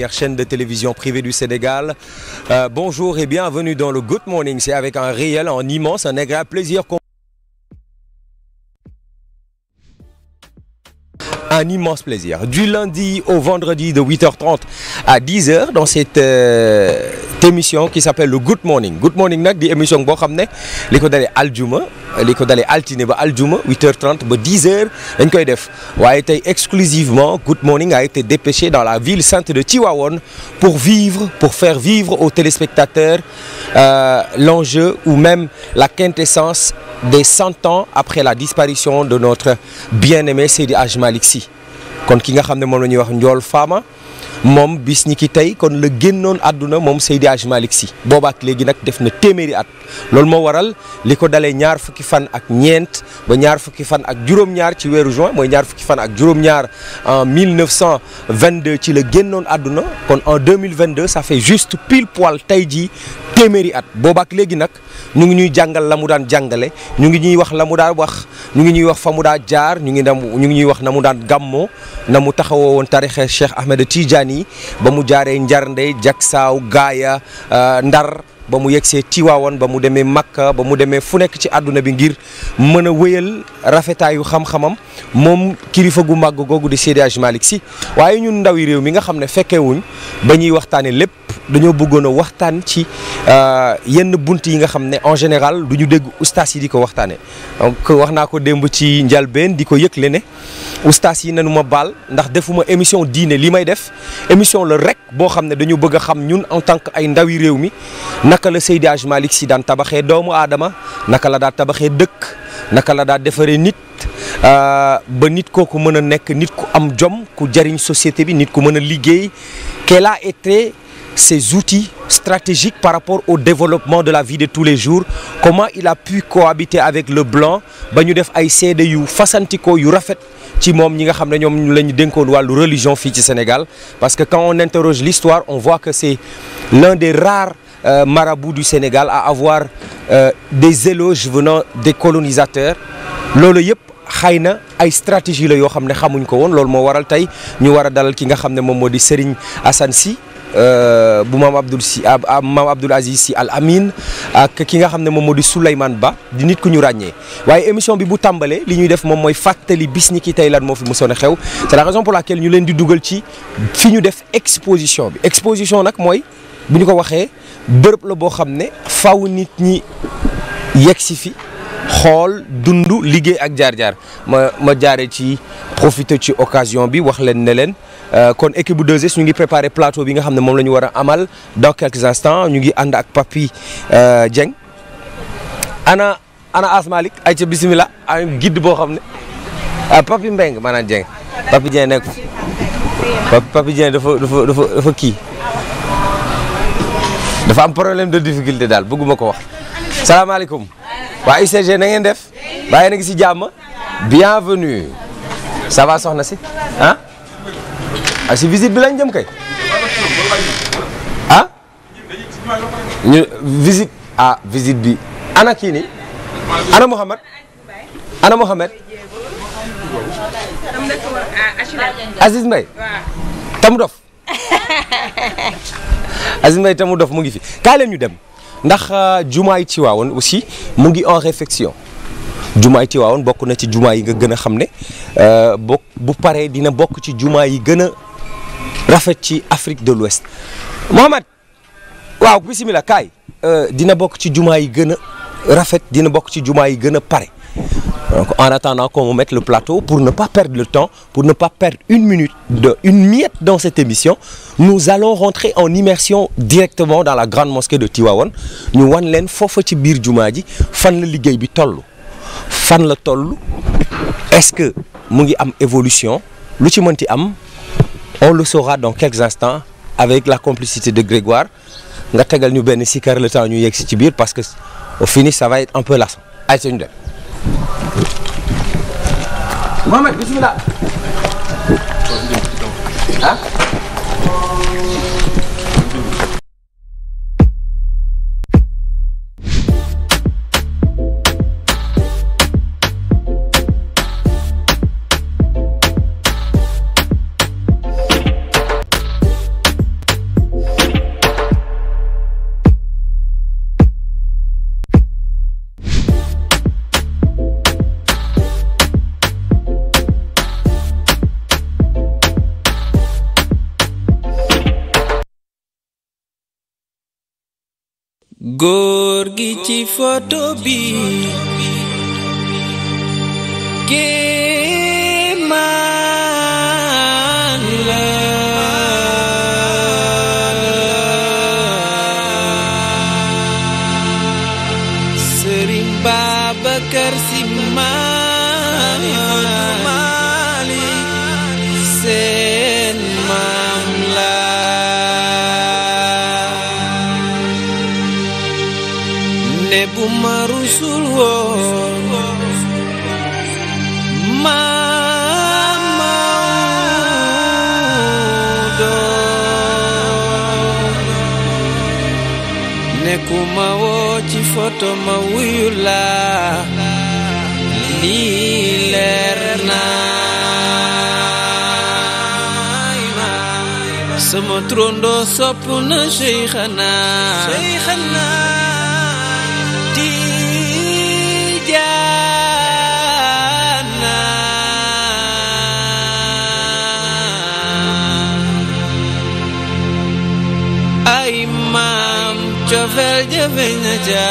première chaîne de télévision privée du Sénégal. Euh, bonjour et bienvenue dans le Good Morning. C'est avec un réel, un immense, un agréable plaisir qu'on un immense plaisir. Du lundi au vendredi de 8h30 à 10h dans cette euh, émission qui s'appelle le Good Morning. Good Morning nag émission boo xam ne li li ko dalee altine ba aljuma 8h30 ba 10h dañ koy def waaye tey exclusivement Good Morning a été dépêché dans la ville sainte de Tivaouane pour vivre pour faire vivre aux téléspectateurs euh, l'enjeu ou même la quintessence des cent ans après la disparition de notre bien-aimé Seydi Hadj Malick Sy kon ki nga xam ne moom la ñuy wax Ndiol Fama moom bis ñi ki tey kon la génnoon àdduna moom Seydi Hadj Malick Sy boobaak léegi nag def na téeméeri at loolu moo waral li ko dalee ñaar fukki fan ak ñeent ba ñaar fukki fan ak juróom-ñaar ci weeru juin mooy ñaar fukki fan ak juróom-ñaar en 1922 ci la génnoon àdduna kon en 2022 ça fait juste pile poil tey jii téeméeri at boobaak léegi nag ñu ngi ñuy jàngal la mu daan jàngale ñu ngi ñuy wax la mu daan wax ñu ngi ñuy wax fa mu daan jaar ñu ngi ñu ngi ñuy wax na mu daan gàmmoo na mu taxawoo woon tarixe Cheikh Ahmed Tidiane yi ba mu jaaree Njarnde Jaksaaw Gaaya euh, Ndar ba mu yegsee Tiwaawoon ba mu demee Makka ba mu demee fu nekk ci àdduna bi ngir mën a wéyal rafetaayu xam-xamam moom kilifa gu màgg googu di Seydi Hadji Malick waaye ñun ndawi réew mi nga xam ne fekkewuñ ba ñuy waxtaane lépp dañoo bëggoon a waxtaan ci euh, yenn bunt yi nga xam ne en général du ñu dégg ustaas yi di ko waxtaanee donc wax naa ko démb ci njalbeen di ko yëgle ne ustaas yi nanu ma baal ndax defuma émission diine li may def émission la rek boo xam ne dañu bëgg a xam ñun en tant que ay ndawi réew mi naka la Seydi Hadj Malick daan tabaxee doomu aadama naka la daa tabaxee dëkk naka la daa defaree nit euh, ba nit kooku mën a nekk nit ku am jom ku jariñ société bi nit ku mën a liggéey ses outils stratégiques par rapport au développement de la vie de tous les jours comment il a pu cohabiter avec le blanc ba ñu def ay seede yu fasantikoo yu rafet ci moom ñi nga xam ne ñoom la ñu dénkoon wàllu religion fii ci Sénégal parce que quand on interroge l'histoire on voit que c'est l'un des rares euh, marabouts du Sénégal à avoir euh, des éloges venant des colonisateurs loolu yëpp xëy na ay stratégie la yoo xam ne xamuñ ko woon loolu moo waral tey ñu war dalal ki nga xam ne moom moo di Serigne Assane Euh, bu maam Abdoul si maam Abdoul Aziz si Al Amin ak ki nga xam ne moom moo di Souleymane Ba di nit ku ñu ràññee waaye émission bi bu tàmbalee li ñuy def moom mooy fàttali bis ni ki tey lan moo fi mosoon a xew c'est la raison pour laquelle ñu leen di dugal ci fi ñu def exposition bi exposition nag mooy bu ñu ko waxee bërëb la boo xam ne faw nit ñi yegg si fi xool dund liggéey ak jaar-jaar ma ma jaaree ci profiter ci occasion bi wax leen ne leen. Euh, kon équipe bu 2S ñu ngi préparé plateau bi nga xam ne moom la ñu war a amal dans quelques instants ñu ngi ànd ak Papy euh, Dieng ana ana Asmalik ay ca bisimilah am guide boo xam ne ah Papy Mbeng maanaam Dieng Papy Dieng nekk Papy Dieng dafa dafa dafa dafa kii dafa am problème de difficulté daal bëgguma ko wax salaamaaleykum waa UCG na ngeen def bàyyi na ngi si jàmm bienvenue ça va soxna si ah si visite bi lañ dem kay. Ah? Ah, visite bi ana kii ni ana Mouhamed ana Mouhamed Aziz Mbaye tamu dof Aziz Mbaye tamu dof mu ngi fi kaay ñu dem ndax euh, jumaay Tiwaawoon aussi mu ngi en réflexion jumaay Tiwaawoon bokk na ci jumaa yi nga gën a xam ne euh, bokk bu paree dina bokk ci jumaa yi gën a rafet ci Afrique de l'Ouest Mohamed waaw bisimilah kaay euh, dina bokk ci jumaa yi gën a rafet dina bokk ci jumaa yi gën a pare donc en attendant qu'on me le plateau pour ne pas perdre le temps pour ne pas perdre une minute de une miette dans cette émission nous allons rentrer en immersion directement dans la grande mosquée de Tivaouane ñu wan leen foofa ci biir jumaa ji fan la liggéey bi toll fan la toll est-ce que mu ngi am évolution lu ci mënti am on le saura dans quelques instants avec la complicité de Grégoire nga tegal ñu benn sikar le temps ñu yegg si ci biir parce que au fini ça va être un peu lassant de sañu dem Mohamed bismillah ah gor gi ci photo bi foto ma wuyu la lii leer naa sama trondoo sopp na Seyxanaa cofeel ja feeñ na ca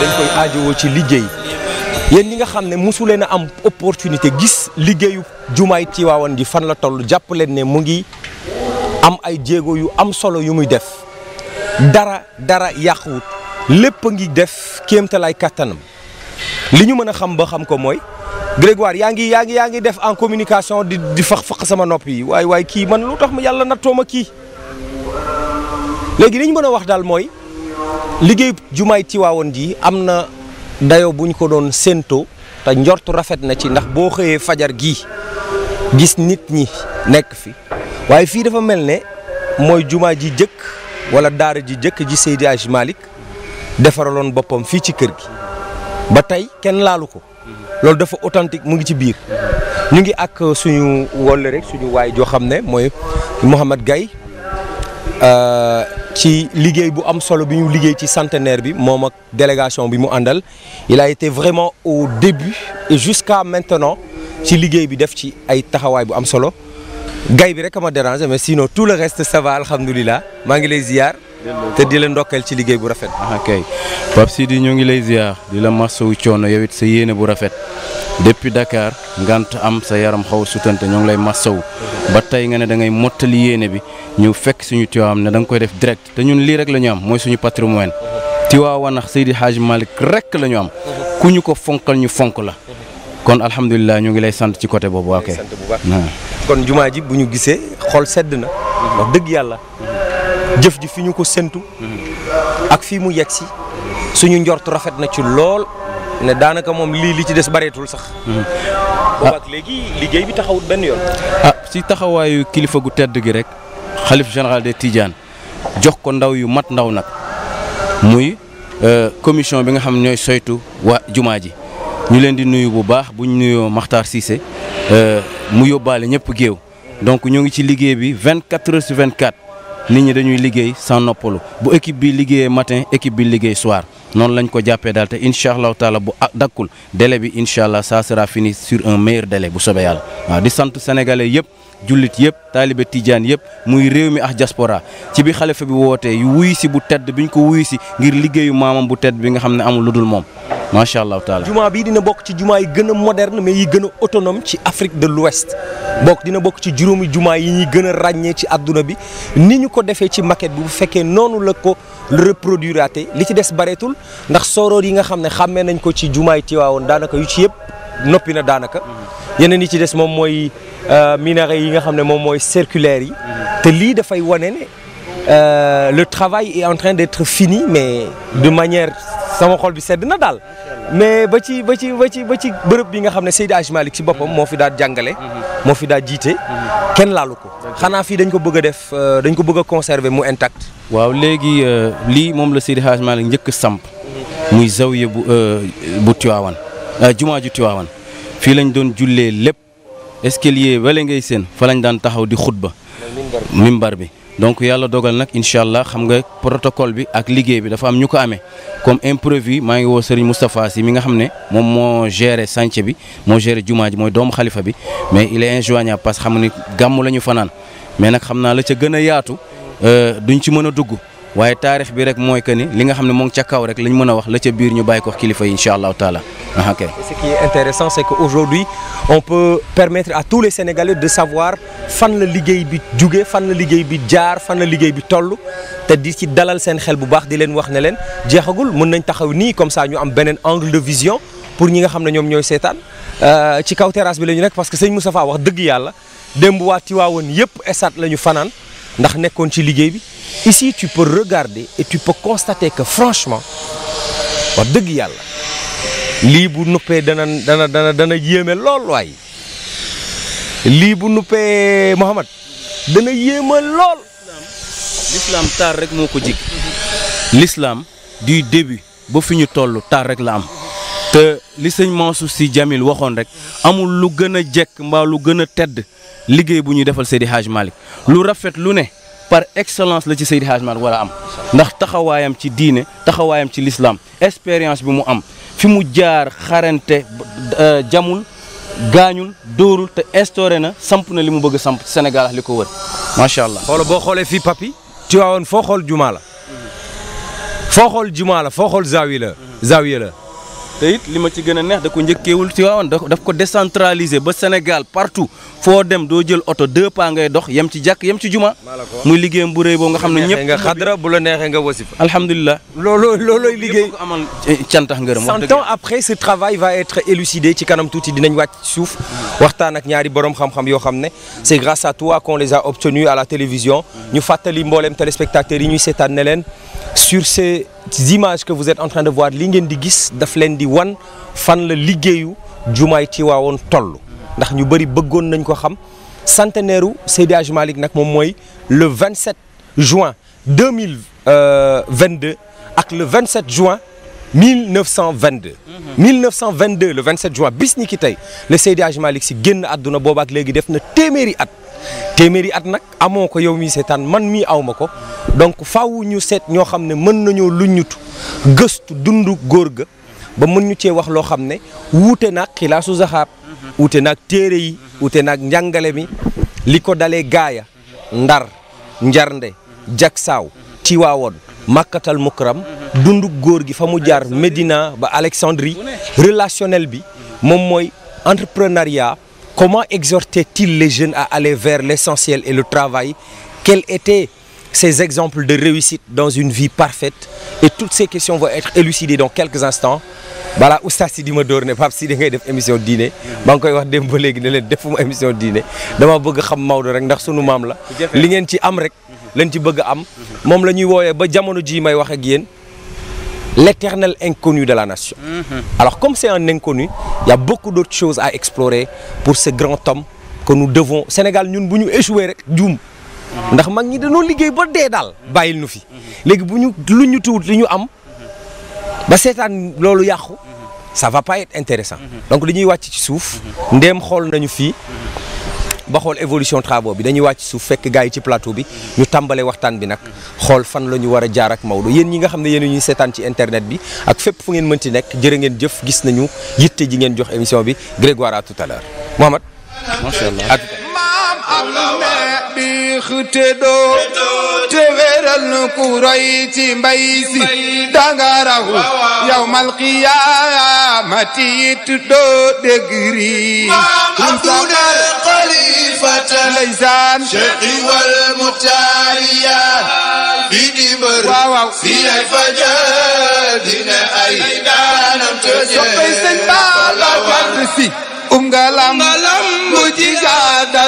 dañ koy aajowoo ci liggéey yéen ñi nga xam ne mosu leen a am opportunité gis liggéeyu jumaay Tiwaawan ji fan la toll jàpp leen ne mu ngi am ay jéego yu am solo yu muy def dara dara yàquwut lépp a ngi def kéemtalaay kàttanam li ñu mën a xam ba xam ko mooy Grégoire yaa ngi yaa ngi yaa ngi def en communication di di fax sama nopp yi waaye waaye kii man lu tax ma yàlla nattoo ma kii léegi li ñu mën a wax daal mooy. liggéey jumaay Tiwaawoon ji am na dayo bu ñu ko doon séentoo te njortu rafet na ci ndax boo xëyee fajar gi gis nit ñi nekk fi waaye fii dafa mel ne mooy jumaa ji jëkk wala daara ji jëkk ji Seydi Aj defaraloon boppam fii ci kër gi ba tey kenn laalu ko loolu dafa authentique mu ngi ci biir ñu ngi ak suñu wolle rek suñu waay joo xam ne mooy Mouhamad gay euh, ci liggéey bu am solo bi ñu liggéey ci centenaire bi moom ak délégation bi mu àndal il a été vraiment au début et jusqu'à maintenant ci liggéey bi def ci ay taxawaay bu am solo gay bi rek a ma déranger si no tout le rest ça va alhamdulilah maa ngi lay ziar. te di la ndokkeel ci liggéey bu rafet. ok Pape ñoo ngi lay ziar di la masawu coono yow it sa yéene bu rafet depuis Dakar ngant am sa yaram xaw a sutante ñoo ngi lay masawu. ba tey nga ne da ngay mottali yéene bi ñu fekk suñu Tiwaawan ne da nga koy def direct te ñun lii rek la ñu am mooy suñu patrimoine. Tiwaawan ak Seydi Hadj Malick rek la ñu am. ku ñu ko fonkal ñu fonk la. kon alhamdulilah ñu ngi lay sant ci côté boobu. ok kon jumaa ji ñu gisee xol sedd na. wax yàlla. jëf ji fi ñu ko séntu ak fii mu yegg si suñu njort rafet na ci lool ne daanaka moom lii li ci des bareetul sax mm-hmm. boobaak ah. léegi liggéey bi taxawut benn yoon ah si taxawaayu kilifa gu tedd gi rek xalif général des Tidiane jox ko ndaw yu mat ndaw nag muy euh, commission bi nga xam ñooy soytu waa jumaa ji ñu leen di nuyu bu baax buñ nuyoo Makhtar Cissé euh, mu yóbbaale ñëpp géew donc ñu ngi ci liggéey bi 24 heures sur 24 nit ñi dañuy liggéey san noppalu bu équipe bi liggéeyee matin équipe bi liggéey soir noonu lañ ko jàppee daal te incha allahu taala bu dakkul délai bi incha allah ça sera fini sur un maire délai bu soobee yàlla waaw di sant sénégalais yëpp jullit yëpp taalibe tijaan yëpp muy réew mi ak diaspora ci bi xalifa bi wootee yu wuy si bu tedd biñ ko wuy si ngir liggéeyu maamam bu tedd bi nga xam ne amul lu dul moom macha allah taala jumaa bi dina bokk ci jumaa yi gëna a moderne mais yi gën a autonome ci Afrique de l'Ouest bokk dina bokk ci juróomi jumaa yi ñuy gën a ràññee ci adduna bi ni ñu ko defee ci maquette bi bu fekkee noonu la ko reproduire li ci des bareetul ndax soroor yi nga xam ne xàmmee nañ ko ci jumaa yi Tiwaawoon daanaka yu ci yëpp noppi na daanaka mm-hmm. yeneen yi ci des moom mooy euh, minaret yi nga xam ne moom mooy circulaire yi mm-hmm. te lii dafay wane ne euh, le travail est en train d'être fini mais de manière sama xol bi sedd na daal mais ba ci ba ci ba ci ba ci bërëb bi nga xam ne Seydi Hadji Malick si boppam moo fi daa jàngale moo fi daal jiite kenn laalu ko xanaa fii dañ ko bëgg a def euh, dañ ko bëgg a conserver mu intact waaw léegi euh, lii moom la Seydi Hadji Malick njëkk samp muy zawiya bu euh, bu Tiwaawan jumaa ju Tiwaawan fii lañ doon jullee lépp escalier wala ngay séen fa lañ daan taxaw di xutba mimbar bi donc yàlla dogal nag incha allah xam nga protocole bi ak liggéey bi dafa am ñu ko amee comme imprévu maa ngi woo Serigne Moustapha Sy mi nga xam ne moom moo géré chantier bi moo géré jumaa ji mooy doomu xalifa bi mais il est injoignable parce que xam ni gàmmu la ñu fanaan mais nag xam naa la ca gën a yaatu euh, duñ ci mën a dugg. waaye taarix bi rek mooy que ni li nga xam ne moo ngi ca kaw rek lañ mën a wax la ca biir ñu bàyyi ko kilifa yi incha allahu taala. Ah, ok ce qui c'est on peut permettre les Sénégalais de savoir fan la liggéey bi jugee fan la liggéey bi jaar fan la liggéey bi toll te di ci dalal seen xel bu baax di leen wax ne leen jeexagul mën nañ taxaw nii comme ça ñu am beneen angle de vision pour ñi nga xam ne ñoom ñooy seetaan euh, ci kaw terrasse bi lañu rek parce que sëñ Moustapha wax dëgg yàlla démb waa Tiwaawoon yëpp esat la ñu fanaan. ndax nekkoon ci liggéey bi ici tu peux regarder et tu peux constater que franchement wa dëgg yàlla lii bu nuppee dana dana dana dana yéeme lool waay lii bu nuppee Mouhamad dana yéeme lool. l'islam taar rek moo ko jig l'islam du début ba fi ñu toll taar rek la am. te li sëñ Mansour Sy Djamil waxoon rek amul lu gën a jekk mbaa lu gën a tedd liggéey bu ñuy defal Seydi Hadj Malick lu rafet lu ne par excellence la ci Seydi Hadj Malick war a am ndax taxawaayam ci diine taxawaayam ci lislaam expérience bi mu am fi mu jaar xarante euh, jamul gaañul dóorul te instauré na samp na li mu bëgg samp Sénégal ak li ko wër macha allah. xool boo xoolee fii papi Tiwaawoon foo xool jumaa la foo xool jumaa la foo xool zaawiya la te it ma ci gën neex da ko njëkkee njëkkeewul Tivaouane daf ko décentraliser ba senegal partout foo dem doo jël oto deux pas ngay dox yem ci jàkk yem ci juma. muy liggéeyam bu rëy boobu nga xam ne ñëpp. nga xadra bu la neexee nga wasifa. alhamdulilah looloo loolooy liggéey amal cantax ngërëm. wax dëgg cent ans après ce travail va être élucidé ci kanam tuuti dinañ wàcc suuf waxtaan ak ñaari borom xam-xam yoo xam ne c'est grâce a toi qu'on les a obtenus à la télévision ñu fàttali mboolem téléspectateurs yi ñuy seetaan ne leen images que vous êtes en train de voir li ngeen di gis dafa leen di wan fan la liggéeyu jumaay Tiwaawoon toll ndax ñu bëri bëggoon nañ ko xam centenaire u Seydi Hadji Malick nag moom mooy le 27 juin 2022 euh, ak le 27 juin 1922. 1922 mhm. le 27 juin bis ni ki tey la Seydi Hadji Malick si génn àdduna boobaak léegi def na téeméeri at. téeméeri at nag amoo ko yow mii seetaan man mii awma ko donc faw ñu seet ñoo xam ne mën nañoo luññutu gëstu dundu góor ga ba mën ñu cee wax loo xam ne wuute nag xilaasu zaxaab wuute nag téere yi wuute nag njàngale mi li ko dalee gaaya ndar njarnde jaksaaw tiwaawoon màkkatal mukram dundu góor gi fa mu jaar Médina ba Alexandrie relationnel bi moom mooy entrepreneuriat Comment exhortait-il les jeunes à aller vers l'essentiel et le travail? Quels étaient ces exemples de réussite dans une vie parfaite? Et toutes ces questions vont être élucidées dans quelques instants. balaa oustaz si di ma dóor ne Pape si da ngay def émission diine maa ngi koy wax dem ba léegi ne leen defuma émission diine dama bëgg xam Maodo rek ndax sunu maam la li ngeen ci am rek lañ ci bëgg am moom la ñuy wooyee ba jamono jii may wax ak yéen l'éternel inconnu de la nation. Mmh. Alors comme c'est un inconnu, il y a beaucoup d'autres choses à explorer pour ce grand homme que nous Sénégal ñun bu ñu échoué rek juum ndax mag ñi dañoo liggéey ba dee daal bàyyil nu fi mm-hmm. léegi bu ñu lu ñu tuut lu ñu am mm-hmm. ba seetaan loolu yàqu mm-hmm. ça va pas être intéressant donc dañuy wàcc ci suuf ndéem xool nañu fii ba xool évolution travaux bi dañuy wàcc suuf fekk gars yi ci plateau bi ñu tàmbale waxtaan bi nag xool fan la ñu war a jaar ak Maodo yéen ñi nga xam ne yéen ñu seetaan ci internet bi ak fépp fu ngeen mënti nekk jërë ngeen jëf gis nañu yitte ji ngeen jox émission bi Grégoire à tout à l'heure Mohamed macha allah tàbbix te doo te wéral ci mbay si danga raw yawmal qiyaamati it doo dégg riis laysaan Cheikhi wal Muxtaariya bi dimbar si ay fajar dina ay daanam te jeex soppay sëñ Babacar Si um nga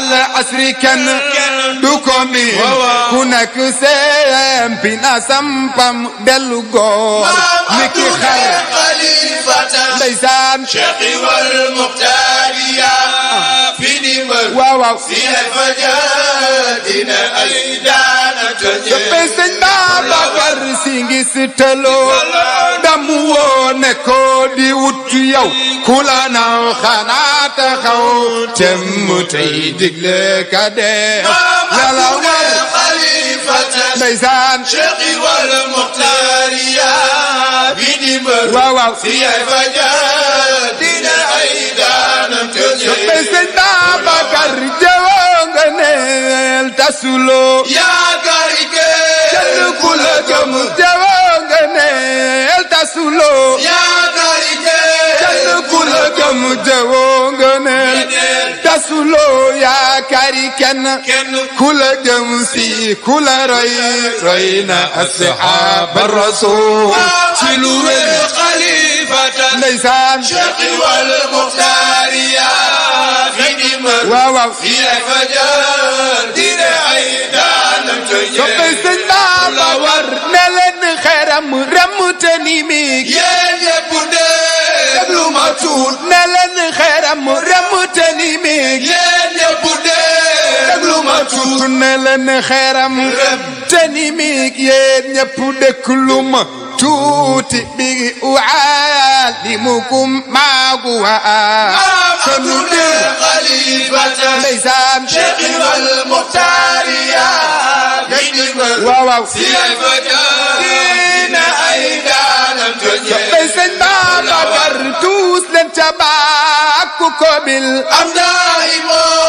al asri kenn du ko miin ku nekk seem bi na sampam dellu góor mi ki xar ndeysaan cheikhi wal muxtaariya fi ndimbal waaw waaw si al fajaat dina ay ci ngis tëloo damu woo ne ko wut yow ku la naw xanaa taxaw temm tey digle ka dee yàlla war ndeysaan Cheikh wal Muxtaar yaa bi dimbal waaw waaw si ay fajal dina ay daanam te sëñ Babacar jëwoo nga neel tasuloo yaa kenn ku la gëm tewoo nga neel tasuloo yaakaari jéem kenn ku la gëm tewoo nga neel tasuloo yaakaari kenn ku la gëm si ku la roy roy na asxaaba rasul ci lu wér xalifatan ndeysaan cheikh wal muxtaariya waaw waaw fi ay fajar di ne ay daanam rem rem te ni mi yéen ñëpp déglu ma tuut ne leen xeeram rem te ni mi yéen ñëpp déglu ma tuut ne leen xeeram rem te ni mi yéen ñëpp déglu ma tuuti bi uallimukum maa huwa ahsanu xalifatan ndeysaan Cheikh Al Muxtaar waaw waaw soppey sëñ Babacar tuus leen ca bàkku ko am daay moo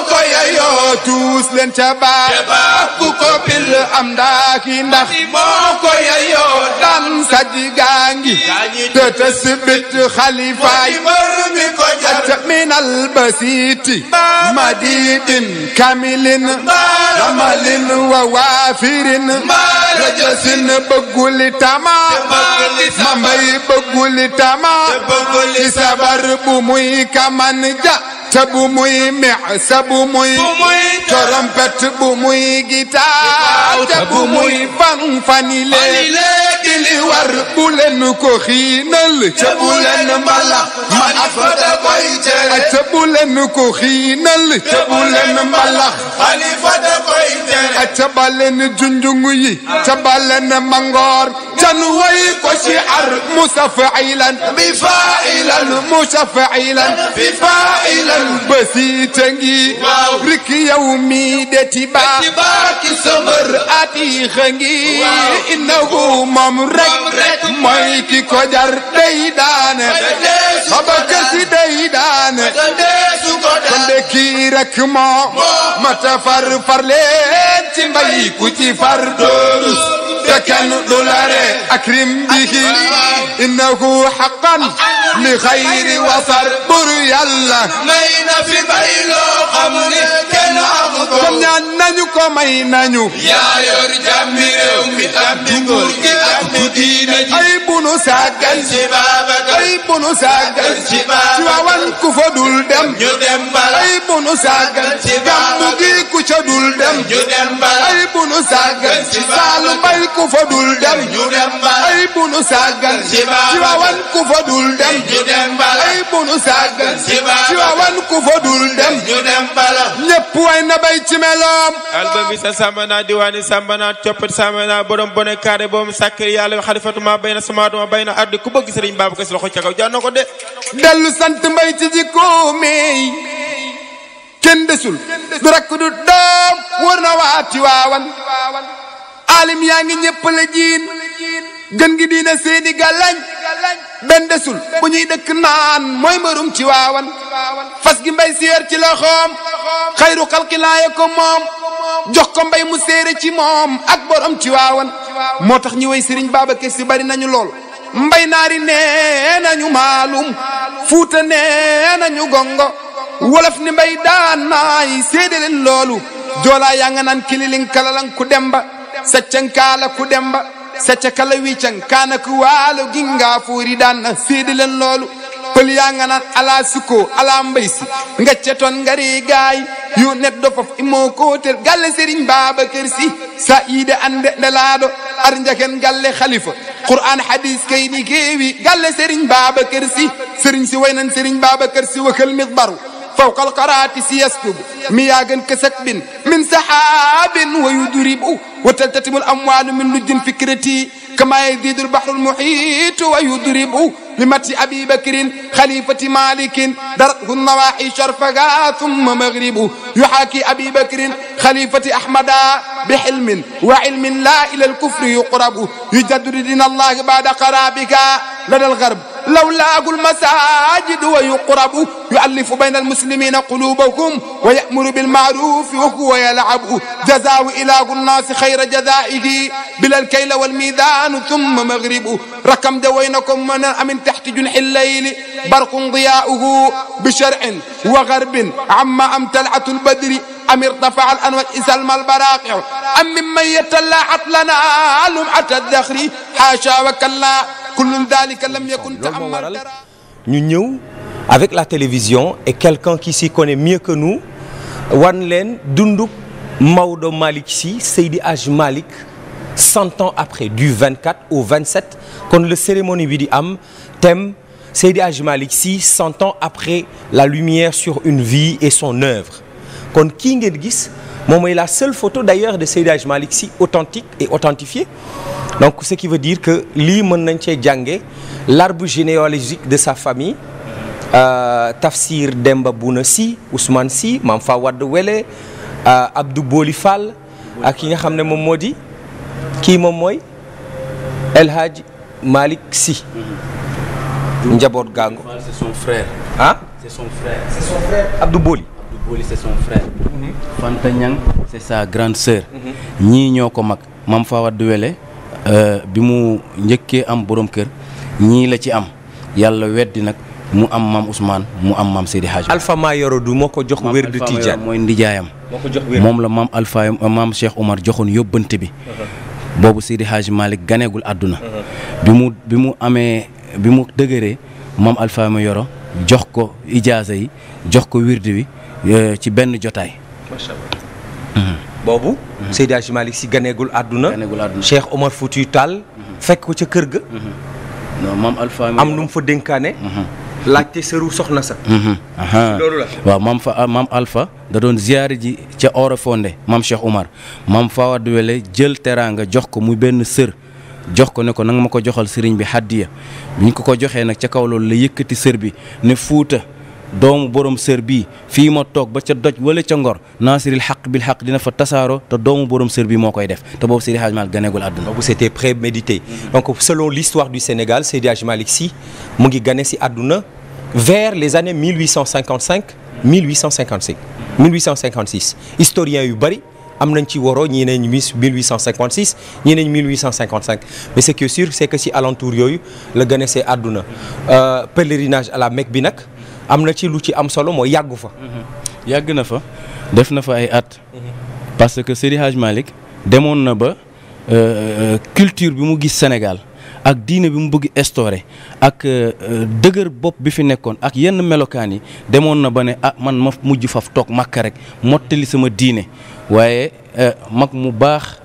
ñoo ko yeyoo tuus leen ca baat bu ko pil am ndaaki ndax moo ko yeyoo dam saji te tasbit xalifaay mi ko jat min al basiti madidin kamilin ramalin wa waafirin rajasin bëgguli tama ma mbay sabar bu muy kaman ja te bu muy meex sa bu muy trompette bu muy guitare te bu muy fan fanile di li war bu leen ko xiinal te bu leen mbalax man afada koy tere te bu leen ko xiinal te bu leen mbalax xalifa da koy tere te ba leen junjungu yi te ba leen mangoor tan way ko ci ar musafilan bi failan musafilan bi failan seen bësiit a ngi rik yow mi de tibaa ki sëmër atiix a ngi innahu moom rek mooy ki ko jar day daane baba kër si day daane kon de kii rek moo mata far far leen ci mbay ku ci far doorus te kenn du la ree akrim na fi ci wawan ku fa dul dem ñu dem bala ku ca dul dem ñu sàggan ci saalu mbay ku fa dul dem ñu dem ba ay bunu sàggan ci waawan ku fa dul dem ñu dem ba ay bunu sàggan ci waawan ku fa dul dem ñu dem ba la way na bay ci meloom albami sa sàmbana bone kaare boom sàkkir yàlla bay na samaatuma bay na ardi ku bëgg sëriñ Babacar Si loxo ca kaw jaan de dellu sant mbay ci jikko meey kenn desul du rakk du doom wër na waa Tiwaawan alim yaa ngi ñëpp la jiin gën gi diina seeni gàllañ benn desul bu ñuy dëkk naan mooy mbërum Tiwaawan fas gi mbay séer ci loxoom xayru xalqilaaye ko moom jox ko mbay mu séere ci moom ak borom Tiwaawan moo tax ñu woy Sëriñ Babacar Sy bari nañu lool mbay naari nee nañu maalum fuuta nee nañu gongo wolof ni mbay daan naay séede loolu joolaa yaa nga naan kililin kalalan ku demba seccan kaala ku demba secca kala wiican kaana ku waalo ginga fuuri daan na séede leen loolu pël yaa nga naan ala sukko ala mbay si ngacca toon ngari gaay yo neɗɗo fof immo kotel galle sérigne babacar si sa iide ande nde laaɗo ar jaken galle khalifa qur'an hadis kayni keewi galle sérigne babacar si sérigne si waynan sérigne babacar si wakal misbaru فوق القرات يسكب مياغا كسكب من سحاب ويدرب وتلتتم الأموال من لج فكرتي كما يزيد البحر المحيط ويضرب لمت أبي بكر خليفة مالك درته النواحي شرفها ثم مغرب يحاكي أبي بكر خليفة أحمد بحلم وعلم لا إلى الكفر يقرب يجدد دين الله بعد قرابك لدى الغرب lawlaagul masaajidu wa yuqrabu yuallifu bayna almuslimina quluubahum wa ya'muru bilma'ruufi wa huwa yal'abu jazaahu ilaahu nnaasi xayra jazaa'ihi bilal kayla wal miizaanu thumma maghribu rakam ja way na ko mën a amin taxti junxi layli barqun diyaa'uhu bi shar'in wa gharbin amma am tal'atul badri am irtafa'a al-anwaaj isalma al-baraaqi' am mimman yatalaa'at lanaa lum'ata ad-dakhri haasha wa kallaa kullun daalika lam yakun ta'ammal dara ñu ñëw avec la télévision et quelqu'un qui s'y connaît que nous wan leen dundub Maodo Malick Sy Seydi Hadj Malick cent ans après du 24 au 27 kon le cérémonie bi di am thème Seydi Hadj Malick après la lumière sur une vie et son moom mooy la seule photo d'ailleurs de Seydi Hadj Malick Sy authentique et authentifiée donc ce qui veut dire que lii mën nañ cee jànge l'arbre généalogique de sa famille euh, Tafsir Demba Bouna Sy Ousmane Sy Mame Fawade Wele euh, Abdou Boli ak yi nga xam ne moom moo di kii moom mooy El Hadj Malick Sy mm-hmm. njaboot gàngo c'est son frère ah? Wouly c'est son frère. Fanta Niang c'est sa grande sœur. ñii ñoo ko mag Mame Fawad Duwele euh, bi mu njëkkee am borom kër ñii la ci am yàlla weddi nag mu am maam Ousmane mu am maam Seydi Hadj. Alpha yoro du moo ko jox wér di Tidiane mooy ndijaayam. moom la maam Alpha maam Cheikh Omar joxoon yóbbante bi. boobu Seydi Hadj Malick ganeegul àdduna. bi mu bi mu amee bi mu dëgëree maam Alpha Mayoro jox ko ijaaza yi jox ko wirdi wi. ci benn jotaay. macha allah. Mhm. boobu. Mhm. Seydi Hadji Malick ganeegul àdduna. ganeegul àdduna Cheikh Omar Foutiyou mhm. fekk ko ca kër ga. non maam Alpha fa dénkaane. laajte sëru soxna maam fa da doon ziyaare ji ca Oore Fondé maam Cheikh Omar maam Fawad Wele jël teraanga jox ko muy benn sër. jox ko ne ko nanga ma ko joxal sëriñ bi hàddiya bi ñu ko ko joxee nag ca kaw loolu la yëkkati sër bi ne fuuta doomu borom sër bii fii ma toog ba ca doj wala ca ngor naasiril xaq bi xaq dina fa tasaaro te doomu borom sër bii moo koy def te boobu Seydi Hadj Malick ganegul àdduna. boobu c'était prémédité donc selon l'histoire du Sénégal Seydi Hadj Malick Sy mu ngi gane si àdduna vers les années 1855 1855 1856 historiens yu bëri am nañ ci waroo ñii nañ 1856 ñii nañ 1855 mais ce qui est sûr c'est que si alentour yooyu la gane see àdduna euh, pèlerinage à la Mecque bi nag. am na ci lu ci am solo mooy yàggu fa. Mm-hmm. yàgg na fa def na fa ay at. Mm-hmm. parce que Seydi Hadj Malick demoon na ba euh, euh, culture bi mu gis Sénégal ak diine bi mu bëgg instauré ak euh, dëgër bopp bi fi nekkoon ak yenn melokaan yi demoon na ba ne ah man ma mujj faf toog makka rek mottali sama diine waaye mag mu baax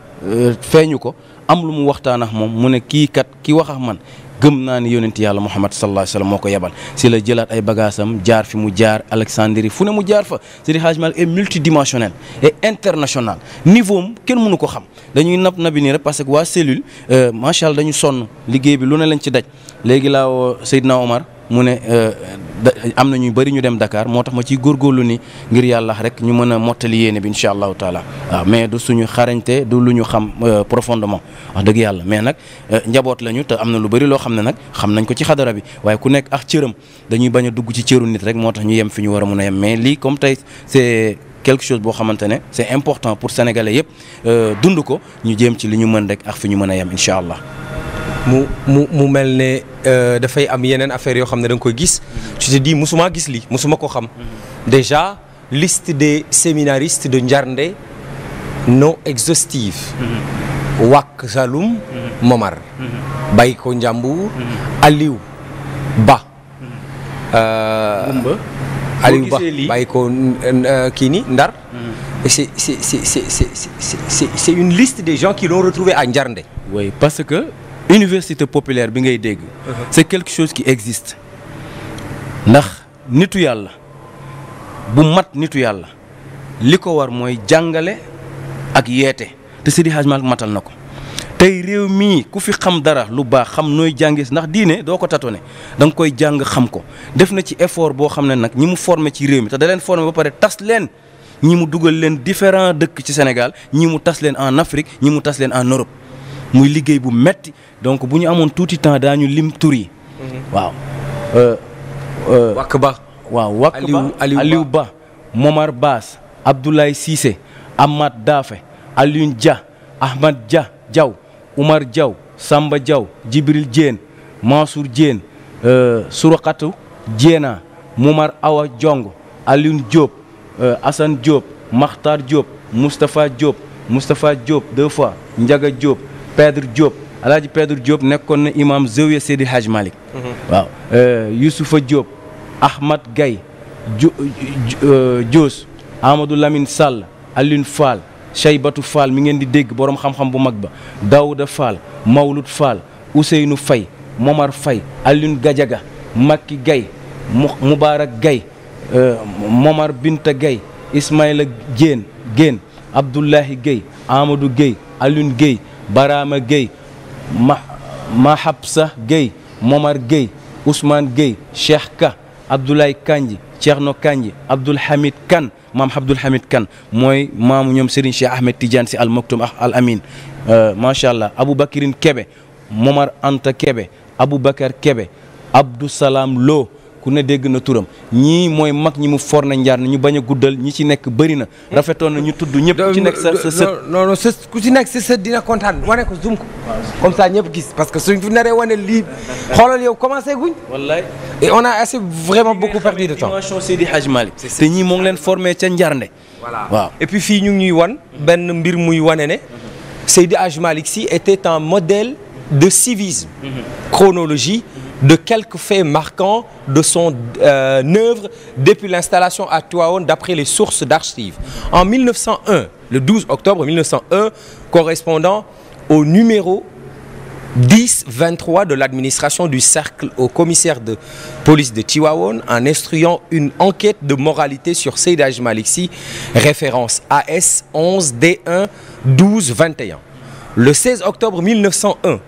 feeñu ko am lu mu waxtaan ak moom mu ne kii kat ki wax ak man. gëm naa ni yonent yàlla Muhammad sallallahu alayhi wa sallam moo ko yebal si la jëlaat ay bagaasam jaar fi mu jaar alexandri fu ne mu jaar fa Seydi Hadj Malick est multidimensionnel et international niveau am kenn mënu ko xam dañuy nab nabi nii rek parce que waa cellule euh, macha allah dañu sonn liggéey bi lu ne lañ ci daj léegi laa woo Seydina Omar mu ne. Euh, am na ñu bëri ñu dem dakaar moo tax ma ciy góorgóorlu ni ngir yàlla rek ñu mën a mottali yéene bi incha allah taala waaw mais du suñu xarañte du lu ñu xam euh, profondement wax dëgg yàlla mais nag euh, njaboot lañu te am na lu bëri loo xam ne nag xam nañ ko ci xadara bi waaye ku nekk ak cëram dañuy bañ a dugg ci cëru nit rek moo tax ñu yem fi ñu war a mun a yem mais lii comme tey c'est quelque chose boo xamante ne c'est important pour sénégalais yëpp euh, dund ko ñu jéem ci li ñu mën rek ak fi ñu mën a yem allah mu mu mu mel ne euh, dafay am yeneen affaires yoo xam ne da nga koy gis. tu te dis musuma gis lii musuma ko xam. déjà liste des séminaristes de Ndiarndé non exhaustive. Wak Saloum. Momar. Bayko Njambur. Aliou Ba. Euh, Gumba. Ba Bayko euh, kii ni Ndar. Mm-hmm. c'est une liste des gens qui l'ont retrouvé à université populaire bi ngay dégg. Uh-huh. c'est quelque chose qui existe ndax nitu yàlla bu mat nitu yàlla li ko war mooy jàngale ak yeete te Seydi Hadj Malick matal na ko tey réew mii ku fi xam dara lu baax xam nooy si ndax diine doo ko tatone da nga koy jàng xam ko def na ci effort boo xam ne nag ñi mu formé ci réew mi te daleen leen formé ba pare tas leen ñi mu dugal leen différent dëkk ci Sénégal ñi mu tas leen en Afrique ñi mu tas leen en Europe. muy liggéey bu metti donc bu ñu amoon tuuti temps daañu lim tur yi. waaw. Euh, euh, Wakk Ba. waaw Wakk Ba Aliou Ba Momar Baas Abdoulaye Cissé Ahmad Dafe Alioune Dia Ahmad Dia Diaw Oumar Diaw Samba Diaw Jibril Diène Mansour Diène euh, Surakatu Diena Momar Awa Jong Alioune Diop Assane Diop Makhtar Diop Moustapha Diop Moustapha Diop deux fois Ndiaga Diop. Pedre Diop alaaji Pedre Diop nekkoon na imam Zawiya Seydi Hadj Malick mhm. waaw euh, Youssoufa Diop Ahmad Gaye euh, Dios Amadou Lamine Sall Alioune Fall Cheybatu Fall mi ngeen di dégg boroom xam-xam bu mag ba Daouda Fall Mawlud Fall Ousseynou Faye Momar Faye Alioune Gadiaga Makki Gaye Moubarak Gaye euh, Momar Binta Gaye Ismaïla Diène Diène Abdoulahi Gueye Amadou Gueye Alioune Gueye Barama Gueye ma Mahabsa Gueye Momar Gueye Ousmane Gueye Cheikh Ka Abdoulaye Kanji Thierno Kanji Abdoul Hamid Kane maam Abdoul Hamid Kane mooy maam ñoom Serigne Cheikh Ahmed Tidiane si al Maktoum al Amin euh, macha allah Aboubacrine Kebe Momar Anta Kebe Aboubacar Kebe Abdou Salam Lo. ku ne dégg na turam ñii mooy mag ñi mu for na ñu bañ a guddal ñi ci nekk bëri na eh. rafetoon na ñu tudd ñëpp ku ci nekk sa sa sët ku ci nekk sa sët dina kontaan wane ko zoom ko comme ça ñëpp gis parce que su fu naree wane lii xoolal yow commencé guñ wallaay et on a assez vraiment beaucoup perdu de temps dimension Seydi Hadj te ñii moo leen formé ca njarnde et puis fii ñu ngi ñuy wan benn mbir muy wane ne Seydi Hadj Malick Sy était un modèle de civisme mm-hmm. chronologie de quelques faits marquants de son euh, œuvre depuis l'installation à Tivaouane d'après les sources d'archives. En 1901, le 12 octobre 1901, correspondant au numéro 10-23 de l'administration du cercle au commissaire de police de Tivaouane en instruant une enquête de moralité sur Seydi Hadji Malick Sy, référence AS 11D1 12-21. Le 16 octobre 1901,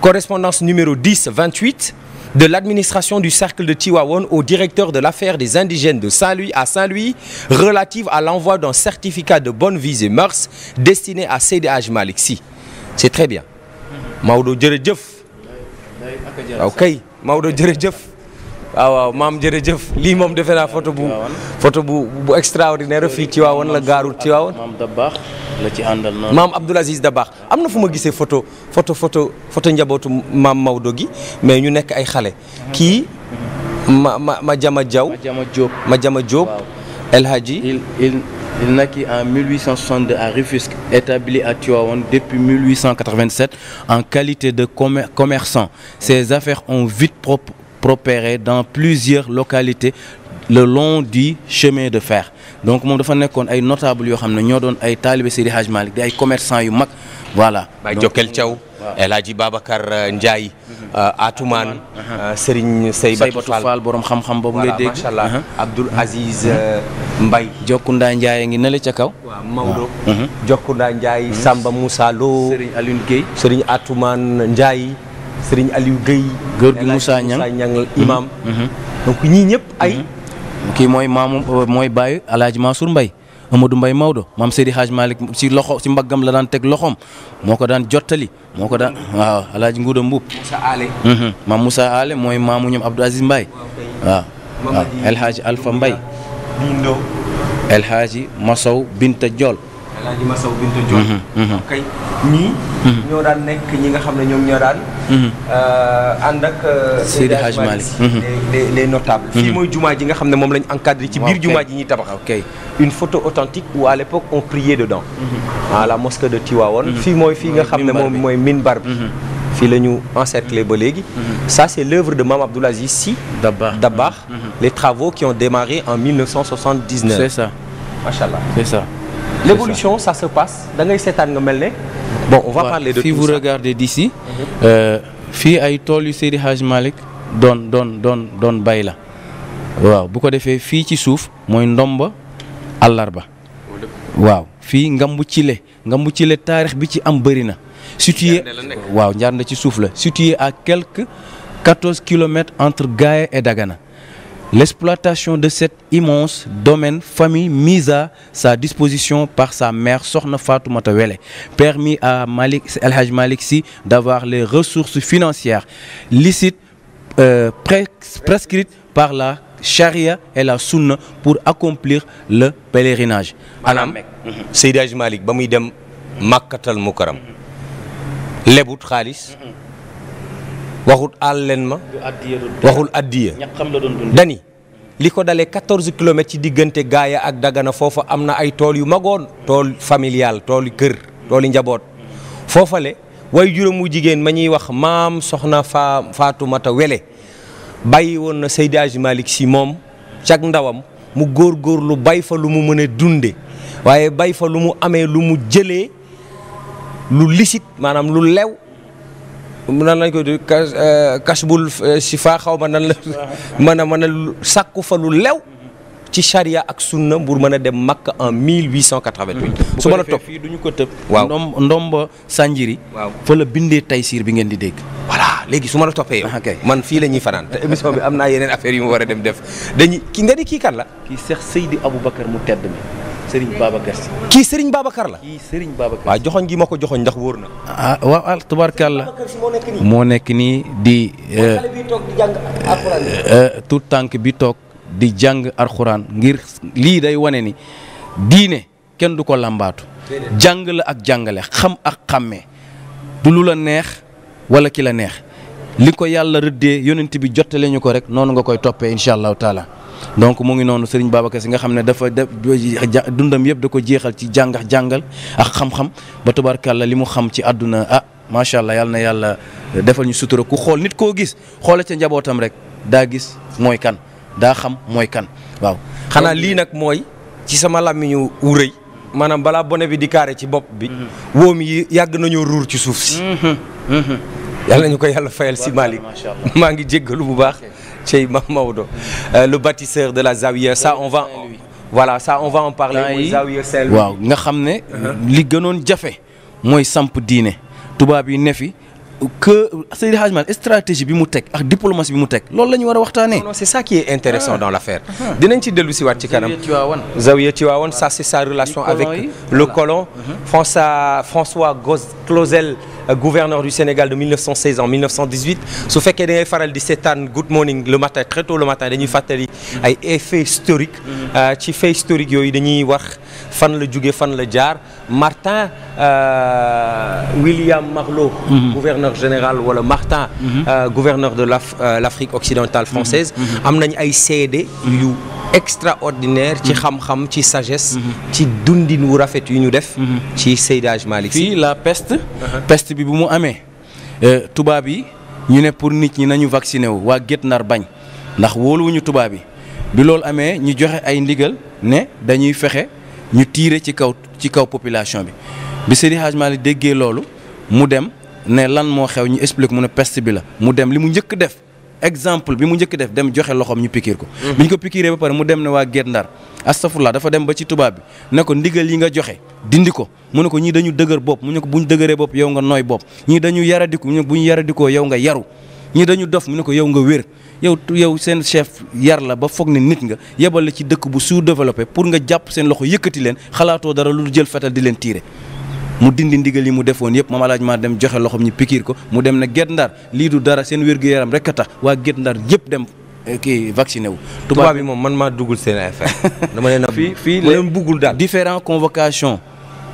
correspondance numéro 10-28 de l'administration du cercle de Tivaouane au directeur de l'affaire des indigènes de Saint-Louis à Saint-Louis relative à l'envoi d'un certificat de bonne vie et mœurs destiné à Seydi Hadj Malick Sy c'est très bien Maodo jërëjëf ok Ah, waaw maam jërëjëf lii moom defe naa photo bu photo bu bu extraordinaire fii Tiwaawan la gaaru Tiwaawan maam Dabax la ci àndal noonu maam Abdoul Aziz Dabax am na fu ma gisee photo photo photo photo njabootu maam Maodo gi mais ñu nekk ay xale kii ma ma ma jama jaw ma jama Diop El Hadji il il naquit en 1862 à Rufisque établi à Tivaouane depuis 1887 en qualité de commerçant ses affaires ont vite propre propéré dans plusieurs localités le long du chemin de fer donc moom dafa nekkoon ay notables yoo xam ne ñoo doon ay taalibe Seydi Hadj Malick di ay commercant yu mag voilà. Baye Jokkel Thiaw El Hadji Babacar euh, Ndiaye. Euh, Atoumane euh, uh-huh. Serigne Seybatou Fall borom xam-xam boobu ngay dégg. macha allah uh-huh. Abdoul uh-huh. Aziz Mbaye. Jokunda Ndiaye ngi nele ca kaw. waaw Maodo. Samba Moussa Lo. Serigne Alioune Guèye Serigne Atoumane Ndiaye. sëriñ Aliou Guèye. góor gi Moussa Niang mhm. imam mhm. donc ñii ñëpp ay. Mhm. kii mooy maamu euh, mooy bàyyi El Hadj Mansour Mbaye Amadou Mbaye Maodo maam Seydi Hadj Malick si loxo si mbaggam la daan teg loxoom moo ko daan jottali moo ko daan waaw El Hadj Ngouda maam Moussa Allé mooy maamu ñoom Abdou Aziz Mbaye waaw waaw El Hadj Alpha Mbaye. Binta Diol. Alaaji Masaw Binta Diop. Mhm, mhm. kay ñii. Mhm. ñoo daan nekk ñi nga xam ne ñoom ñoo daan. Euh, ànd ak. Euh, Seydi Hadj Malick les les notables. fii mooy jumaa ji nga xam ne moom lañu encadré ci biir jumaa ji ñuy tabax. une photo authentique où à l'époque on priait dedans. à la mosquée de Tivaouane. fii mooy fii nga xam ne moom mooy minbar bi. fii la ñu encerclé ba léegi. ça c'est l'œuvre de Mame Abdoul Aziz Sy Dabakh Dabakh les travaux qui ont démarré en 1979. c'est ça macha allah c'est ça. l'évolution ça. ça se passe da ngay seetaan nga ne. bon on va ouais, si tout mhm. euh, ay tool yu Seydi Hadj doon doon doon doon bay la waaw bu ko defee fii ci suuf mooy ndomba àllarba. waaw fii ngambu Cile ngambu Cile taarix bi ci am bëri na. situé waaw njaar ci suuf la situé à quelques quatorze kilomètres entre Gaye et Dagana. L'exploitation de cet immense domaine famille mise à sa disposition par sa mère Sokhna Fatoumata Wele permis à Malik El Hadj Malick Sy d'avoir les ressources financières licites euh, prescrites par la charia et la sunna pour accomplir le pèlerinage. maanaam Seydi Hadj Malick ba muy dem Makkatal Mukarram lebut xaalis. Mhm. waxut aal ma. waxul addiya ñaqam la doon dund dani li ko dalee 14 kilomètres ci diggante gaaya ak dagana foofa am na ay tool yu magoon. tool familial tool kër tool njaboot foofale way juróomu jigéen ma ñuy wax maam soxna faa Faatumata Wele bàyyi woon na Seydi Hadji si moom cag ndawam mu góor góor lu bay fa lu mu mën a dunde waaye bay fa lu mu amee lu mu jëlee lu lisit maanaam lu lew mun nan lañ koy tuddee euh, kas kasbul euh, shifa xaw ma nan la mën a mën a sàkku fa lu lew ci charia ak sunna mbur mën a dem Makka en 1888. Mm-hmm. su mën a topp fii du ñu ko tëb. waaw ndomb ndomba Sanjiri. waaw la bindee Taysiir bi ngeen di dégg. voilà léegi su ma la toppee yow. Ah, man fii la ñuy fanaan te bi am naa yeneen affaire yu mu war a dem def dañuy ki nga ni kii kan la. kii Seex sëy abu Aboubacar mu tedd mi. Serigne Babacar kii Serigne Babacar la. kii Serigne Babacar waaw joxoñ gi ma ko joxoñ ndax wóor na. ah waaw la moo nekk nii di. Euh, euh, euh, tout tànk bi toog di jàng alxuraan ngir lii day wane ni diine kenn du ko làmbaatu. jàng la ak jàngale xam ak xàmmee du lu la neex wala ki la neex li ko yàlla rëddee yonent bi jottale lañu ko rek noonu nga koy toppee incha allahu taala. donc mu ngi noonu Serigne Babacar si nga xam ne dafa dundam yëpp da ko jeexal ci jàngax jàngal ak xam-xam ba tubaarkàlla li mu xam ci àdduna ah macha allah yàlla na yàlla defal ñu sutura ku xool nit koo gis xoola ca njabootam rek daa gis mooy kan daa xam mooy kan waaw. xanaa lii nag mooy ci sama làmmiñu wu rëy maanaam balaa bone bi di kaare ci bopp bi. Mhm. woom yi yàgg nañoo ruur ci suuf si. Mhm. Mhm. yàlla ñu ko yàlla fayal si Malick maa ngi jéggalu bu baax. cey Mam Maodo euh, le bâtisseur de la Zawiya ça on va voilà ça on va en parler waaw nga xam ne li gënoon jafe mooy samp diine tubaab yi ne fi que Seydi Hadj Malick stratégie bi mu teg ak diplomatie bi mu teg loolu la ñu war a waxtaanee. non non c'est ça qui est intéressant ah. dans l'affaire. Ah. dinañ ci dellu si waat ci kanam. Zawiya Tivaouane ça c'est sa relation avec le colon mhm. François François Clausel Euh, gouverneur du Sénégal de 1916 en 1918 su fekkee da ngay faral di seetaan Good Morning le matin très tôt le matin dañuy fàttali ay effets historiques mhm. euh, ci faits historiques yooyu dañuy wax fan la jóge fan la jaar Martin euh, William Marlowe mhm. gouverneur général wala Martin mhm. gouverneur de l'Afrique occidentale française am nañu ay seede yu extraordinaire ci xam-xam ci sagesse ci dundin wu rafet yu ñu def ci Seydi Hadj Malick la peste uh-huh. test bi mu amee euh, tubaab yi ñu ne pour nit ñi nañu vacciné wu waa Guet Ndar bañ ndax wóoluwuñu tubaab yi bi loolu amee ñu joxe ay ndigal ne dañuy fexe ñu tiire ci kaw ci kaw population bi bi seri Hadj Malick déggee loolu mu dem ne lan moo xew ñu explique mu ne peste bi la mu dem li mu njëkk def. exemple bi mu njëkk def dem joxe loxoom ñu pikiir ko bi ñu ko pikiiree ba pare mu dem ne waa Guet Ndar astafurlah dafa dem ba ci tubaab bi ne ko ndigal yi nga joxe dindi ko mu ne ko ñii dañu dëgër bopp mu ne ko bu ñu dëgëree bopp yow nga nooy bopp ñii dañu yaradiku mu ne ko bu ñu yaradikoo yow nga yaru ñii dañu dof mu ne ko yow nga wér yow yow seen chef yar la ba foog ne nit nga yebal la ci dëkk bu sous-développé pour nga jàpp seen loxo yëkkati leen xalaatoo dara jël fetal di leen tiire mu dindi ndigal yi mu defoon yëpp maam alaaj maa dem joxe loxom ñi pikiir ko mu dem na Guet Ndar lii du dara seen wér yaram rek a tax waa Guet Ndar yëpp dem eh, kii vacciné wu. tubaab bi moom man maa duggul seen affaire dama leen fii fii leen buggul daal différents convocations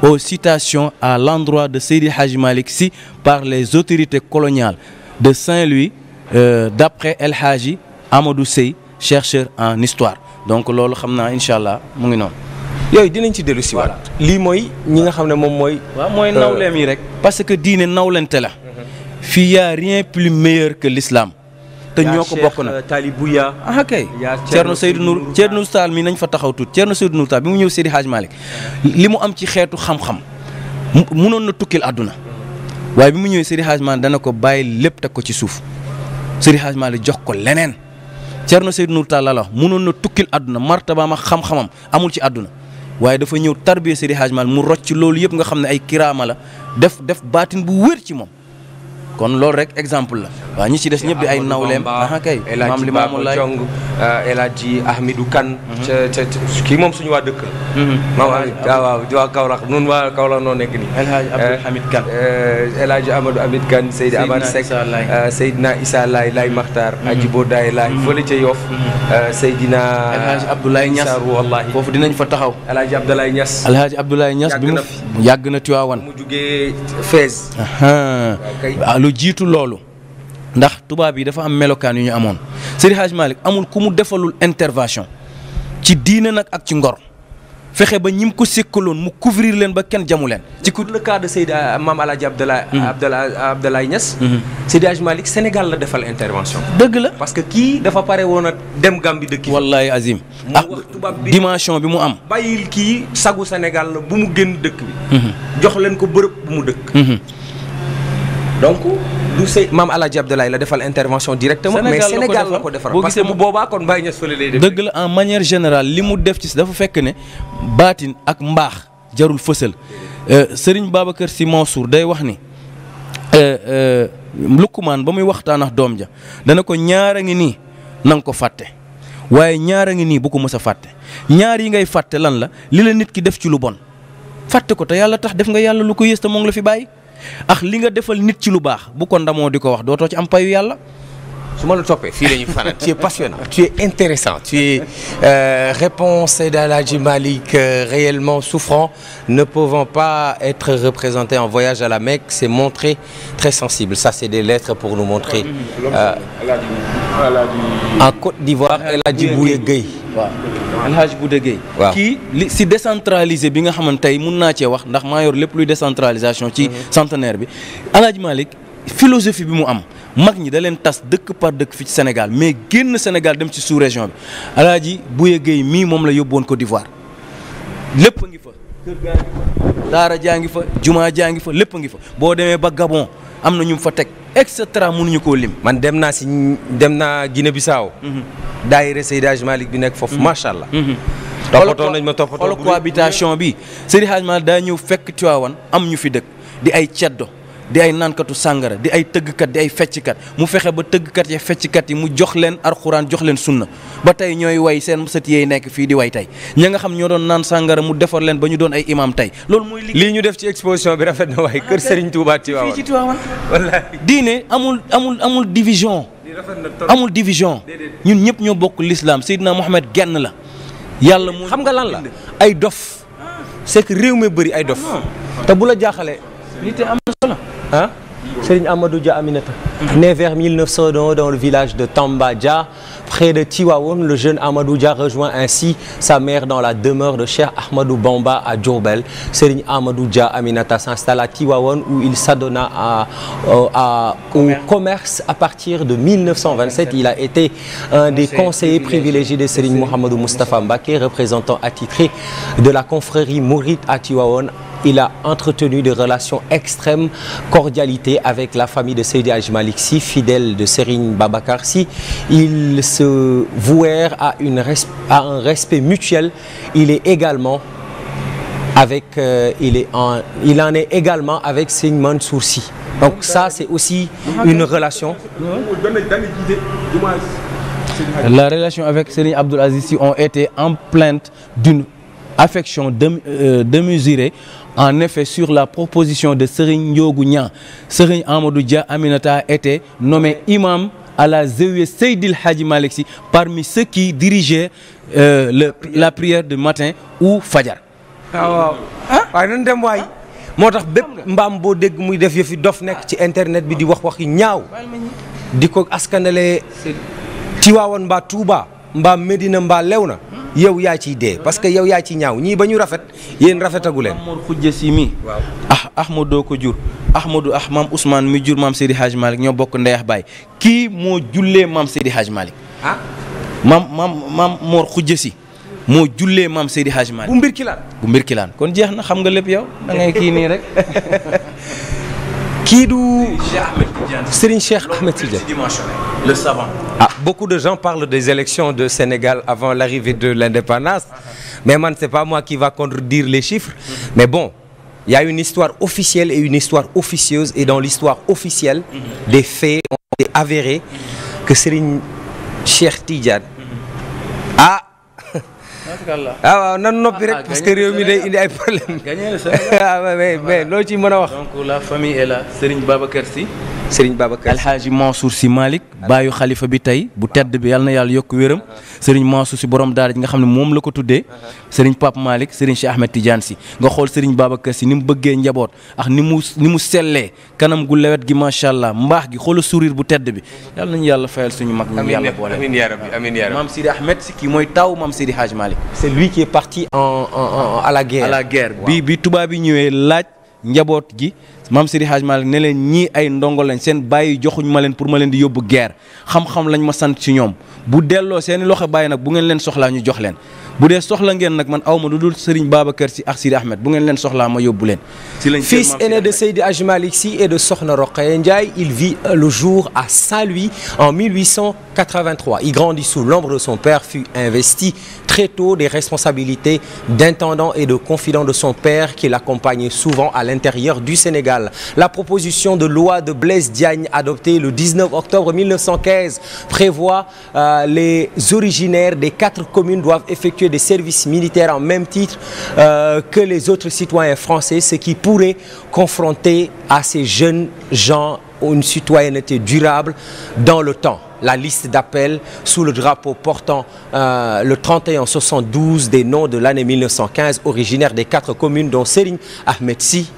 aux citations à l'endroit de Seydi Hadji Malick si par les autorités coloniales de Saint-Louis euh, d'après El Hadji Amadou Sey chercheur en histoire donc loolu xam naa incha allah mu ngi noonu. yooyu dinañ ci dellu si siwaat lii mooy ñi nga xam ne moom mooy. waaw nawleem yi euh, rek. parce que diine nawlente la. Mm-hmm. fii y a rien plus meilleur que l'islam te ñoo ko bokk na euh, Talibuya ah kay Thierno Seydou Nour Thierno Tall mi nañ fa taxaw tuut Thierno Seydou Nour Tall bi mu ñëw Seydi Hadj Malick li mu am ci xeetu xam-xam munoon na tukkil àdduna waaye bi mu ñëwee Seydi Hadj Malick dana ko bàyyi lépp teg ko ci suuf Seydi Hadj maale jox ko leneen Thierno Seydou Nour Tall la munoon na tukkil àdduna martabaam ak xam-xamam amul ci àdduna waaye dafa ñëw tarbiya Seydi Hadj Malick mu rocc loolu yëpp nga xam ne ay kiraama la def def baatin bu wér ci moom. kon loolu rek exemple la waaw ñi ci des ñëpp ay nawleem ah kay maam li maamu lay jong El Hadji euh, Ahmidou Kane mhm. ca kii moom suñu waa dëkk mhm. maam waaw waaw waa Kaolack nun waa Kaolack noo nekk nii El Hadji Abdou euh, Hamid Kane euh, El Hadji Amadou Hamid Kane Seydi Amar Seck Seydina Issa Laye Laye Makhtar mhm. Aji Bodaye Laye fële ca Yoff Seydina El Hadji Abdoulaye Niass wallahi foofu dinañ fa taxaw El Hadji Abdoulaye Niass El Hadji Abdoulaye yàgg na Tiwaawan mu jugee Fès. lu jiitu loolu. ndax tubaab yi dafa am melokaan yu ñu amoon Seydi Hadj amul ku mu defalul intervention ci diine nag ak ci ngor. fexe ba ñim ko sékkaloon mu couvrir leen ba kenn jamu leen. ci ku le cas de Seyda euh, Maam Alaaji Abdala. Mhm. Abdala Abdalaay Niass. Mhm. Seydi Hadj Malick Sénégal la defal intervention. dëgg la parce que kii dafa pare woon a dem Gambie dëkk. wallaay Azim. ah dimension bi mu am. bàyyil kii sagu Sénégal la bu mu génn dëkk bi. Mhm. jox leen ko bërëb bu mu dëkk. donc du sëy maam jab de lay la defal intervention direct mais Sénégal la ko defar parce que bu boobaa kon Baye Niass fële lay def. la en manière générale li mu def ci dafa fekk ne baatin ak mbaax jarul fësal euh, Serigne Babacar Sy Mansour day wax ni euh, euh, Lukkumaan ba muy waxtaan ak doom ja dana ko ñaara ngi nii nanga ko fàtte waaye ñaara ngi nii bu ko mës a fàtte ñaar yi ngay fàtte lan la li la nit ki def ci lu bon fàtte ko te yàlla tax def nga yàlla lu ko yées te moo ngi la fi bàyyi. ax li nga defal nit ci lu baax bu ko ndamoo di ko wax dootoo ci am payu yàlla su ma fii la ñuy fanaan tu es passionnant tu es intéressant tu es euh, réponse Seydi El Hadji Malick euh, réellement souffrant ne pouvant pas être représenté en voyage à la Mecque c'est montré très sensible ça c'est des lettres pour nous montrer euh, en Côte d'Ivoire El Hadji Bouye Gueye El waaw si décentralisé bi nga xamante tey mun naa cee wax ndax mayor yor lépp luy décentralisation ci mhm. centenaire bi El Hadji Malick philosophie bi mu am mag ñi da leen tas dëkk par dëkk fii ci Sénégal mais génn Sénégal dem si sous-région bi alaaji Bouye Gueye mii moom la yóbboon Côte d'Ivoire lépp a ngi fa kër ngi fa daara jaa ngi fa jumaa jaa ngi fa lépp a ngi fa boo demee ba Gabon am na ñu fa teg et cetera mënuñu koo lim. man dem naa si dem naa Guinée Bissau. Mhm. daayira Seydi Hadji Malick bi nekk foofu mhm. macha allah. Mhm. toppatoo nañ ma toppatoo cohabitation bi Seydi Hadji Malick daa ñëw fekk Tivaouane am ñu fi dëkk di ay ceddo. di ay naankatu sàngara di ay tëggkat di ay fecckat mu fexe ba tëggkat ya fecckat yi mu jox leen alxuraan jox leen sunna ba tey ñooy way seen sët yeey nekk fii di way tey ña nga xam ñoo doon naan sàngara mu defar leen ba ñu doon ay imam tey loolu mooy lii ñu def ci exposition bi rafet na waaye kër ah, Serigne Touba Tivaouane fii ci Tivaouane wallaahi diine amul amul amul division amul division ñun ñëpp ñoo bokk lislaam Seydina Mohamed genn la yàlla moo xam nga lan la ay dof c'est réew mi bëri ay dof ah te bu la jaaxalee ah Serigne Amadou Dia Aminata. né vers 1902 dans le village de Tamba Dia près de Tivaouane le jeune Amadou Dia rejoint ainsi sa mère dans la demeure de Cheikh Ahmadou Bamba à Amadou Dia Aminata s'installe à Tivaouane où il s'adonna à, euh, à au commerce. commerce à partir de de Serigne Mouhamadou Moustapha Mbacké représentant il a entretenu des relations extrêmes cordialité avec la famille de Seydi Hadji Malick Sy fidèle de Serigne Babacar Sy ils se vouèrent à une à un respect mutuel il est également avec euh, il est en il en est également avec Serigne Mansour Sy donc ça c'est aussi une relation la relation avec Serigne Abdoul Aziz Sy ont été empreinte d'une affection euh, démesurée euh, En effet, sur la proposition de Serigne Ndiogou Niang, Serigne Amadou Dia Aminata était nommé imam à la zawiya Seydil Hadji Malick Sy parmi ceux qui dirigeaient euh, le, la prière de matin ou fajar. Ah, ah, waaye nañ dem waay moo tax bépp mbaam boo dégg muy def yëfi dof nekk ci internet bi di wax waxi ñaaw di ko askanale Tiwaawan mbaa Touba mbaa Medina mbaa Lewna. yow yaa ciy dee parce que yow yaa ciy ñaaw ñii ba ñu rafet yéen rafetagu leen. Mor si mii mi. waaw ah Ahmadou ko jur. Ahmadou ah maam Ousmane mi jur maam Seydi Hadj Malick ñoo bokk ndeyax baay kii moo jullee maam Seydi Hadj Malick. ah maam maam maam Mor moo jullee maam Seydi Hadj Malick. bu mbir kilaan bu kon jeex na xam nga lépp yow da kii nii rek. kii du Serigne Cheikh Ahmed Tidiane le savant. ah beaucoup de gens parlent des élections de Sénégal avant l'arrivée de l'indépendance mais man c'est pas moi qui va contredire les chiffres mais bon il y a une histoire officielle et une histoire officieuse et dans l'histoire officielle des faits avérés que Serigne Cheikh waaw ah, waaw nan noppi rek ah, parce réew mi day indi ay problème ah, waaw mais loo ci mën a wax donc la famille est là Serigne Babacar Sy sëriñ Babacar alxaaji Mansour si Malick baayu xalifa bi tey bu tedd bi yàlla na yàlla yokk wéram sëriñ Mansour si borom daara ji nga xam ne moom la ko tuddee sëriñ Pape Malick sëriñ Cheikh Ahmed Tidiane si nga xool sëriñ Babacar si ni mu bëggee njaboot ak ni mu ni mu sellee kanam gu lewet gi macha allah mbaax gi xoola sourire bu tedd bi yàlla nañu yàlla fayal suñu mag ñu yàlla boole amiin yaa rabbi amiin yaa maam Sidi Ahmed si mooy taw maam Sidi Hadj Malick c'est lui qui est parti en en en à la guerre bi bi tubaab yi ñëwee laaj njaboot gi maam Seydi Hadj Malick ne leen ñii ay ndongo lañ seen bàyyi joxuñ ma leen pour ma leen di yóbbu guerre xam-xam lañ ma sant ci ñoom bu delloo seeni loxo bàyyi nag bu ngeen leen soxlaa ñu jox leen bu dee soxla ngeen nag man aw ma lu dul Serigne Babacar Sy ak Sidi Ahmed bu ngeen leen soxlaa ma yóbbu leen. si lañ fils aîné de Seydi et de Sokhna Rokhaya Ndiaye il vit le jour à Saint-Louis en 1883 il de son père fut investi très tôt des responsabilités d'intendant et de de son père qui l'accompagnait souvent à l'intérieur du Sénégal la proposition le 19 octobre 1915 prévoit euh, les des quatre communes effectuer des services même titre euh, que les autres citoyens français, ce qui pourrait confronter à ces jeunes gens une citoyenneté durable dans le temps. La liste d'appels sous le drapeau portant euh, le 3172 des noms de l'année 1915, originaires des quatre communes dont Serigne Ahmed Sy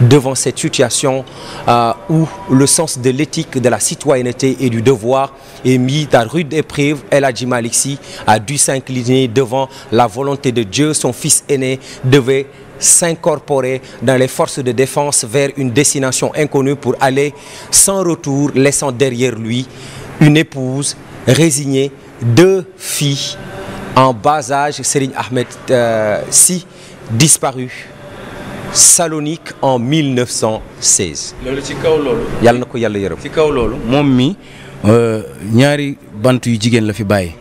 devant cette situation euh, où le sens de l'éthique, de la citoyenneté et du devoir est mis à rude épreuve, El Hadji Malick Sy a dû s'incliner devant la volonté de Dieu. Son fils aîné devait s'incorporer dans les forces de défense vers une destination inconnue pour aller sans retour, laissant derrière lui une épouse résignée, deux filles en bas âge, Serigne Ahmed euh, Sy, Salonique en 1916. loolu ci kaw loolu. yàlla na ko yàlla yorom ci kaw loolu moom mi euh, ñaari bant yu jigéen la fi bàyyi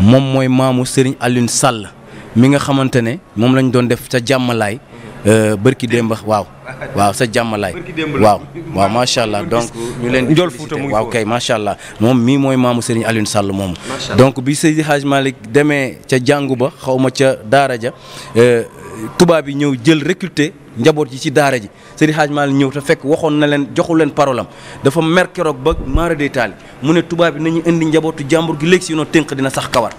moom mooy maamu Serigne alline Sall mi nga xamante ne moom lañu doon def ca jàmmalaay euh, bërki démba waaw waaw sa jàmmalaay waaw waaw macha allah donc leen njool fuuta mu waaw kay macha allah moom mii mooy maamu Serigne Alioune Sall moom donc bi Seydi Hadj Malick demee ca jàngu ba xaw ma ca daara ja euh, tubaab yi ñëw jël recruter njaboot yi ci daara ji Serigne Hadj Malick ñëw te fekk waxoon na leen joxu leen parole am dafa mer ba maara day taali mu ne tubaab bi nañu indi njabootu jàmbur gi léegi si noo tënk dina sax kawar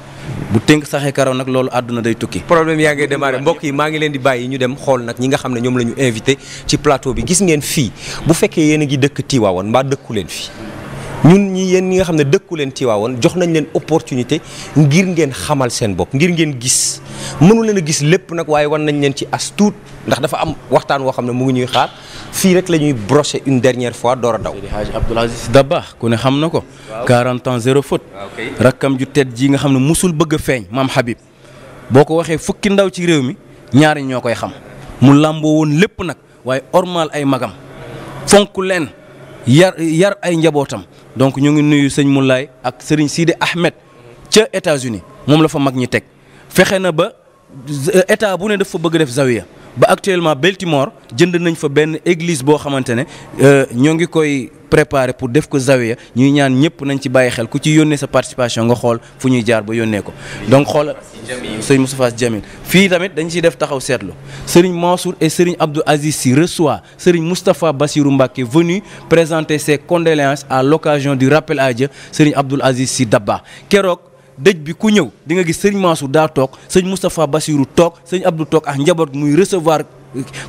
bu tënk saxee karaw nag loolu àdduna day tukki problème yaa ngay démarré mbokk yi maa ngi leen di bàyyi ñu dem xool nag ñi nga xam ne ñoom la ñu invité ci plateau bi gis ngeen fii bu fekkee yéen a ngi dëkk Tiwaawoon mbaa dëkku leen fii ñun ñi yéen ñi nga xam ne dëkku leen Tiwaawoon jox nañ leen opportunité ngir ngeen xamal seen bopp ngir ngeen gis mënu leen a gis lépp nag waaye war nañ leen ci as tuut ndax dafa am waxtaan woo xam ne mu ngi ñuy xaar fii rek la ñuy broché une dernière fois door a daw. Haji Abdoul Aziz Dabakh ku ne xam na ko. 40 ans zéro faute. Ah, rakkam ju tedd ji nga xam ne mosul bëgg a feeñ maam Habib boo ko waxee fukki ndaw ci réew mi ñaar ñoo koy xam mu làmboo woon lépp nag waaye ormal ay magam fonk leen yar yar ay njabootam. donc ñu ngi nuyu sëñ Moulay ak sëriñ Sidi Ahmed ca États-Unis moom la fa mag ñi teg fexe na ba euh, état bu ne dafa bëgg def zawiya ba actuellement Baltimore jënd nañ fa benn église boo xamante ne euh, ñoo ngi koy préparé pour def ko zawiya ñuy ñaan ñëpp nañ ci bàyyi xel ku ci yónnee sa participation nga xool fu ñuy jaar ba yónnee ko donc xool sëñ Moustapha Jamil fii tamit dañ si def taxaw seetlu sëriñ Mansour et sëriñ Abdou Aziz Sy reçoit sëriñ Moustapha Bassirou Mbacké venu présenter ses condoléances à l'occasion du rappel à Dieu sëriñ Abdou Aziz Sy Dabakh keroog dëj bi ku ñëw di nga gis sëriñ Mansour daa toog sëñ Moustapha Bassirou toog sëñ Abdou toog ak njaboot muy recevoir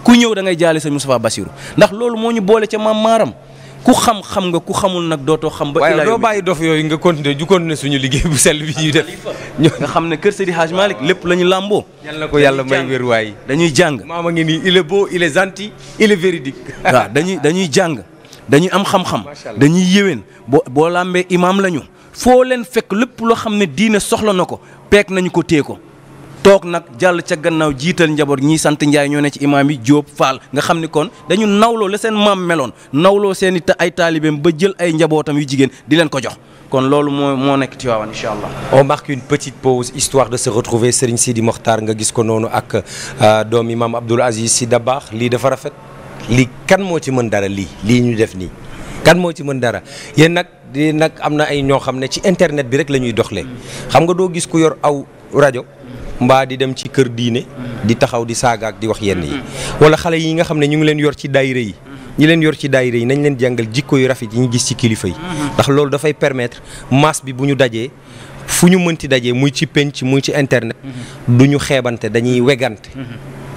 ku ñëw da ngay jaale sëñ Moustapha Bassirou ku xam xam nga ku xamul nag dootoo xam. ba ilaa doo bàyyi dof yooyu nga continuer ju continuer suñu liggéey bu sell bi ñuy def. nga xam ne kër Seydi Hadj Malick lépp la ñu làmboo. yal na ko yàlla may wér waay dañuy jàng. maama ngi nii il est beau il est gentil dañuy dañuy jàng dañuy am xam-xam. dañuy yéwén boo boo làmbee imaam lañu. foo leen fekk lépp loo xam ne diine soxla na ko peek nañu ko téye ko toog nag jàll ca gannaaw jiital njaboot ñi sant Njaay ñoo ne ci imaam yi Jóob Faal nga xam ni kon dañu nawloo la seen maam meloon nawloo seen i ay taalibeem ba jël ay njabootam yu jigéen di leen ko jox kon loolu moo moo nekk Tivaouane incha allah. on marque une petite pause histoire de se retrouver Serigne Sidi Mokhtar nga gis ko noonu ak euh, doom imam Abdoul Aziz Sy baax lii dafa rafet lii kan moo ci mën dara lii lii ñu def nii kan moo ci mën dara yéen nag di nag am na ay ñoo xam ne ci internet bi rek la ñuy doxlee xam nga doo gis ku yor aw rajo. mbaa di dem ci kër diine di taxaw di saaga ak di wax yenn yi wala xale yi nga xam ne ñu ngi leen yor ci daayira yi ñu leen yor ci daayira yi nañ leen jàngal jikko yu rafet yi ñu gis ci kilifa yi ndax loolu dafay permettre masse bi bu ñu dajee fu ñu mënti dajee muy ci penc muy ci internet du ñu xeebante dañuy wegante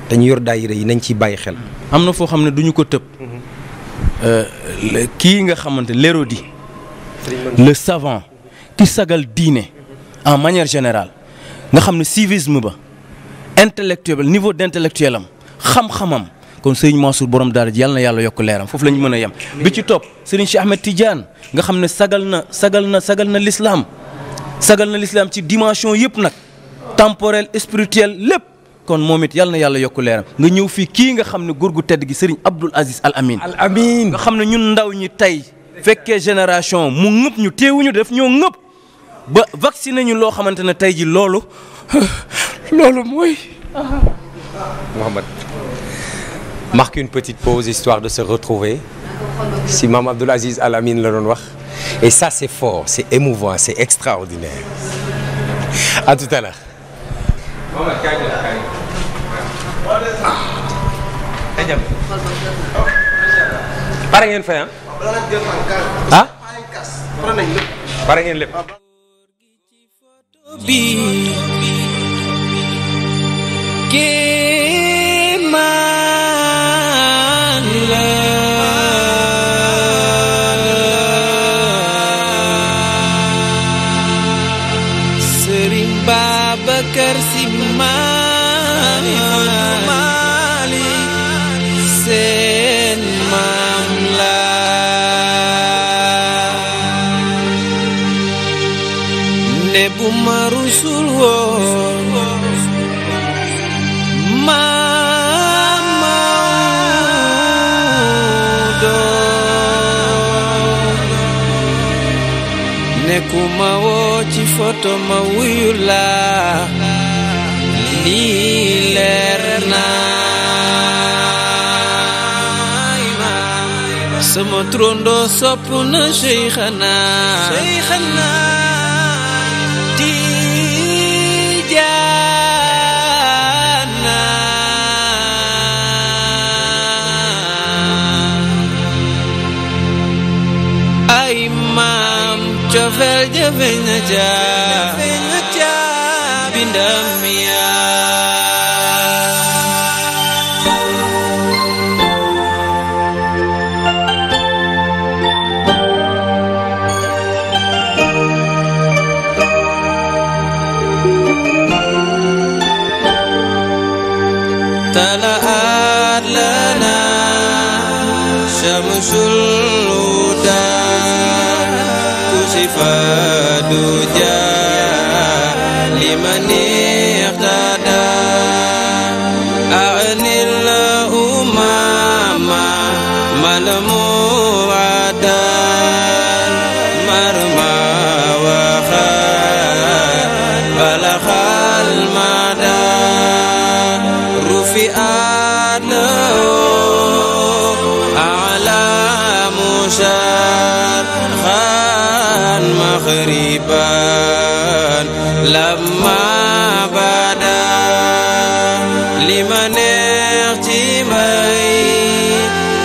dañuy yor daayira yi nañ ci bàyyi xel am na foo xam ne duñu ko tëb euh, kii nga xamante l'érodi le savant ki sagal diine en manière générale nga xam ne civisme ba intellectuel niveau d' intellectuel am xam-xamam kon sëriñ Mansour borom daal ji yàlla na yàlla yokk leeram foofu la ñu mën a yem. bi ci topp sëriñ si Ahmed Tidiane nga xam ne sagal na sagal na sagal na lislaam sagal na lislaam ci dimension yëpp nag temporel spirituel lépp. kon moom it yal na yàlla yokk leeram nga ñëw fii kii nga xam ne góor gu tedd gi sëriñ Abdoul Aziz Al Amin Al nga xam ne ñun ndaw ñi tey fekkee génération mu ngëpp ñu def ñoo ngëpp ba vacciné ñu loo xamante ne tey ji loolu loolu mooy. Mohamed marque une petite pause histoire de se retrouver si maam Abdoul Aziz Al Amine la doon wax et ça c'est fort c'est émouvant c'est extraordinaire à tout à l'heure be. Give ma rusul woon maam nekkuma woo ci foto ma wuyu laa lii leer naa sama trondo sopp na Seyxana في النجاح lama bada li ma neex ci may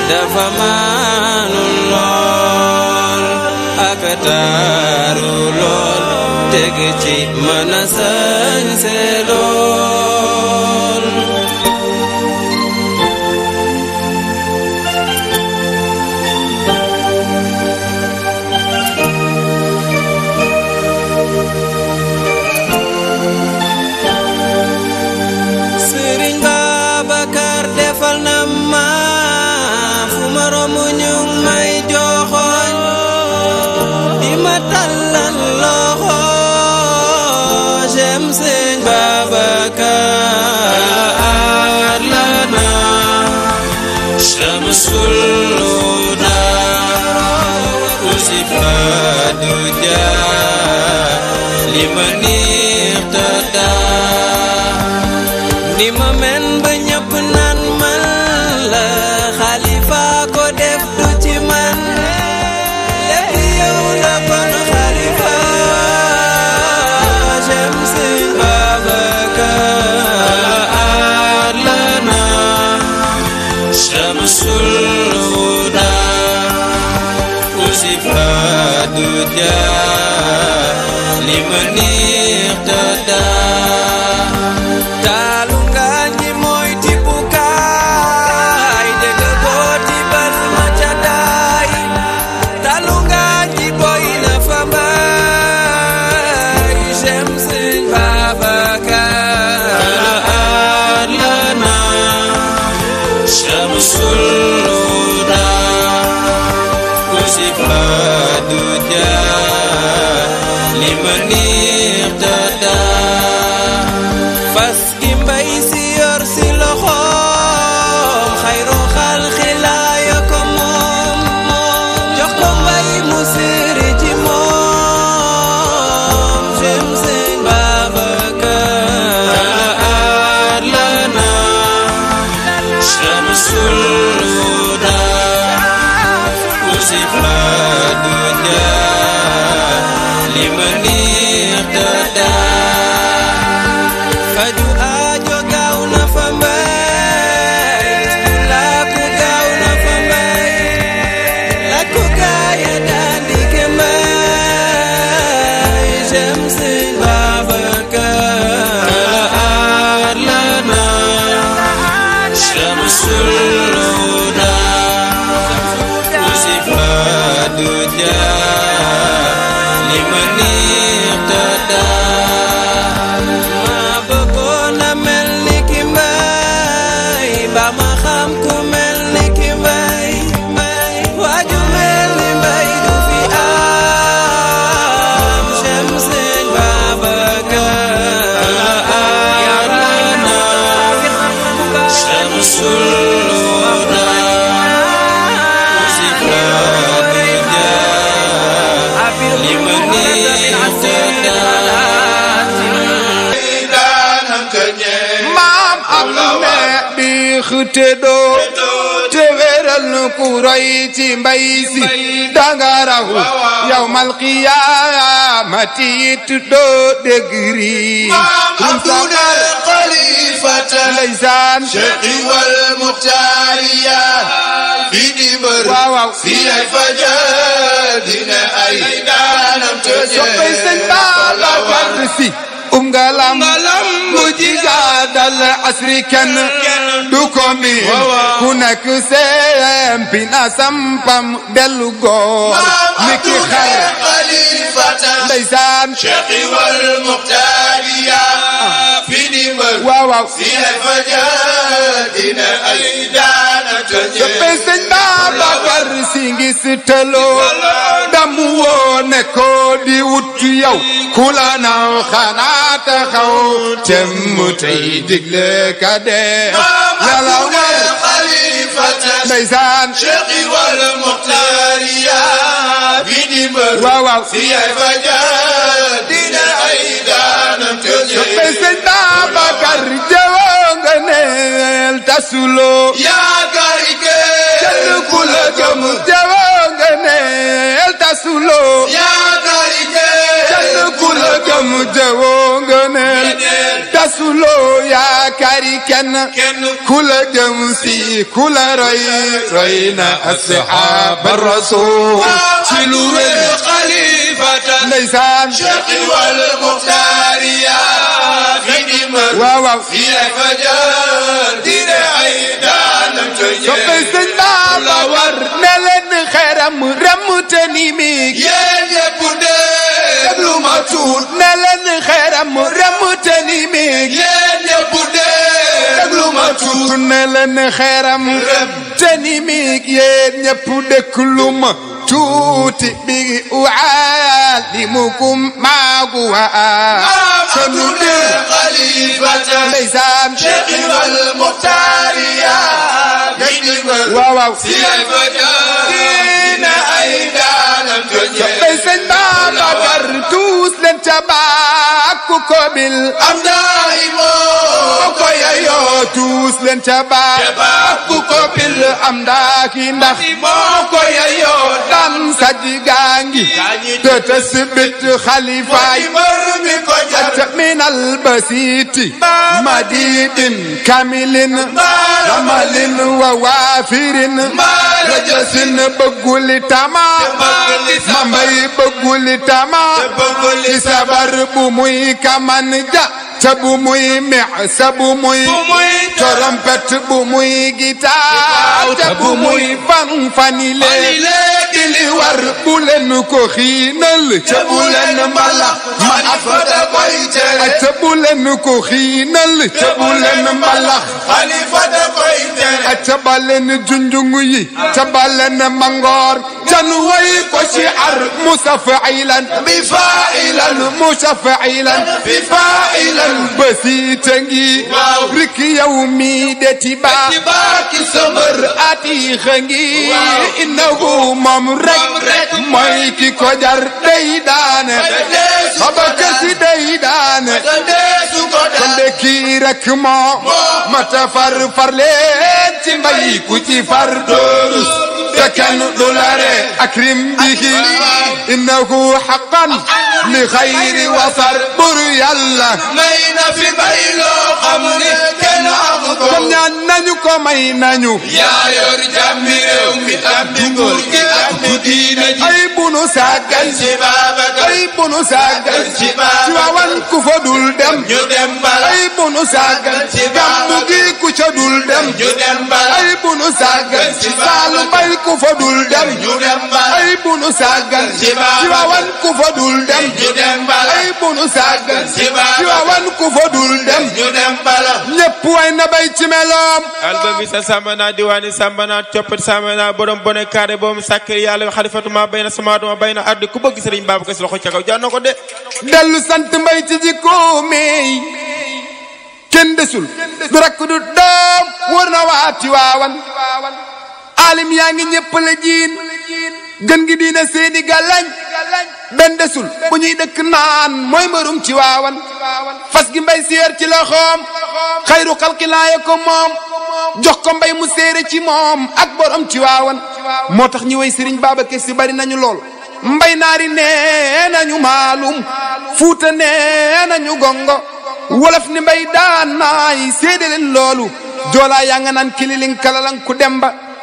dafa maanu lool ak taaru lool teg ci mën a tedoo te weeral ku roy ci mbay si danga raw yawmal qiyaamati doo dégg rii ليسان شقي والمتاريا في دبر في فجادنا أي دانا تجاه سبي سنبالا فردسي أم غلام jihaadal asri kenn du ko miin ku nekk seem bi na sampam dellu góor mi ki xar ndeysaan Cheikhi wal Muxtaariya ah. fi ndimbal waaw waaw si ay fajar dina ay daana tëjee si ngis tëloo damu woo ne ko di wut ci yow ku la naw xanaa taxaw te mu tey digle ka dee yàlla war ndeysaan cheikhi wal muxtariya bi di mbër waaw si ay faja dina ay daanam te jëlee sëñ Babacar jëwoo nga ku la gëm jëwoo neel tasuloo yaakaar jëm jëwoo ngëneel tasuloo yaakaari kenn ku la jëm si ne leen xeram ram te wut ne leen xeeram ramutani mi yéen ñëpp déglu ma tuut ne leen xeeram tani mi yéen ñëpp déglu ma tuuti bi uallimukum maaguwa sanu dir xalifatan ndeysaan Cheikh wal Muxtaariya waaw waaw si ay daanam ca baa sàkku ko bil am daay moo ko yeyoo tuus leen ca baat sàkku ko bil am ndaaki ndax moo ko yeyoo dam saji gaa ngi te tasbit xalifaay mi ko jat min al basiiti madidin kamilin sabar bu muy ka man ja bu muy meex te bu muy trompette bu muy guitare te bu muy fan fanile li war bu leen ko xiinal te bu leen mbalax man afada koy tere te bu leen ko xiinal te bu leen mbalax xalifa da koy tere te ba leen junjungu yi te ba leen mangoor تنوي كشعر مستفعلا بفاعلا مشفعلا بفاعلا بسيتنجي رك يومي دتبا سمر أتي خنجي إنه ممرك مايكي كجر ديدان سبك سي ديدان كنده كي رك ما متفر فرلين تنبي كتفر دورس te kenn du lare akrim bihi innahu haqqan li xayri wasar bur yàlla may na fi bay loo xam ne kenn amu ko kon ñaan nañu ko may nañu yaa yor jàmmi réew mi am di nguur gi am di diina ji ay bunu sàggan si Babacar ay bunu sàggan si Babacar ci wawan ku fa dul dem ñu dem bala ay bunu sàggan si Babacar gàmmu gi ku ca dul dem ñu dem bala ay bunu sàggan si Saalu bay ku fa dul dem ñu dem bal ay bunu sàggan ci waawan ku fa dul dem ñu dem bal ku fa dul dem ñu dem bal ñépp way na bay ci meloom alba bi sa sambana diwaani sambana coppit sambana borom bone kaare boobu sàkkir xalifatuma bay na samaatuma bay na ardi ku bëgg sëriñ baaba ko si de dellu sant mbay ci jikko meey kenn desul du rakk du doom wër na waati waawan aalim yaa ngi ñëpp la gën gi diina seeni gàllañ benn desul bu ñuy dëkk naan mooy mbërum ci waawan fas gi mbay séer ci loxoom xayru xalqilaaye ko moom jox ko mbay mu séere ci moom ak borom ci waawan moo tax ñi way sëriñ Babacar si bari nañu lool mbay naari nee nañu maalum fuuta nee nañu gongo wolof ni mbay daan naay leen loolu joolaa yaa nga naan kililing kalalang ku dem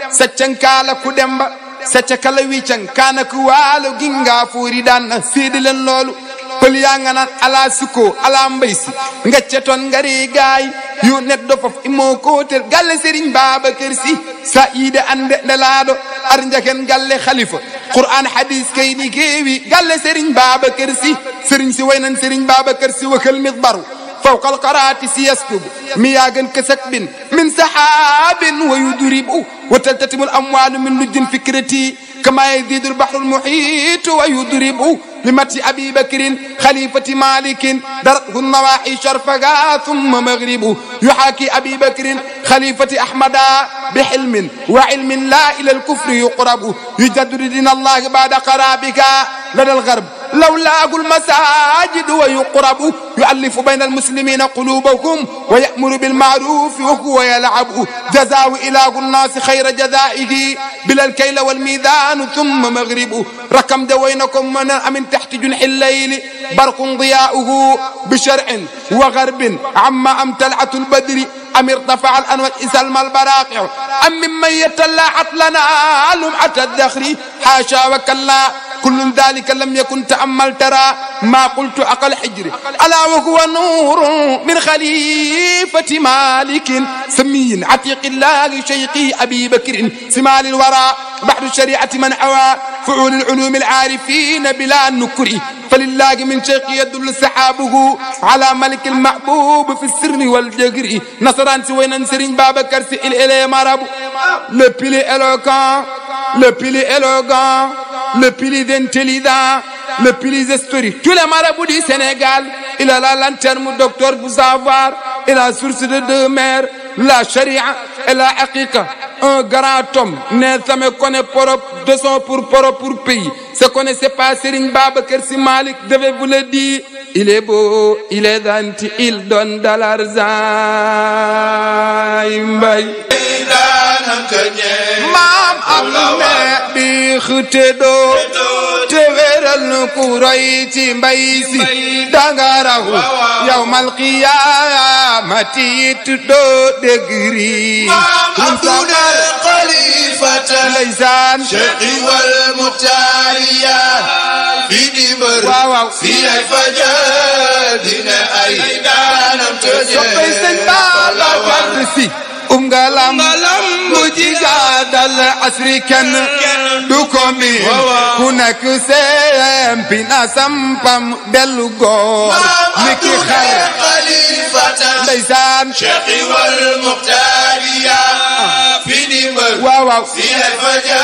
seccan kaala ku demba secca kala wiccan kaana ku waalo ginga fuuri danna seede leen loolu pël yaa nga naan alaa sukkoo alaa mbay si ngacca toon ngari gaay yo neɗɗo fof immo kotel galle sérigne babacar si sa iide ande nde laaɗo ar jaken galle khalifa qur'an hadis kayni keewi galle sérigne babacar si sérigne si waynan sérigne babacar si wakal mitbaru فوق القرات سيسكب مياغا كسكب من سحاب ويدرب وتلتتم الأموال من لج فكرتي كما يزيد البحر المحيط ويدرب لمت أبي بكر خليفة مالك درته النواحي شرفقا ثم مغرب يحاكي أبي بكر خليفة أحمد بحلم وعلم لا إلى الكفر يقرب يجدد دين الله بعد قرابك لدى الغرب lawlaagul masaajidu wa yuqrabu yuallifu bayna almuslimina qulubahum wa yamuru bilmaarufi wa huwa yalabu jazaahu ilaahu nnaasi xayra jazaa'ihi bilal kayla wal miizaanu thumma maghribu rakam ja way na ko mën a amin taxti junxi layli barqun diyaa'uhu bi shar'in wa gharbin amma am tal'atul badri am irtafa'a al-anwaar isalmal baraaqi'u am mimman yatalla'at lanaa lum'ata ad-dakhri haashaa wa kallaa kullu dalika lam yakun taamal tara ma qultu aqal hijri ala wa huwa nurun min khalifati malikin samiyin atiqillahi shaykhi abi bakrin simali alwara bahru shariati man awa fuul alulum alarifin bila nukri falillahi min shaykhi yadul sahabuhu ala malik almahbub fi sirri waljagri nasaran si waynan Serigne Babacar Sy il est marabout le pilier éloquent le plus élégant, le plus intelligent, le plus historique. Tous les marabouts du Sénégal, il a la lanterne, docteur, vous avoir, il a source de deux mères, la charia et la aqiqa. un grand homme ne jamais connaît propre de son pour propre pays. Se connaissait pas Serigne Babacar Sy Malick devait vous le dire. Il est beau, il est gentil, il donne de mbay. maam am ne bi te wéral nu ku roy mbay si danga raw yawmal qiyaamati it doo dégg ndeysaan Cheikh wal mutaariya fi di mbër waaw waaw fi ay fajar dina ay daanam tëjee soppay sëñ Babacar Si um nga lam bu ci gaadal asri kenn du ko mi ku nekk seem bi na sampam dellu góor mi ki xar ndeysaan Cheikh wal mutaariya fi ndimbal waaw waaw si ay faja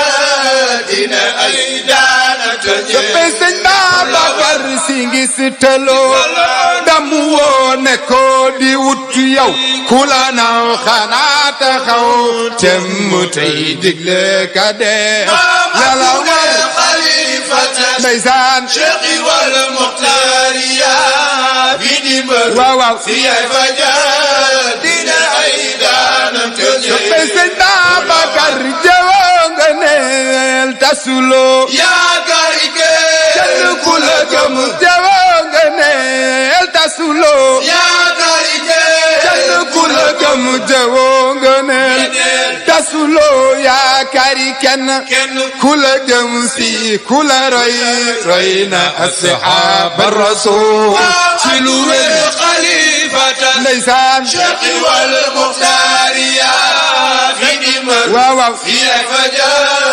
dina ay daana tëjee dafay sëñ Babacar Si ngi si tëloo damu woo ne wut yow ku la naw xanaa taxaw temm tey digle ka dee yàlla war ndeysaan cheikh wal muxtaariya fi ndimbal waaw waaw si ay faja tasuloo yaakaar ku la gëm jawoo nga neel tasuloo yaakaar ike ku la gëm jawoo nga neel tasuloo yaakaar kenn ku la gëm si ku la roy roy na asxaab rasul ci lu wér xalil xalifatan ndeysaan cheikhi wal muxtaariya xidima waaw waaw fi ay fajar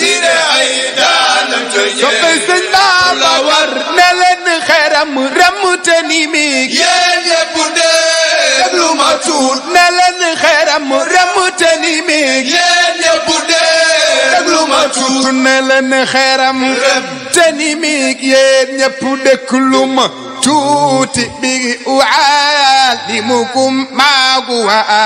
dine ay daanam tëye soppe sëñ Bamba war ne leen xeram ram te ni mi yéen ñëpp déglu ma tuut ne leen xeram ram te ni mi sunna la ne xeeram te ni miig yéen ñëpp dëkk lu ma tuuti bi uaalimukum maagu wa a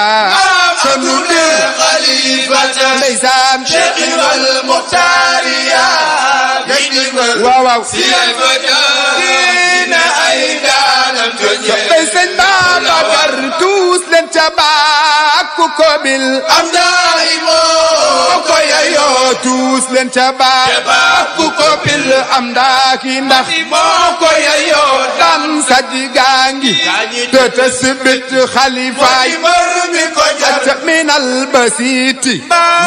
sanu dir xalifatan ndeysaan cheikh wal muxtaariya waaw waaw dina ay daanam soppay sëñ Babacar tuus leen ca bàkku ko bil am daay moo ko yeyoo tuus leen ca baar ku ko bil am ndaaki ndax moo ko yeyoo dan saji gaangi te tasbit xalifaay mi ko jat min al basiti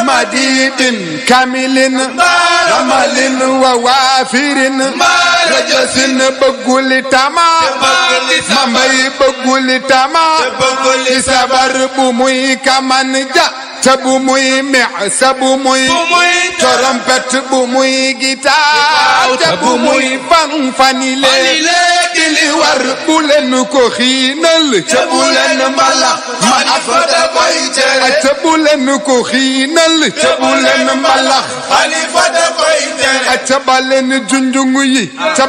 madidin kamilin ramalin wa waafirin rajasin bëgguli tama mamay bëgguli tama sabar bu muy kaman ja ca bu muy mex sabu bu muy trompet bu muy gitaar te bu muy fan fanile di li war bu leen ko xiinal te bu leen mbalax man afata koy tere te bu leen ko xiinal te bu leen mbalax alifata koy tere te ba leen junjungu yi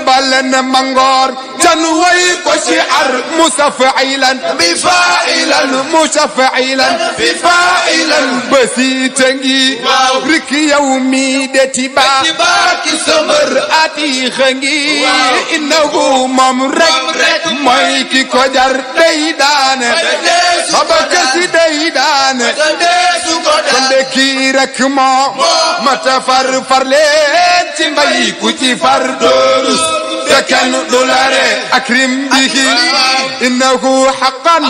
ba leen mangoor can way ko ci ar musafilan bi failan musafilan bi failan basi tangi waaw rikki yow mi de tibaa ki samër ati xëngi innahu moom rek mooy ki ko jar day daane babaka si day daane konde kii rek moo mata far far leen ci ku ci far doorus te kenn du la ree akrim bihi innahu haqqan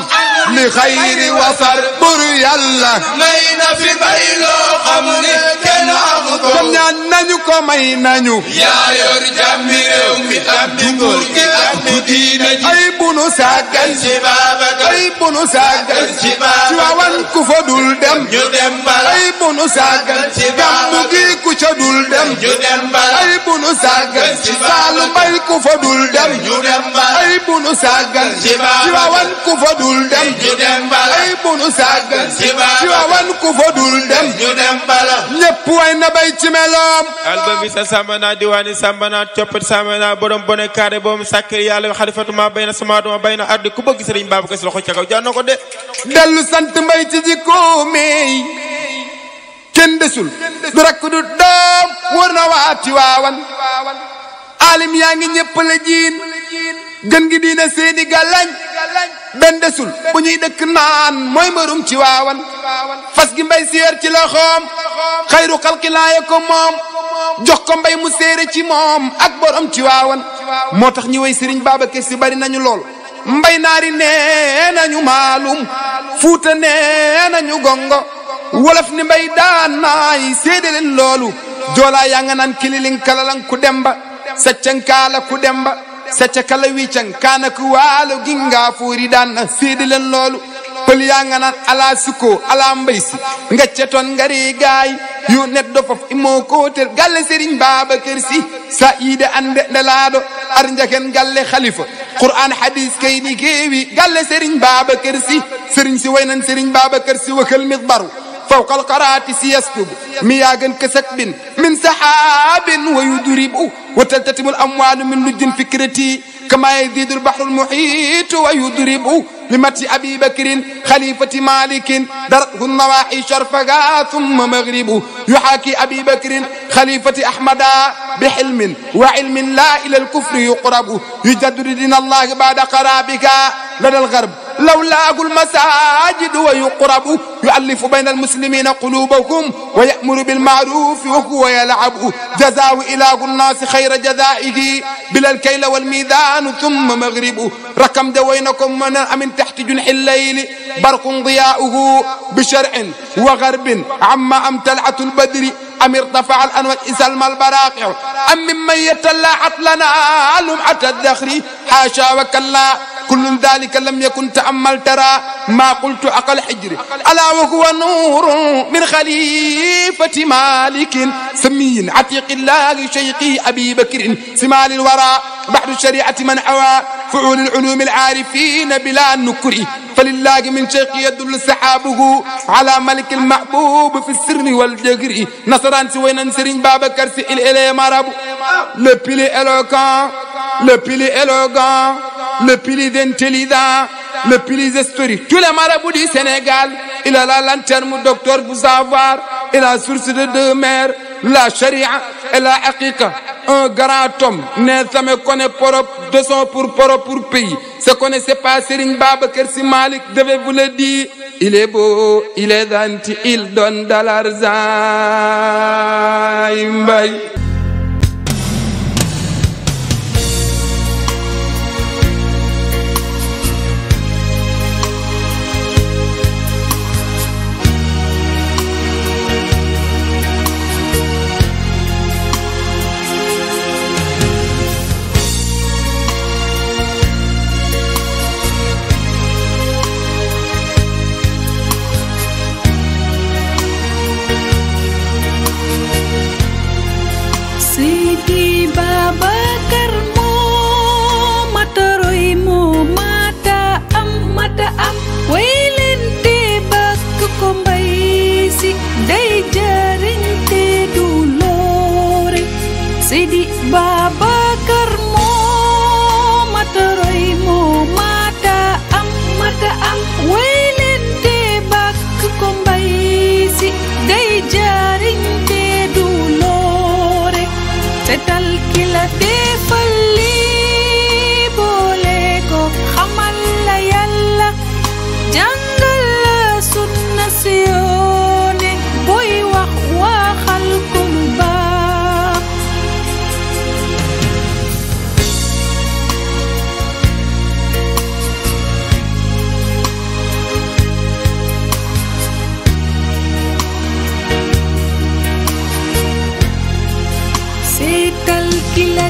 li xayri wasar bur yàlla may na fi bay loo xam ne kenn amu ko kon ñaan nañu ko may nañu yaa yor jàmmi réew mi am di góor gi am di diina ji ay bunu sàggan ci Babacar ay bunu sàggan ci Babacar ci wawan ku fa dul dem ñu dem bala ay bunu sàggan ci Babacar gàmmu gi ku ca dul dem ñu dem bala ay bunu sàggan ci Saalu bay ku fa dul dem ñu dem ba ay bunu sàggan ci waawan ku fa dul dem ñu dem ba ay bunu sàggan ci waawan ku fa dul dem ñu dem ba ñépp way na bay ci meloom alba bay na samaatuma bay na ardi ku bëgg sëriñ baaba ko si loxo ca kaw ko de dellu sant mbay ci jikko meey kenn desul du rakk du doom wër na waati waawan alim yaa ngi ñëpp la jiin gën gi diina seeni gàllañ benn desul bu ñuy dëkk naan mooy mbërum ci waawan fas gi mbay séer ci loxoom xayru xalqilaaye ko moom jox ko mbay mu séere ci moom ak borom ci waawan moo tax ñi way sëriñ Babacar Sy bari nañu lool mbay naari nee nañu maalum fuuta nee nañu gongo wolof ni mbay daan naay leen loolu joolaa yaa nga naan kililing kalalang ku demba seccankaala ku demba secca kala wiican kaana ku waalo ginga fuuri danna seedi len loolu pol ya ganan ala sikko ala mbaysi gacca toon ngari gaay yo neɗɗo fof immo kotel galle sérigne babacar sy sayiide ande nde laaɗo ar jaken galle khalifa qur'an hadis kayni keewi galle sérigne babacar sy sérigne si waynan sérigne babacar sy wakal mikbaru فوق القرات يسكب مياغا كسكب من سحاب ويدرب وتلتتم الأموال من لج فكرتي كما يزيد البحر المحيط ويدرب لمتي أبي بكر خليفة مالك درته النواحي شرفقا ثم مغرب يحاكي أبي بكر خليفة أحمد بحلم وعلم لا إلى الكفر يقرب يجدد دين الله بعد قرابك لدى الغرب lawlaagul masaajidu wa yuqrabu yuallifu bayna almuslimina qulubahum wa yamuru bilmaarufi wa huwa yalabu jazaahu ilaahu nnaasi xayra jazaa'ihi bilal kayla walmiidaanu thumma magribu rakam ja way na ko mën a amin taxti junxi llayli barqun diyaa'uhu bishar'in wa garbin amma am tal'atu albadri am irtafa'a al-anwaaj isalma albaraaqi'u am mimman yatalla'at lana lum'ata ad-dakhri haasha wa kallaa kullu dalika lam yakun ta'ammal tara ma qultu aqal hijri ala wa huwa nurun min khalifati malikin samiyin atiqillahi shaykhi abi bakrin simalil wara بعد شريعة من أوى فعول العلوم العارفين بلا نكر فلله من شيخ يدل سحابه على ملك المحبوب في السر والجهر نصران سوينا سرين بابا كرسي إلى مرابو le pilier éloquent le pilier élégant le pilier intelligent le pilier historique tous les marabouts du Sénégal il a la lanterne mu docteur bu savoir il a source de deux la charia et la Aqiqa, un grand homme, n'est jamais connu de son pour propre pays. Ce connaissait pas Serigne Babacar Sy Malick, devez-vous le dire. Il est il est gentil, il donne de kila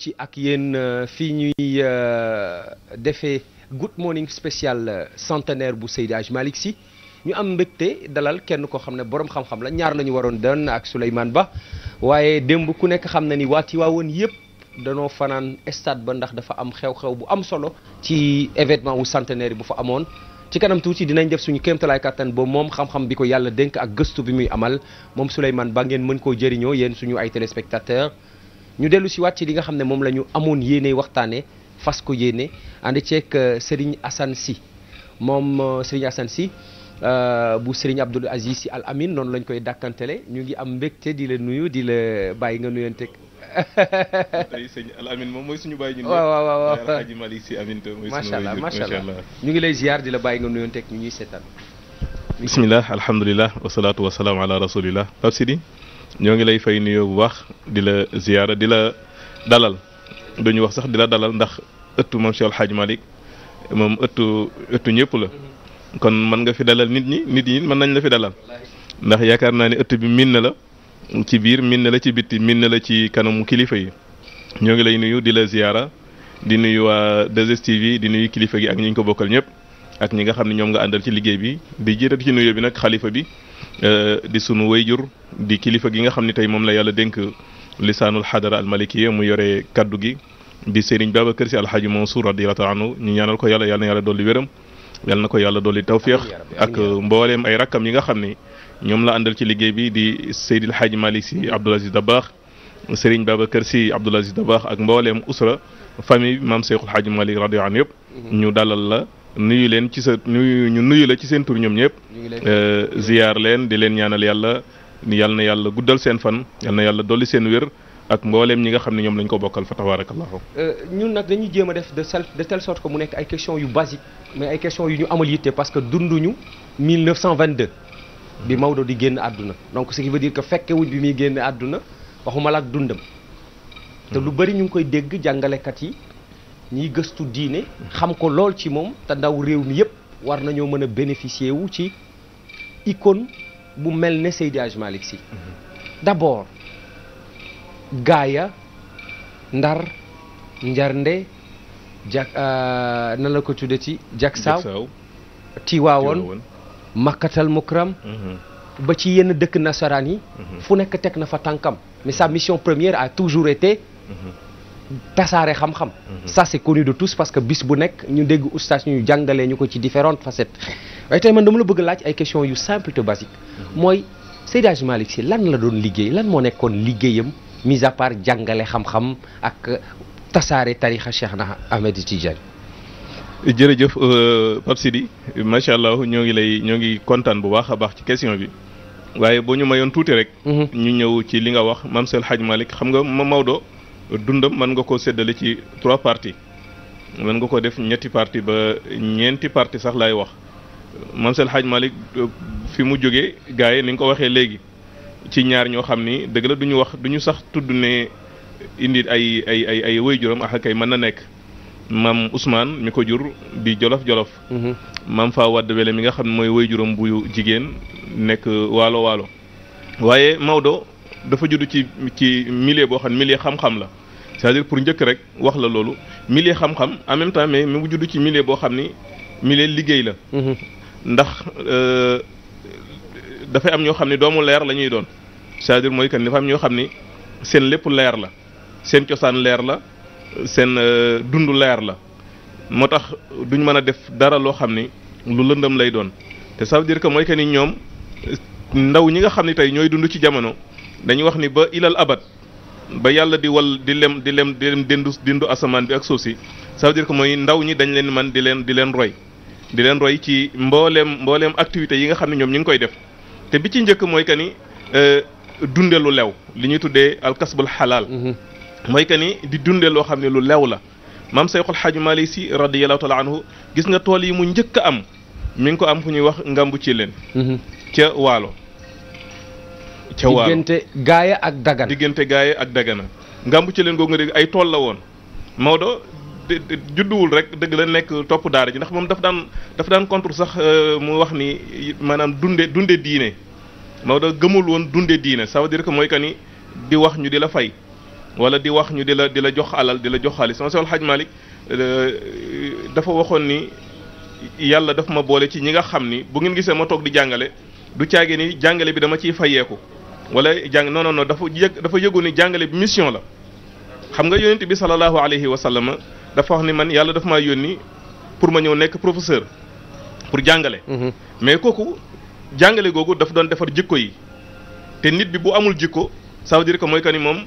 ci ak yéen euh, fii ñuy euh, defee good morning spécial euh, centenaire bu Seydi Hadj si ñu am mbégte dalal kenn koo xam ne borom xam-xam la ñaar lañu waroon doon ak Souleymane Ba waaye démb ku nekk xam na ni waa Tiwaawoon yëpp danoo fanaan stade ba ndax dafa am xew-xew bu am solo ci événement wu centenaire bu fa amoon. ci kanam tuuti dinañ def suñu kéemtalaay kàttan ba moom xam-xam bi ko yàlla dénk ak gëstu bi muy amal moom Souleymane Ba ngeen mën koo jëriñoo yéen suñu ay ñu dellu si waat ci li nga xam ne moom la ñu amoon yéene waxtaanee fas ko yéene ànd ceeg euh, Serigne Assane si moom euh, Serigne Assane si euh, bu Serigne Abdoul Aziz Sy Al Amin noonu lañ koy dàkkantele ñu ngi am mbégte di la nuyu di la bàyyi nga nuyanteeg. tey sëñ Al Amin moom mooy suñu bàyyi ñu waaw waaw waaw El Hadj Malick Sy Amin allah macha allah ñu ngi lay ziar di la bàyyi nga nuyanteeg ñu ñuy seetaan. bisimilah alhamdulilah wasalaatu wasalaam ala rasulillah Pape ñoo ngi lay fay nuyoo bu baax di la ziyaara di la dalal duñu wax sax di la dalal ndax ëttu moom Cheikh El moom ëttu ëttu ñëpp la kon mën nga fi dalal nit ñi nit ñi mën nañ la fi dalal ndax yaakaar naa ne ëtt bi miin na la ci biir miin na la ci bitti miin na la ci kanamu kilifa yi ñoo ngi lay nuyu di la ziyaara di nuyu waa 2STV di nuyu kilifa gi ak ñi ñu ko bokkal ñëpp ak ñi nga xam ne ñoom nga àndal ci liggéey bi di jiital ci nuyoo bi nag xalifa bi. Euh, di sunu wayjur di kilifa gi nga xam ne tey moom la yàlla dénk lisaanul xadara almalikiya mu yore kaddu gi di Serigne Babacar Sy alxaaji Mansour radiyallahu taala anhu ñu ñaanal ko yàlla yàlla na yàlla dolli wéram yàlla na ko yàlla dolli tawféex ak mbooleem ay rakkam yi nga xam ni ñoom la àndal ci liggéey bi di Seydil Hadji si Sy Abdoul baax Dabakh Serigne kër si Abdoul Aziz baax ak mbooleem usra famille maam Seexul Hadji Malick radiyallahu anhu yëpp mhm. ñu dalal la nuyu leen ci sa nuyu ñu nuyu la ci seen tur ñoom ñëpp euh, ziyaar leen di leen ñaanal yàlla yàlla na yàlla guddal seen fan yàlla na yàlla dolli seen wér ak mbooleem ñi nga xam ne ñoom lañ ko bokkal fa tabarakallahu euh, ñun nag dañuy jéem a def de self de telle mu nekk ay questions yu basique mais ay questions yu ñu amal yitte parce que dunduñu 1922 bi Maodo di génn àdduna donc ce qui veut dire que wuñ bi muy génn àdduna waxuma la ak dundam te lu hmm. bari ñu ngi koy dégg jàngalekat yi ñiy gëstu diine xam ko lool ci moom te ndaw réew mi yëpp war nañoo mën a bénéficier wu ci icône bu mel ne Seydi Hadj Malick Sy mhm. d'abord gaaya ndar njarnde jak euh, nan la ko tudde ci jak saaw tiwaawoon makkatal mukram mhm. ba ci yenn dëkk nasaraan yi mhm. fu nekk teg na fa tànkam mais sa mission première a toujours été tasaare xam-xam mhm. ça c'est connu de tous parce que bis bu nekk ñu dégg oustaz ñu jàngalee ñu ko ci différentes facettes waaye tey dama la bëgg laaj ay questions yu simple te basique mhm. mooy Seydi Hadji Malick Sy lan la doon liggéey lan moo nekkoon liggéeyam mis à part jàngale xam-xam ak tasaare tarixa Cheikh na Ahmed Tidiane jërëjëf euh, Pape Sidi macha allah ñoo ngi lay ñoo ngi kontaan bu baax a baax ci question bi waaye boo ñu mayoon tuuti rek mhm. ñu ñëw ci li nga wax maam Seydi Hadji Malick xam nga Maodo dundam mën nga koo séddale ci trois parties mën nga ko def ñetti parti ba ñeenti parti sax laay wax Maam Seydi El Hadji Malick euh, fi mu jógee gars yi ni nga ko waxee léegi ci ñaar ñoo xam ni dëgg la duñu wax duñu sax tudd ne indi ay ay ay ay waajuram ak kay mën na nekk maam Ousmane mi ko jur bi jolof jolof maam mhm. Faa Wadd Wele mi nga xam ne mooy waajuram bu jigéen nekk waalo waalo waaye Maodo dafa judd ci ci milieu boo xam milieu xam-xam la cest pour njëkk rek wax la loolu milieu xam-xam en même temps mais mu judd ci milieu boo xam ni milieu liggéey la. Mhm. ndax euh, dafay am ñoo xam ni doomu leer la ñuy doon cest mooy kan dafa am ñoo xam ni seen lépp leer la seen cosaan leer la seen euh, dund leer la moo tax duñ mën a def dara loo xam ni lu lëndëm lay doon te ça dire que mooy que ñoom ndaw ñi nga xam ni tey ñooy dund ci jamono. dañu wax ni ba ilal abad ba yàlla di wal di lem di lem di lem dindu dindu asamaan bi ak suuf si ça veut dire que ndaw ñi dañ leen man di leen di leen roy di leen roy ci mbooleem mbooleem activités yi nga xam ne ñoom ñu ngi koy def te bi ci njëkk mooy que ni euh, dunde lu lew li ñuy tuddee alkasbul xalaal mhm. mooy que ni di dunde loo xam ne lu lew la maam Seyxul Xaaj Maalik Si radiyallahu taala anhu gis nga tool yi mu njëkk a am mu ngi ko am fu ñuy wax ngàmbu ci leen mhm. ca waalo ca waaw diggante gaaya ak dagana diggante gaaya ak dagana ngàmbu ci leen googu ay tool la woon Maodo judduwul rek dëgg la nekk topp daara ji ndax moom daf daan daf daan contre sax euh, mu wax ni maanaam dunde dunde diine Maodo gëmul woon dunde diine ça veut que mooy que ni di wax ñu di la fay wala di wax ñu di la di la jox alal di la jox xaalis sama Seex Alxaaj Maalik euh, dafa waxoon ni yàlla daf ma boole ci ñi nga xam ni bu ngeen gisee ma toog di jàngale du caage ni jàngale bi dama ciy fayeeku wala jàng non non non dafa yëg dafa yëgu jàngale bi mission la xam nga yónent bi sallallahu alayhi wa sallam dafa wax ni man yàlla dafa maa yónni pour ma ñëw nekk professeur pour jàngale. Mhm. mais kooku jàngale googu daf doon defar jikko yi te nit bi bu amul jikko ça veut dire que mooy que ni moom.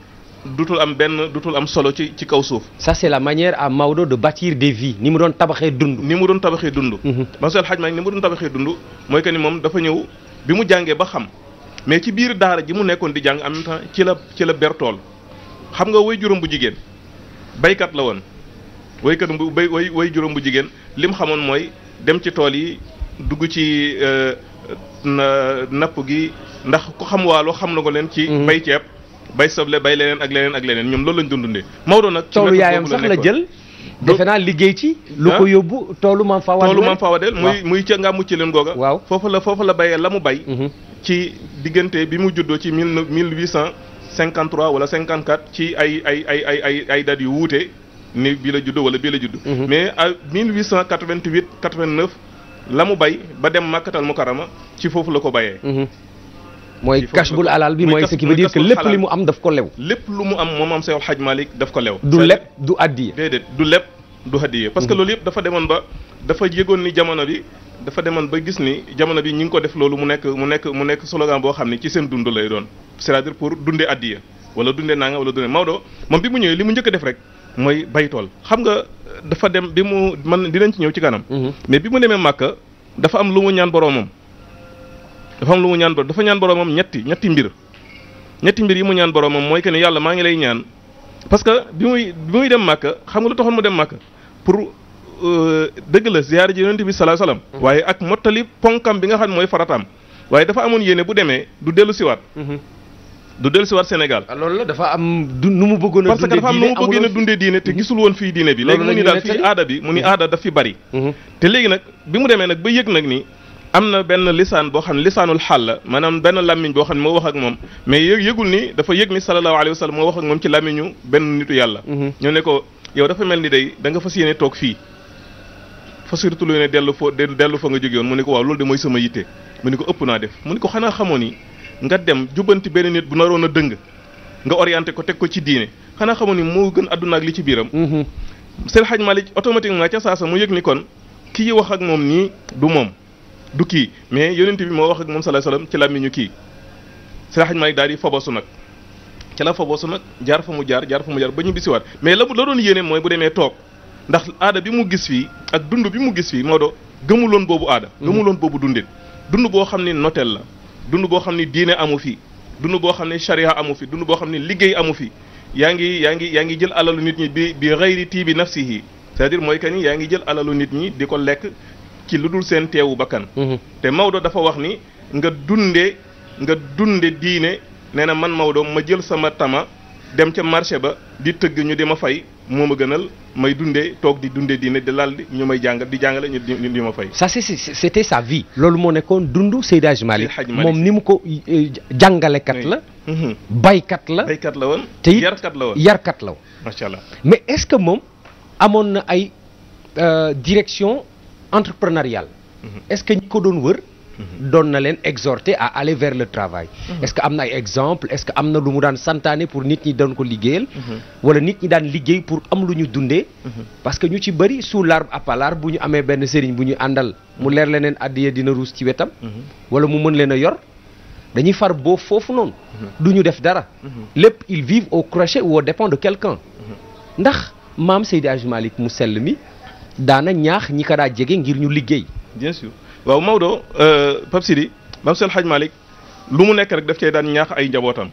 dutul am benn dutul am solo ci ci kaw suuf. ça c'est la manière à Maodo de bâtir des vies ni mu doon tabaxee dund. ni mu doon tabaxee dund. Mansour mhm. El Hadj Malick ni mu doon tabaxee dund mooy que ni moom dafa ñëw bi mu jàngee ba xam. mais ci biir daara ji mu nekkoon di jàng am na temps ci la ci la ber tool xam nga way juróom bu jigéen baykat la woon waykat bu bay woy way juróom bu jigéen lim xamoon mooy dem ci tool yi dugg ci euh, napp gi ndax ku xam waalo xam na ko leen ci mhm. bay ceeb bay soble bay leneen ak leneen ak leneen ñoom loolu lañ doon dundee Maodo nag ci toolu yaayam sax la jël defe naa liggéey ci lu ah? ko yóbbu toolu maam Fawa toolu maam Fawa del muy muy ca nga mucc leen googa waaw foofu la foofu la béyee la mu bay mhm. ci diggante bi mu juddoo ci mille mille huit cent cinquante trois wala cinquante quatre ci ay ay ay ay ay ay dates yu wuute ni bii la juddoo wala bii la judd mhm. mais à mille huit cent quatre vingt huit quatre vingt neuf la mu bay ba dem màkkatal mukarama ci foofu la ko béyee mhm. mooy kasbul alal bi mooy ce qui veut dire que lépp li mu am daf ko lew lépp lu mu am moom am Seex Xaj Malik daf ko lew du lépp du addiye déedéet du lépp du addiye parce que mm-hmm. loolu yëpp dafa demoon ba dafa yëgoon ni jamono bi dafa demoon ba gis ni jamono bi ñu ngi ko def loolu mu nekk mu nekk mu nekk slogan boo xam ne ci seen dund lay doon c'est-à-dire pour dundee addiye wala dundee naa nga wala dundee Maodo moom bi mu ñëwee li mu njëkk a def rek mooy bay tool xam nga dafa dem bi mu man dinañ ci ñëw ci kanam mm-hmm. mais bi mu demee Màkka dafa am lu mu ñaan boroomam dafa am lu mu ñaan borom dafa ñaan boromam ñetti ñetti mbir ñetti mbir yi mu ñaan boromam mooy que ne yàlla maa ngi lay ñaan parce que bi muy bi muy dem màkka xam nga lu taxoon mu dem màkka pour euh, dëgg la ziyaar ji yonent bi salaa salaam waaye ak mottali ponkam bi nga xam ne mooy farataam waaye dafa amoon yéene bu demee du dellu siwaat mhm. du dellu siwaat Sénégal ah, loolu la dafa am du nu mu bëggoon a dundee diine am nu mu bëggoon a dundee diine te mhm. gisul woon fii diine bi léegi mu ni daal fii aada bi mu ni mhm. aada daf fi bari te bi mu demee nag ba yëg nag ni am na benn lisaan boo xam ne lisaanul xaal la maanaam benn làmmiñ boo xam ne moo wax ak moom mais yëg yëgul ni dafa yëg ni sallallahu alayhi wa sallam moo wax ak moom ci làmmiñu benn nitu yàlla mhm. ñu ne ko yow dafa mel ni day danga nga fas yéene toog fii fa surtout lu ne dellu foo dellu fa nga jóge woon mu ne ko waaw loolu de mooy sama yitte mu ne ko ëpp naa def mu ne ko xanaa xamoo ni nga dem jubbanti benn nit bu naroon a dëng nga orienté ko teg ko ci diine xanaa xamoon ni moo gën àdduna ak li ci biiram mhm. seen xaj Malik automatiquement ca saasa mu yëg ni kon kii wax ak moom nii du moom du kii mais yonent bi moo wax ak moom sallallahu alayhi wasallam ci làmmiñu kii Seydi ma Malick daal di fobosu nag ci la fobosu nag jaar fa mu jaar jaar fa mu jaar ba ñu bisiwaat mais la mu la doon yéene mooy bu demee toog ndax aada bi mu gis fii ak dund bi mu gis fii moo do gëmuloon boobu aada mhm. gëmuloon boobu dundin dund boo xam ne notel la dund boo xam ne diine amu fi dund boo xam ne charia amu fi dund boo xam ne liggéey amu fi yaa ngi yaa ngi yaa ngi jël alalu nit ñi bi bi ghayri tiibi nafsihi cest à mooy que ni yaa ngi jël alalu nit ñi di ko lekk ci lu dul seen teewu bakkan mhm. te Maodo dafa wax ni nga dunde nga dunde diine nee na man Maodo ma jël sama tama dem ca marché ba di tëgg ñu di ma fay moo ma gënal may dundee toog di dundee diine di laal di ñu may jàngal di jàngale ñu di ñu ma fay. ça c'est c'était sa vie. loolu moo nekkoon dund Seydi Hadji Malick moom ni mu ko jàngalekat la. Mhm. baykat la baykat la woon. te yarkat la woon yarkat la macha allah mais est que moom amoon na ay euh, direction. entrepreneurial. Mm-hmm. est-ce que ñi ko doon wër. Mm-hmm. doon na leen exhorter à aller vers le travail. Mm-hmm. est-ce que am na ay exemple est-ce que am na lu mu daan santaane pour nit ñi doon ko liggéeyal. wala nit ñi daan liggéey pour am lu ñu dundee. parce que ñu ci bëri sous l'arbre à palabre bu ñu amee benn sëriñ bu ñu àndal mu leer leneen àddiya dina ruus ci wetam. wala mu mën leen a yor dañuy far boo foofu noonu. du ñu def dara. lépp ils vivent au crochet ou aux dépens de quelqu'un. ndax maam Seydi mu sell mi. daana ñaax ñi ko daa jege ngir ñu liggéey. bien sûr waaw Maodo euh, Pape Sidi Maam Seydi El lu mu nekk rek daf cee daan ñaax ay njabootam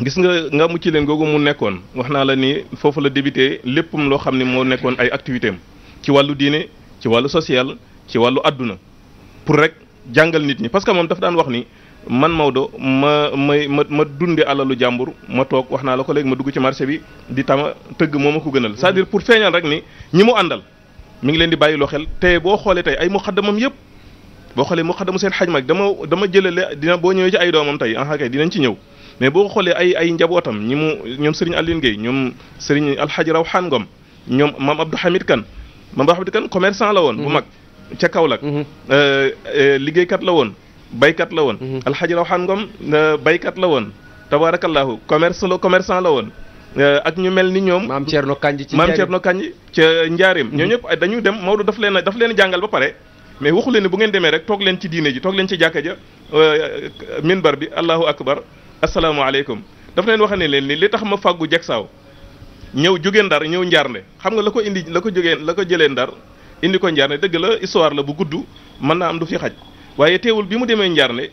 gis nga nga mucc leen googu mu nekkoon wax naa la ni foofu la débuté léppam loo xam ne moo nekkoon ay activité am ci wàllu diine ci wàllu social ci wàllu àdduna pour rek jàngal nit ñi parce que moom daf daan wax ni. man Maodo ma may ma ma dunde alalu jàmbur ma toog wax naa la ko léegi ma dugg ci marché bi di tama tëgg moo ma ko gënal c'est-à-dire pour feeñal rek ni ñi mu àndal mu ngi leen di bàyyiloo xel te boo xoolee tey ay muxaddamam yëpp boo xoolee muxaddamu seen xaj mag dama dama jëlale dina boo ñëwee ci ay doomam tey en ah, kay dinañ ci ñëw mais boo xoolee ay ay njabootam ñi mu ñoom Serigne Aline Gueye ñoom Serigne Alhaji Rawhan Ngom ñoom Mame Abdou Hamid Kane Mame Abdou Hamid Kane commerçant la woon bu mhm. mag ca Kaolack mhm. euh, euh, liggéeykat la woon baykat la woon mhm. alxaji Rawaan Ngom euh, baykat la woon tabaarakallaahu commerce la commerçant la woon euh, ak ñu mel ni ñoom maam Thierno Kanji ci maam Thierno Kanji ca Njaarim mhm. ñoo ñëpp dañu dem Maodo daf leen a daf leen jàngal ba pare mais waxu leen ne bu ngeen demee rek toog leen ci diine ji toog leen ci jàkka ja euh, minbar bi allahu akbar asalaamaaleykum daf leen wax ne leen ni li tax ma fàggu saaw ñëw jóge ndar ñëw njaarnde xam nga la ko indi la ko jógee la ko jëlee ndar indi ko njaarnde dëgg la histoire la bu gudd mën naa am du fi xaj waaye teewul bi mu demee njaarnde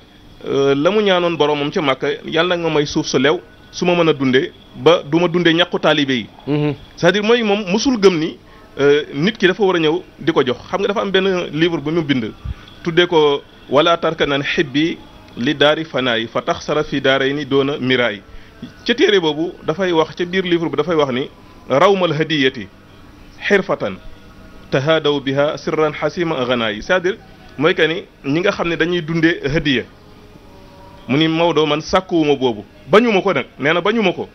euh, la mu ñaanoon moom ca màkka yàlla nga may suuf su lew su ma mën a dundee ba du ma dundee ñàkku taalibe yi mm-hmm. cest à mooy moom mosul gëm ni euh, nit ki dafa war a ñëw di ko jox xam nga dafa am benn livre bu mu bind tuddee ko wala tarka nan xibbi li daari fanaayi fa tax sara fi daaray ni doona miraay ca téere boobu dafay wax ca biir livre bi dafay wax ni rawmal hadiyati xirfatan tahadaw biha sirran xasima ganaay cest à mooy que ni ñi nga xam ne dañuy dundee hadiya mu ni Maodo man sàkkuwuma boobu bañuma ko nag nee na bañuma ko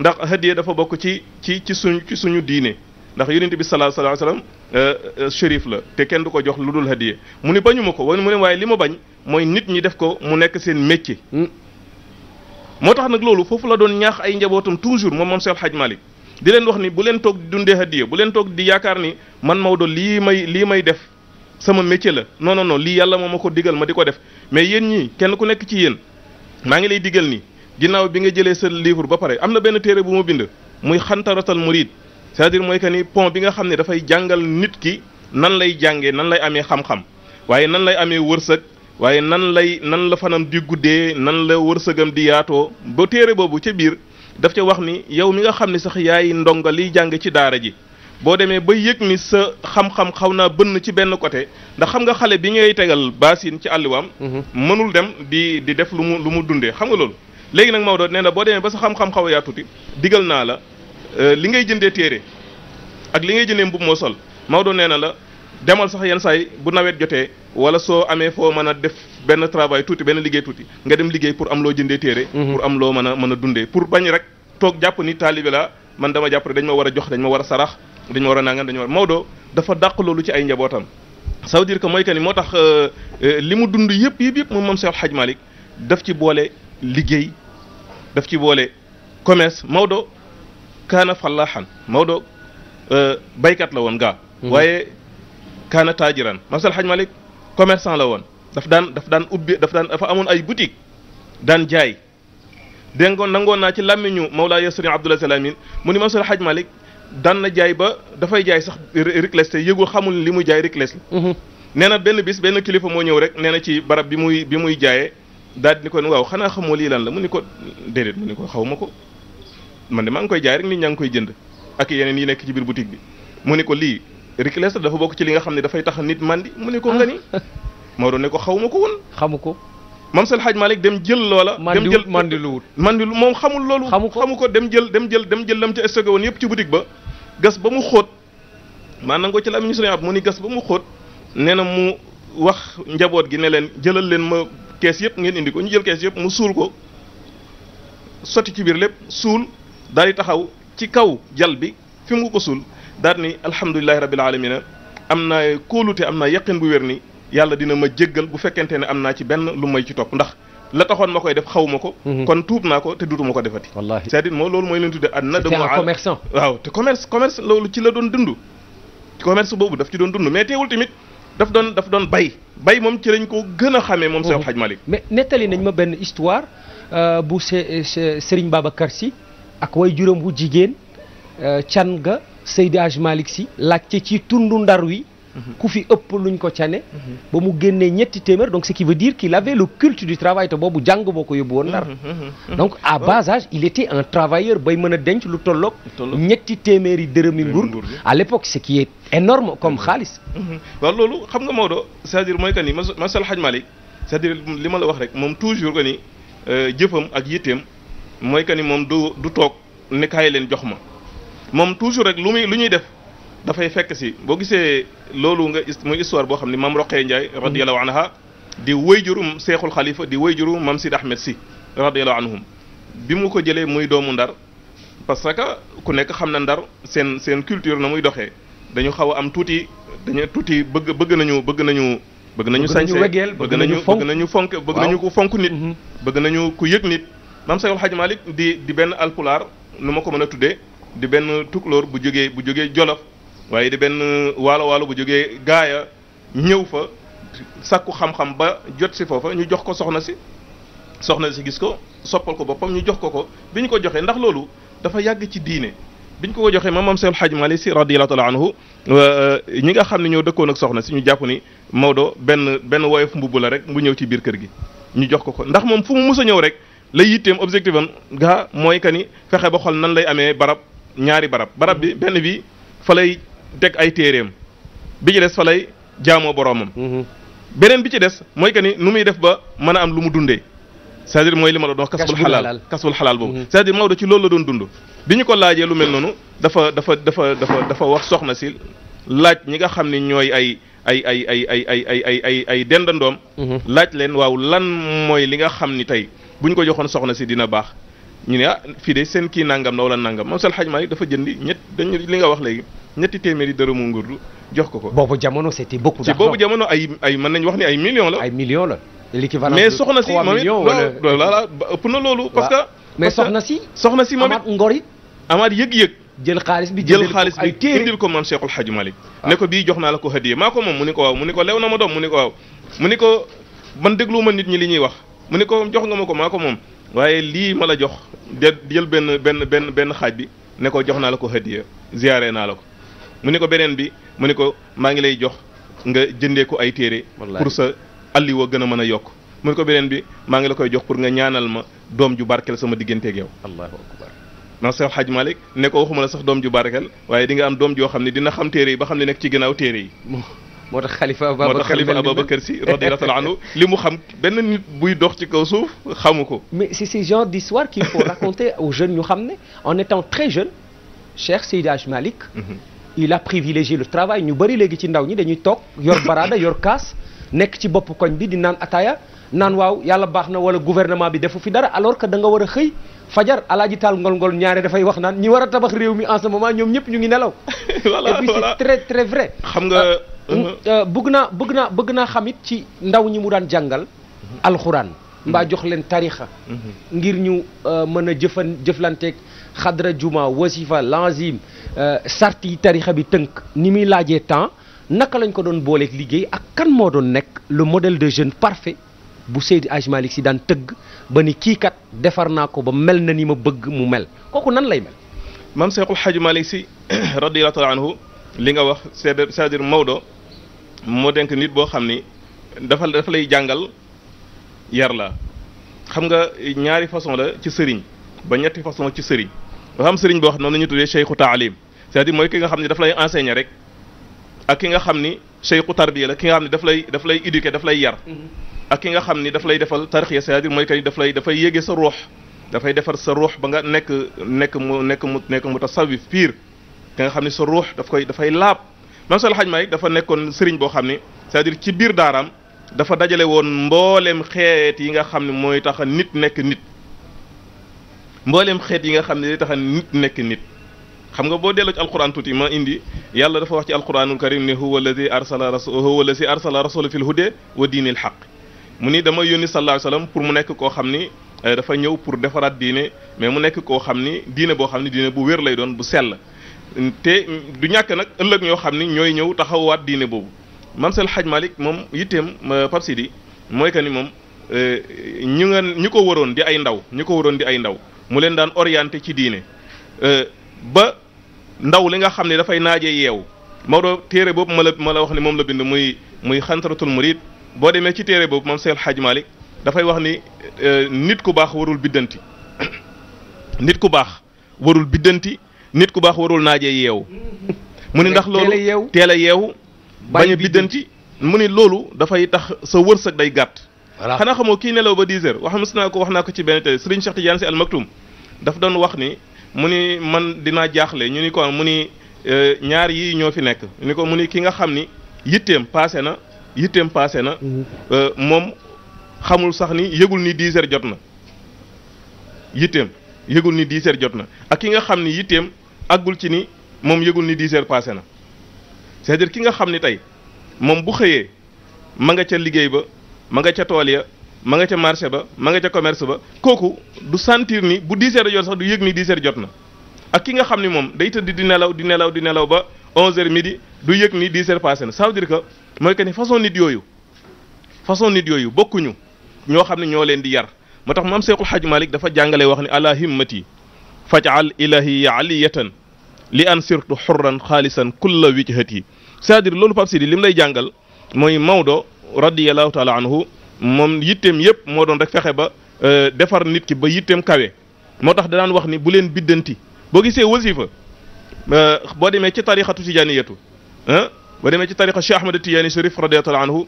ndax hadiya dafa bokk ci ci ci suñ ci suñu diine ndax yonent bi sallallahu alayhi wasallam euh, euh, shérif la te kenn du ko jox lu dul hadiya mu ni bañuma ko mu ne waaye li ma bañ mooy nit ñi def ko mu nekk seen métier. Hmm. moo tax nag loolu foofu la doon ñaax ay njabootum toujours moom moom Seex Haj Malik di leen wax ni bu leen toog di dundee hadiya bu leen toog di yaakaar ni man Maodo lii may lii may def sama métier la non non lii yàlla moo ma ko digal ma di ko def mais yéen ñii kenn ku nekk ci yéen maa ngi lay digal nii ginnaaw bi nga jëlee sa livre ba pare am na benn téere bu ma bind muy xantaratal murid c'est-à-dire mooy que ni pont bi nga xam ne dafay jàngal nit ki nan lay jàngee nan lay amee xam-xam waaye nan lay amee wërsëg waaye nan lay nan la fanam di guddee nan la wërsëgam di yaatoo ba téere boobu ca biir daf ca wax ni yow mi nga xam ne sax yaay ndonga liy jàng ci daara ji boo demee ba yëg ni sa xam-xam xaw naa bënn ci benn côté ndax xam nga xale bi ngay tegal baasin ci àlliwaam mhm. mënul dem di di def lu mu lu mu dundee xam nga loolu léegi nag Maodo nee na boo demee ba sa xam-xam xaw yaa tuuti digal naa la euh, li ngay jëndee téere ak li ngay jëndee mbub moo sol Maodo nee na la demal sax yenn saa bu nawet jotee wala soo amee foo mën a def benn travail tuuti benn liggéey tuuti nga dem liggéey pour am loo jëndee téere mhm. pour am loo mën a mën a dundee pour bañ rek toog jàpp ni taalibe la man dama jàpp rek dañ ma war a jox dañ ma war a sarax dañu war a nangam dañu war Maodo dafa dàq loolu ci ay njabootam ça veut dire que mooy ni moo tax euh, euh, li mu dund yëpp yëpp yëpp moom moom Seex Xaj Malik daf ci boole liggéey daf ci boole commerce Maodo kaana fallaxan Maodo euh, baykat la woon gaa. Hmm. waaye kaana taajiran maam Seex Xaj Malik commerçant la woon daf daan daf daan ubbi daf daan dafa amoon ay boutique daan jaay dégg nga nangoon naa ci làmmiñu Mawlaa Yasri Abdoulaye Salamine mu ni maam Seex Xaj Malik daan na jaay ba dafay jaay sax Ricles te yëgul xamul li mu jaay Ricles la. Mhm. nee na benn bis benn kilifa moo ñëw rek nee na ci barab bi muy bi muy jaayee daal di ni ko waaw xanaa xamoo lii lan la mu ni ko déedéet mu ni ko xaw ma ko man de maa ngi koy jaay rek nit ñaa ngi koy jënd ak yeneen yi nekk ci biir boutique bi mu ni ko lii la dafa bokk ci li nga xam ne dafay tax nit mandi mu ni ko nga ni ah. Maodo ne ko xaw ma ko woon. xamu ko mam sal xaaj Malick dem jël loola dem jël mandiluwut mandilu moom xamul loolu xamu ko dem jël dem jël dem jël lam ca stocké woon yëpp ci boutique ba gas ba mu xóot maanaam ko ci la ministre ab mu ni gas ba mu xóot nee na mu wax njaboot gi ne leen jëlal leen ma kees yëpp ngeen indi ko ñu jël kees yëpp mu suul ko sotti ci biir lépp suul daal di taxaw ci kaw jal bi fi mu ko suul daal ni alhamdulilahi rabbil alamina am naa kóolute am naa yaqin bu wér ni yàlla dina ma jéggal bu fekkente ne am naa ci benn lu may ci topp ndax la taxoon ma koy def xawuma ko mhm. kon tuub naa ko te duutuma ko defati wallaahi c'est-à-dire moom loolu mooy leen tudde an na dama commerçant waaw te commerce commerce loolu ci la doon dund commerce boobu daf ci doon dund mais teewul tamit daf doon daf doon bay bay moom ci lañ ko gën a xamee moom Seex mhm. Xaj Malik mais nettali nañ ma benn histoire euh, bu se Serigne Babacar si ak way juróom wu jigéen can euh, ga Seydi Aj Malik Sy ci tundu ndar wi Mm-hmm. ku fi ëpp luñ ko cane mm-hmm. ba mu génnee ñetti téeméer donc ce qui veut dire qu'il avait le culte du travail te boobu jàng boo ko yóbbu woon ndar mm-hmm. donc à oh. bas âge il était un travailleur bay mën denc lu tolloog ñetti téeméeri dërëmi nguur à l'époque ce qui est énorme comme xaalis waaw loolu xam nga Maodo c'est-à-dire mooy que ni masal Haj Malik c'est-à-dire li ma la wax rek moom toujours que ni euh, jëfam ak yitteem mooy que ni moom du du toog ne leen jox ma moom toujours rek lu lu ñuy def dafay fekk si boo gisee loolu nga muy histoire boo xam ne maam Roqee Ndiaye na mm-hmm. anha di wayjurum seexul xalifa di wayjurum maam Sid Ahmed si radiyallahu anhum bi mu ko jëlee muy doomu ndar parce que ku nekk xam na ndar seen seen culture na muy doxee dañu xaw a am tuuti dañu tuuti bëgg bëgg nañu bëgg nañu bëgg nañu sañse bëgg nañu bëgg nañu fonk bëgg nañu ku fonk nit mm-hmm. bëgg nañu ku yëg nit maam Seexul Xaj Malik di di benn alpulaar nu ma ko mën a tuddee di benn tukulóor bu jógee bu jógee Jolof waaye di benn waalo waalo bu jógee gaaya ñëw fa sàkku xam-xam ba jot si foofa ñu jox ko soxna si soxna si gis ko soppal ko boppam ñu jox ko ko bi ñu ko joxee ndax loolu dafa yàgg ci diine bi ñu ko ko joxee maam maam Seydil Hadji Malick Sy radiyallahu taala anhu euh, ñi nga xam ne ñoo dëkkoon ak soxna si ñu jàpp ni Maodo benn benn woyof mbubb la rek mu ñëw ci biir kër gi ñu jox ko ko ndax moom fu mu mës a ñëw rek lay yitteem objectif am gaa mooy que ni fexe ba xool nan lay amee barab ñaari barab barab bi benn bi fa teg ay téeréem bi ci des fa lay jaamoo boroomam. Mhm. beneen bi ci des mooy que ni nu muy def ba mën a am lu mu dundee cest à mooy li ma la doon wax kasbul xalaal kasbul xalaal boobu mhm. c'est-à-dire Maodo ci loolu la doon dund bi ñu ko laajee lu mel noonu dafa dafa dafa dafa dafa wax soxna si laaj ñi nga xam ne ñooy ay ay ay ay ay ay ay ay ay ay dendandoom mhm. laaj leen waaw lan mooy li nga xam ni tey bu ñu ko joxoon soxna si dina baax ñu ne ah fii de seen kii nangam na la nangam moom Sall Hadj Malick dafa jëndi ñett dañu li nga wax léegi ñetti téeméeri dërëmu ngurdu jox ko ko. boobu jamono c'était beaucoup d'argent jamono ay ay mën ñu wax ni ay million la. ay millions la l'équivalent mais soxna si moom it voilà ëpp na loolu. parce que mais soxna si. soxna si moom it ngor it. amaat yëg-yëg. jël xaalis bi jël xaalis bi indil ko maam Cheikhul Hadj Malick. Ah. ne ko bii jox naa la ko hadiya maa ko moom mu ne ko waaw mu ko lew na ma doom mu ne ko waaw mu ni ko man déglu ma nit ñi li ñuy wax mu ne ko jox nga ma ko maa ko moom waaye lii ma la jox de jël benn benn benn benn xaaj bi ne ko jox naa la ko hadiya ziyaare naa la ko mu ne ko beneen bi mu ne ko maa ngi lay jox nga jëndee ko ay téere pour sa alliwa gën a mën a yokk mu ko beneen bi maa ngi la koy jox pour nga ñaanal ma doom ju barkeel sama digganteeg yow allahu akbar ndax Seex Xaj Malik ne ko waxuma la sax doom ju barkeel waaye di nga am doom joo xam ne dina xam téere yi ba xam ne nekk ci ginnaaw téere yi moo tax xalifa Ababacar moo tax xalifa Ababacar si radiyallahu anhu li ko. mais c'est ce genre d'histoire qu'il faut raconter aux jeunes xam ne en étant très jeune Cheikh Seydi Hadj Malick. Mhm. il a privilégié le travail ñu bari léegi ci ndaw ñi dañuy toog yor baraada yor kaas nekk ci bopp koñ bi di naan ataaya naan waaw yàlla baax na wala gouvernement bi defu fi dara alors que da nga war a xëy fajar alaaji taal ngol-ngol ñaare dafay wax naan ñi war a tabax réew mi en ñoom ñëpp ñu ngi nelaw. voilà et puis c'est très très vrai. xam nga. Ah. Euh, bëgg naa bëgg naa bëgg naa xamit ci ndaw ñi mu daan jàngal mhm. alxuraan mhm. mbaa jox leen tarixa mhm. ngir ñu euh, mën a jëfan jëflanteeg xadra juma wasifa lanzim euh, sart yi tarixa bi tënk ni muy laajee temps naka lañ ko doon booleeg liggéey ak kan moo doon nekk le modèle de jeune parfait bu Seydi Hadj Malick Sy daan tëgg ba ni kii kat defar naa ko ba mel na ni ma bëgg mu mel kooku nan lay mel maam Seexul Hadj si Sy radiyallahu taala anhu li nga wax cest à Maodo moo denk nit boo xam ni dafa dafa lay jàngal yar la xam nga ñaari façon la ci sëriñ ba ñetti façon ci sëriñ dafa am sëriñ boo xam ne moom ñu tuddee cheikhu taalim c'est-à-dire xam ne dafa lay enseigner rek ak ki nga xam ni cheikhu tarbiya la ki nga xam ne daf lay daf lay éduquer daf lay yar mm-hmm. ak ki nga xam ni daf lay defal tarxiya cest à mooy kay daf lay dafay yéegee sa ruux dafay defar sa ruux ba nga nekk nekk mu nekk mu nekk mu tasawif pire ki nga xam ni sa ruux daf koy dafay laab maam Sall Hadj Malick dafa nekkoon sëriñ boo xam ne cest à ci biir daaram dafa dajale woon mbooleem xeet yi nga xam ne mooy tax nit nekk nit mbooleem xeet yi nga xam ne day tax nekk nit xam nga boo delloo ci tuuti ma indi yàlla dafa wax ci alquranul karim ne huwa alladi arsala rasul huwa alladi arsala rasula fil huda wa diinil xaq mu ni dama yónni sallallahu alayhi pour mu nekk koo xam ni eh, dafa ñëw pour defaraat diine mais mu nekk koo xam ni diine boo xam ni diine bu wér lay doon bu sell te du ñàkk nag ëllëg ñoo xam ni ñooy ñëw taxawaat diine boobu mam sel xaj malik moom yitteem Pape Sidi mooy que ni moom euh, ñu nga ñu ko waroon di ay ndaw ñu ko waroon di ay ndaw mu leen daan orienté ci diine euh, ba ndaw li nga xam ne dafay naaje yeew ma téere boobu ma la ma la wax ni moom la bind muy muy xantaratul murid boo demee ci téere boobu mam sel xaj malik dafay wax ni euh, nit ku baax warul biddanti nit ku baax warul biddanti nit ku baax warul naaje yeewu mu ni ndax loolu teel a yeewu bañ a biddanti mu ni loolu dafay tax sa wërsëg day gàtt xanaa xamoo kii nelaw ba 10 heures wax mas naa ko wax ko ci benn télé Serigne Cheikh Tidiane Sy Al Maktoum doon wax ni mu ni man dinaa jaaxle ñu ni ko mu ni euh, ñaar yi ñoo fi nekk ni ko mu ni ki nga xam ni yitteem paase na yitteem paase na mhm. euh, moom xamul sax ni yëgul ni 10 heures jot na yitteem yëgul ni 10 jot na ak ki nga xam ni yitteem àggul ci ni moom yëgul ni 10 heures passé na cest à ki nga xam ni tey moom bu xëyee ma nga ca liggéey ba ma nga ca tool ya ma nga ca marché ba ma nga ca commerce ba kooku du sentir ni bu 10 heures jot sax du yëg ni 10 jot na ak ki nga xam ni moom day tëdd di nelaw di nelaw di nelaw ba 11 heures midi du yëg ni 10 heures passé na ça veut dire que mooy que ni façon nit yooyu façon nit yooyu bokkuñu ñoo xam ni ñoo leen di yar moo tax maam Seexul Xaj Malik dafa jàngale wax ni ala himmati fajal ilahi aliyatan li an sirtu xurran xaalisan kulla wijhati c'est-à-dire loolu Pape Sidi li mu lay jàngal mooy Maodo radiallahu taala anhu moom yitteem yëpp moo doon rek fexe ba euh, defar nit ki ba yitteem kawe moo tax danaan wax ni bu leen biddanti boo gisee wasifa euh, boo demee ci tarixatu tijaniyatu yetu boo demee ci tariqa Cheikh Ahmad Tijani Sharif radiallahu anhu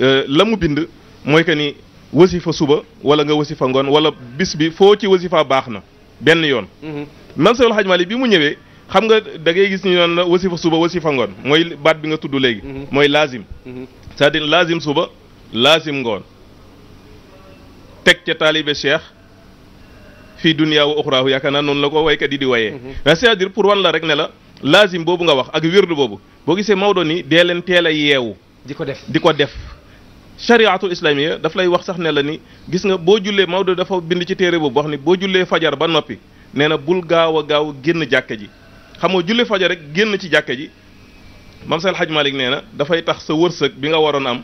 euh, la mu bind mooy que ni wasifa suba wala nga wasifa ngoon wala bis bi foo ci wasifa baax na benn yoon. Mhm. man Seydou Hadj Malick bi mu ñëwee xam nga da ngay gis ñu naan wasifa suba wasifa ngoon mooy baat bi nga tudd léegi. Mhm. mooy laazim. Mhm. c'est-à-dire laazim suba laazim ngoon teg ca taalibe cheikh fii duniyaa wa uxraahu yaakaar naa noonu la ko waykat yi di wayee. cest à pour wan la rek ne la laazim boobu nga wax ak wirdu boobu boo gisee Maodo ni dee leen teel a yeewu. di ko def di ko def. chariatul islamia daf lay wax sax ne la ni gis nga boo jullee Maodo dafa bind ci téere boobu wax ni boo jullee fajar ba noppi nee na bul gaaw a gaaw génn jàkka ji xam nga julli fajar rek génn ci jàkka ji mam sel xaj malik nee na dafay tax sa wërsëg bi nga waroon am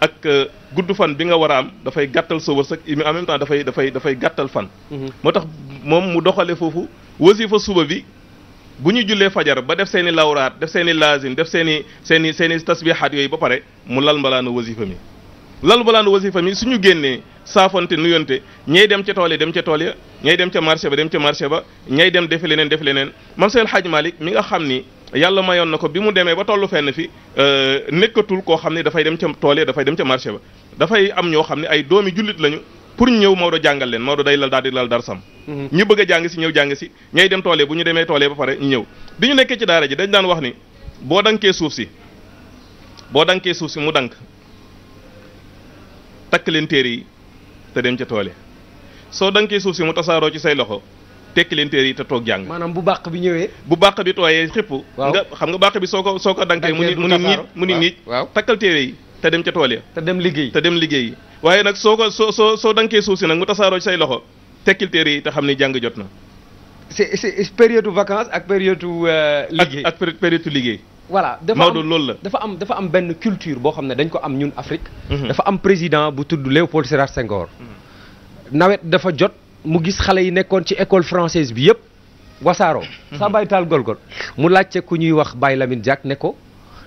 ak euh, gudd fan bi nga war a am dafay gàttal sa wërsëg en même temps dafay dafay dafay gàttal fan mhm. moo tax moom mu doxale foofu wasifa suba bi bu ñu jullee fajar ba def seen i lawraat def seen i laazim def seen i seen i seen i yooyu ba pare mu lal mbalaanu wasifa mi lalu balaandu wasifa mi suñu génnee saafonte nuyonte ñay dem ca tool yi dem ca tool ya ñay dem ca marché ba dem ca marché ba ñay dem defi leneen def leneen mam seel xaaj Malick mi nga xam ni yàlla mayoon na ko bi mu demee ba tollu fenn fi euh, nekkatul koo xam ne dafay dem ca tool dafay dem ca marché ba dafay am ñoo xam ne ay doomi jullit lañu pour ñu ñëw Maodo jàngal leen Maodo day lal daal di lal dar sam mhm. ñu bëgg a jàng si ñëw jàng si ñay dem tool bu ñu demee tool yi ba pare ñu bi ñu nekkee ci daara ji dañ daan wax ni boo dankee suuf si boo dankee suuf si mu dank takk leen téere yi te dem ca toole soo dankee suuf si mu tasaaroo ci say loxo tekki téere yi te toog jàng. maanaam bu bàq bi ñëwee. bu bàq bi tooyee xipp. nga xam nga bàq bi soo ko soo ko dankee. mu mu ni niit mu ni niit takkal téere yi dem ca tool ya. te dem liggéey dem liggéey waaye nag soo soo soo soo dankee suuf si nag mu tasaaroo ci say loxo tekkil téere yi te xam ni jàng jot na. si c'est période vacances ak période euh, liggéey ak ak période liggéey. voilà dafa am la dafa am dafa am benn culture boo xam ne dañ ko am ñun Afrique. Mhm. dafa am président bu tudd Léopold Sédar Senghor. Mhm. nawet dafa jot mu gis xale yi nekkoon ci école française bi yëpp wasaaroo. Mhm. saa bàyyi taal golgol mu laajte ku ñuy wax Baye Lamine Diack ne ko.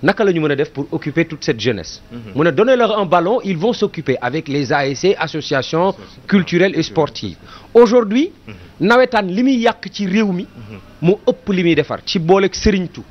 naka la ñu mën a def pour occuper toute cette jeunesse mu mhm. ne donner leur un ballon ils vont s'occuper avec les ASC associations culturelles et sportives aujourd'hui mhm. nawetaan li muy yàq ci réew mi mu mhm. ëpp li muy defar ci booleeg sëriñtu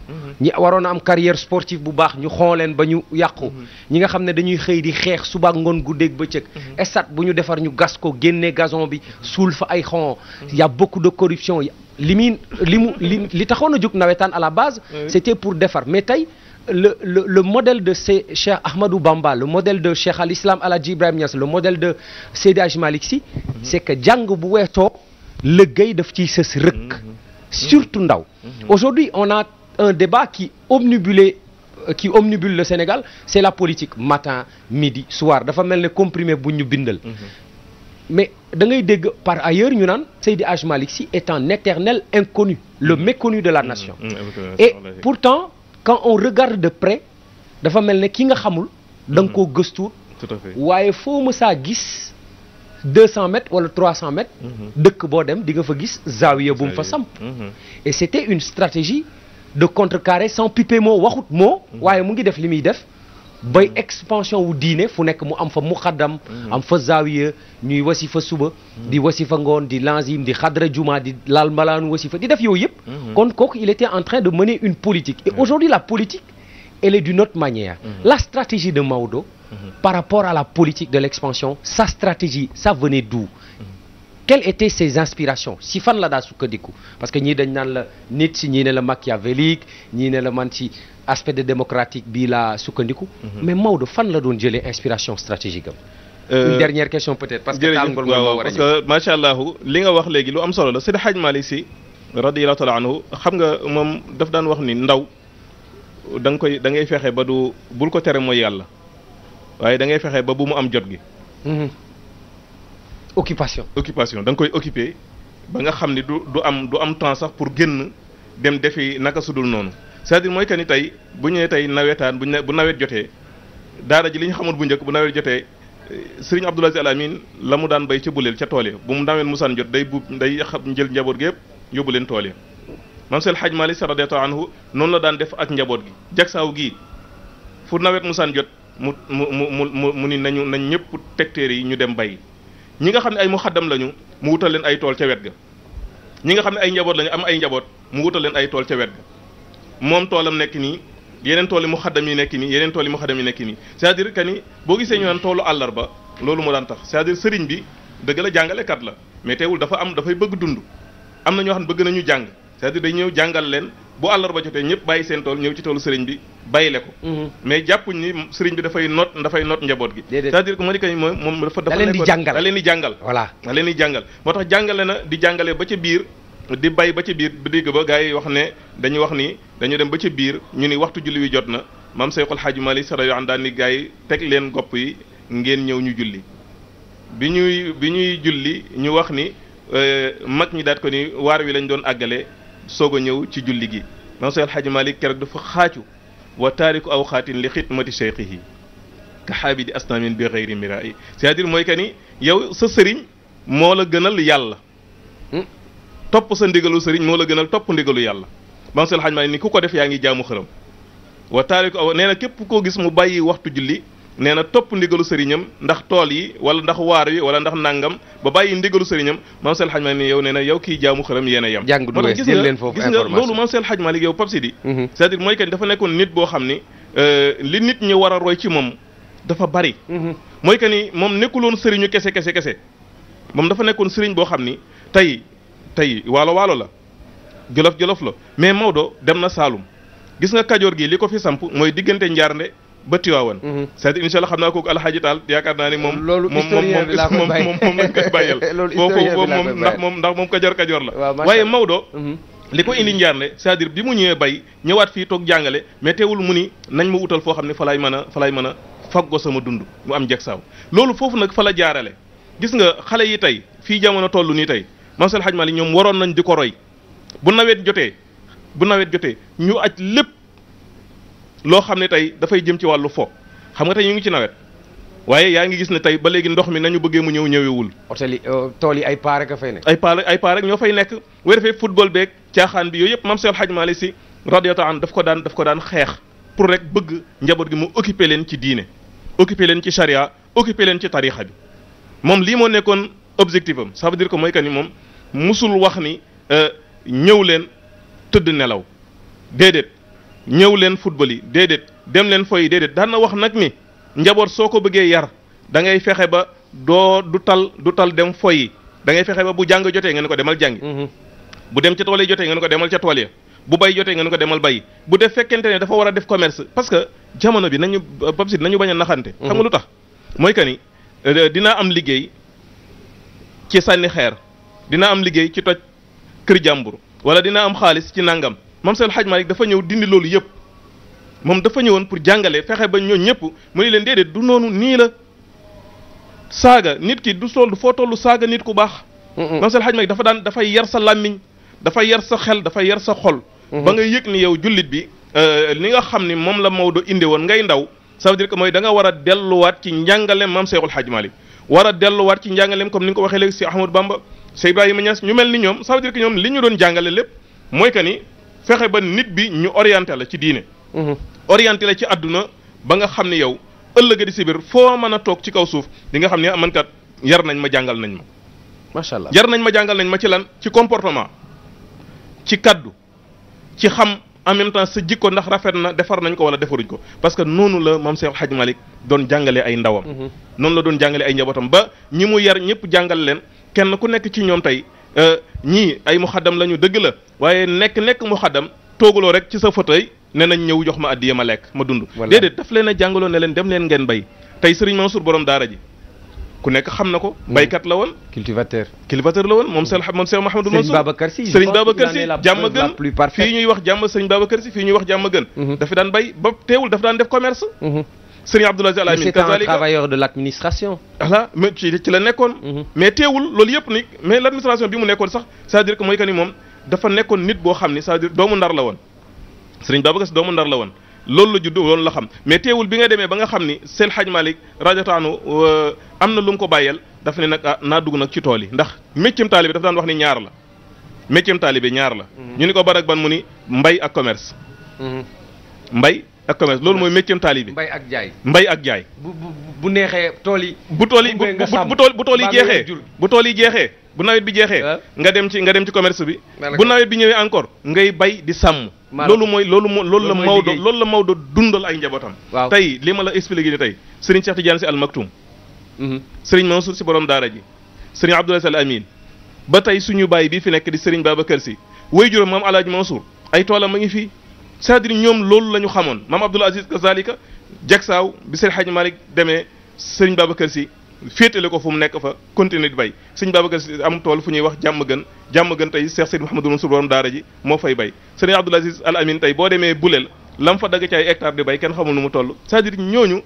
ñi waroon a am carrière sportive bu baax ñu leen ba ñu yàqu ñi nga xam ne dañuy xëy di xeex suba ngoon guddeeg bëccëg estat bu ñu defar ñu gas ko génne gazon bi suul fa ay xon y a beaucoup de corruption li muy li mu li li taxoon a jóg nawetaan à base c'était pour defar mais tey le le le modèle de ces Cheikh Bamba le modèle de Cheikh Al Islam Aladji Ibrahim Niass le modèle de Seydi Hadj Malick Sy. Mhm. c'est que jàng bu weesoo liggéey daf ciy sës rëkk. Mhm. surtout ndaw. Mhm. aujourd'hui on a un débat qui obnubilé euh, qui omnibule le Sénégal c'est la politique matin midi soir dafa mel ne comprimé bu ñu bindal. mais da ngay dégg par ailleurs ñu naan Seydi Hadj Malick Sy est un éternel inconnu le méconnu de la nation. et pourtant. quand on regarde de près dafa mel ne ki nga xamul da nga mm-hmm. koo gëstu waaye foo mësaa gis deux cent mètres wala trois cent mètres mm-hmm. dëkk boo dem di nga fa gis zaawiya bu mu fa samp mm-hmm. et c'était une stratégie de contre contrecarrer sans piper moo waxut moo waaye mu ngi def li muy def bay expansion wu diine fu nekk mu am fa muqaddam mhm. am fa zaawiya ñuy wasifa suba mhm. di wasifa ngoon di lanzim di xadra juma di laal malaanu wasifa di def yooyu yëpp mhm. kon kooku il était en train de mener une politique et aujourd'hui la politique elle est d'une autre manière la stratégie de Maodo par rapport à la politique de l'expansion sa stratégie ça venait d'où quelles étaient ses inspirations si fan la daal sukkandiku parce que ñii dañ naan la nit si ñii ne la machiavélique ñii ne la man ci aspect de démocratique bii laa sukkandiku mhm. mais Maodo fan la doon jëlee inspiration stratégique am euh, une dernière question peut-être parce que taal waaw parce que macha allah li nga wax léegi lu am solo la Seydi Hadj Malick Sy radiyallahu taala anhu xam nga moom daf daan wax ni ndaw da koy da ngay fexe ba du bul ko tere mooy yàlla waaye da ngay fexe ba bu mu am jot gi mhm. occupation. occupation da nga koy occuper ba nga xam ni du du am du am temps sax pour génn dem defi naka sudul noonu cest à mooy que ni tey bu ñu nee tey nawetaan bu bu nawet jotee daara ji li ñu xamoon bu njëkk bu nawet jotee eh, sëriñ Abdoul Aziz Al Amine la mu daan bay ca buleel ca tool ya bu mu nawet musaan jot day buub day xam jël njaboot gi yëpp yóbbu leen tool ya maam seel xaj Maalik Sy radiyallaahu anhu noonu la daan def ak njaboot gi jagsaaw gii fu nawet musaan jot mu mu mu mu mu ni nañu nañ ñëpp teg téere yi ñu dem bay ñi nga xam ne ay muxaddam lañu mu wutal leen ay tool ca wet ga ñi nga xam ne ay njaboot lañu am ay njaboot mu wutal leen ay tool ca wet ga moom toolam nekk nii yeneen tool yi muxaddam yi nekk nii yeneen tool yi muxaddam yi nekk nii c'est-à-dire que ni boo gisee ñu naan toolu àllarba loolu moo daan tax cest à sëriñ bi dëgg la jàngalekat la mais dafa am dafay bëgg dund am na ñoo xam ne bëgg nañu jàng cest à day ñëw jàngal leen bu àllarba jotee ñëpp bàyyi seen tool ñëw ci toolu sëriñ bi bàyyile ko mhm. mais jàppuñ ni sëriñ bi dafay not dafay not njaboot gi c'est-à-dire que Malika yi moom moom dafa dafa leen di jàngal voilà da leen di jàngal moo tax jàngale na di jàngale ba ca biir di bay ba ca biir bi dégg ba gars yi wax ne dañuy wax ni dañu dem ba ca biir ñu ni waxtu julli wi jot na maam Seyxul Xaaji Maalik sara yoo xam daan ni gars yi teg leen gopp yi ngeen ñëw ñu julli bi ñuy bi ñuy julli ñu wax ni euh, mag ñi daat ko ni waar wi lañ doon àggale soog a ñëw ci julli gi man Seex Alxaaji Maalik keroog dafa xaacu wa taariku aw xaatin li xidmati cheikhihi ka xaabidi asnamin bi xeyri mirai c'est-à-dire mooy que ni yow sa sëriñ moo la gënal yàlla hmm? topp sa ndigalu sëriñ moo la gënal topp ndigalu yàlla man Seex Alxaaji Maalik ni ku ko def yaa ngi jaamu xëram wa taariku aw nee képp koo gis mu bàyyi waxtu julli nee na topp ndigalu sëriñam ndax tool yi wala ndax waar wi wala ndax nangam ba bàyyi ndigalu sëriñam maam Seydi Hadji Malick ni yow nee na yow kii jaamu xëram yéen a yem jàng du wees leen foofu information gis nga loolu maam Seydi Hadji Malick yow Pape Sidi mhm. c'est-à-dire mooy kañ dafa nekkoon nit boo xam ni euh, li nit ñi war a roy ci moom dafa bari mhm. mooy que ni moom nekkuloon sëriñu kese kese kese moom dafa nekkoon sëriñ boo xam ni tey tey waalo waalo la jolof jolof la mais Maodo dem na Saalum gis nga kajoor gi li ko fi samp mooy diggante njaarnde ba Tiwaawan mhm. c'est-à-dire la xam naa kooku alxaaji taal yaakaar naa ni moom loolu historien bi laa koy bàyyi moom moom lañ koy bàyyal boobu moom ndax moom ndax moom kajoor kajoor la waaye Maodo mhm. li ko indi njaarle c'est-à-dire bi mu ñëwee bay ñëwaat fii toog jàngale mais teewul mu ni nañ ma wutal foo xam ne fa laay mën a fa laay mën a faggo sama dund mu am jeg saaw loolu foofu nag fa la jaarale gis nga xale yi tey fii jamono toll nii tey Mansour ma Malick ñoom waroon nañ di ko roy bu nawet jotee bu nawet jotee ñu aj lépp loo xam ne tey dafay jëm ci wàllu fo xam nga tey ñu ngi ci nawet waaye yaa ngi gis ne tey ba léegi ndox mi nañu bëggee mu ñëw ñëwewul hôtel yi euh, tool yi ay paa rek a fay nekk ay paa ay paa ñoo fay nekk weer fee football beeg caaxaan bi yooyu yëpp mam Seex Haj Maalik Si radiyallahu anhu daf ko daan daf ko daan xeex pour rek bëgg njaboot gi mu occupé leen ci diine occupé leen ci charia occupé leen ci tarixa bi moom lii moo nekkoon objectif am ça veut dire que mooy que ni moom musul wax ni euh, ñëw leen tëdd nelaw ñëw leen football yi déedéet dem leen foy yi déedéet daan na wax nag ni njaboot soo ko bëggee yar da ngay fexe ba doo du tal du tal dem foy yi da ngay fexe ba bu jàng jotee ngeen ko demal jàngi. Mm-hmm. bu dem ca tool yi jotee ngeen ko demal ca tool ya bu bay jotee ngeen ko demal bay bu def fekkente ne dafa war a def commerce parce que jamono bi nañu Babsi nañu bañ a naxante. Mm-hmm. xam nga lu tax mooy que ni euh, dinaa am liggéey ci sànni xeer dinaa am liggéey ci toj kër jàmbur wala dinaa am xaalis ci nangam. moom seen xaj Malick dafa ñëw dindi loolu yëpp moom dafa ñëwoon pour jàngale fexe ba ñoo ñëpp mu ne leen déedéet du noonu nii la saaga nit ki du sol foo tollu saaga nit ku baax. moom seen xaj Malick dafa daan dafa yar sa làmmiñ dafa yar sa xel dafa yar sa xol. ba nga yëg ni yow jullit bi ni euh, nga xam ni moom la Maodo indi woon ngay ndaw ça veut dire mooy danga nga war a delluwaat ci njàngaleem maam Seexul Xaj Malick war a delluwaat ci njàngaleem comme ni nga waxee léegi si Ahmadou Bamba Seydou Ibrahima ñu mel ni ñoom ça veut ñoom li ñu doon jàngale lépp mooy que ni fexe ba nit bi ñu orienté la ci diine. Mhm. orienté la ci àdduna ba nga xam ne yow ëllëg di si foo mën a toog ci kaw suuf di nga xam ne amankat ah yar nañ ma jàngal nañ ma. macha allah yar nañ ma jàngal nañ ma ci lan ci comportement ci kàddu ci xam. en même temps sa jikko ndax rafet na defar nañ ko wala defaruñ ko parce que noonu la maam Seex Xaj Malik doon jàngale ay ndawam. Mhm. noonu la doon jàngale ay njabootam ba ñi mu yar ñëpp jàngal leen kenn ku nekk ci ñoom tey. Euh, ñii ay muxaddam lañu dëgg la waaye nekk nekk muxaddam tooguloo rek ci sa fauteuil ne nañ ñëw jox ma addiya ma lekk ma dund. déedéet daf leen a jàngaloo ne leen dem leen ngeen bay tey Serigne Mansour borom daara ji ku nekk xam na ko. Hmm. baykat la woon. cultivateur cultivateur la woon moom seen moom Cheikh Mahamadou Mansour. Serigne Babacar Sy Serigne Babacar gën fii ñuy wax jàmm Serigne Babacar Sy fii ñuy wax jàmm gën. Hmm. dafa daan bay ba teewul daf daan def commerce. Hmm. Serigne Abdoul Aziz Al Amine c'est un travailleur de l'administration voilà mais ci la nekkoon mhm. mais teewul loolu yëpp ni mais l'administration bi mu nekkoon sax c'est-à-dire que mooy que ni moom dafa nekkoon nit boo xam ni cest dire doomu ndar la woon Serigne Babacar la woon loolu la judd loolu la xam mais teewul bi nga demee ba nga xam ni Seydi Hadji Malick rajotaanu euh, am na lu mu ko bàyyeel dafa ne nag ah naa dugg nag ci tool yi ndax méccam taalibe dafa daan wax ni ñaar la méccam taalibe ñaar la mhm. ñu ni ko barak ban mu ni mbay ak commerce mhm. mbay ak commerce loolu mooy mécceem taalibe mbay ak jaay mbay ak jaay. bu bu bu neexee tool yi. bu tool yi bu bu bu tool yi jeexee bu tool yi jeexee bu nawet bi jeexee. Ah. nga dem ci nga dem ci commerce bi. bu nawet bi ñëwee encore. ngay bay di sàmm. loolu mooy loolu moo loolu la Maodo loolu la Maodo dundal ay njabootam. waaw tey li ma la expliqué nii tey Serigne Cheikh Tidiane si Al Maktoum. Mm-hmm. Serigne Mansour si borom daara ji. Serigne Abdoulaye Sall Amin ba tey suñu baay bii fi nekk di sëriñ Serigne Babacar si. waajuram maam El Hadj Mansour ay toolam ma ngi fii cest à ñoom loolu la ñu xamoon maam Abdoul Aziz kazalika jagsaaw bi sëñ Hadj Malick demee sëñ Babacar si féetale ko fu mu nekk fa continuer di bay sëñ Babacar si am tool fu ñuy wax jàmm gën jàmm gën tey Cheikh Seydou Mouhamadou Mansour borom daara ji moo fay bay sëñ Abdoul Aziz Al Amin tey boo demee Boulel lam fa dagg ci ay hectare di bay kenn xamul nu mu toll c'est-à-dire ñooñu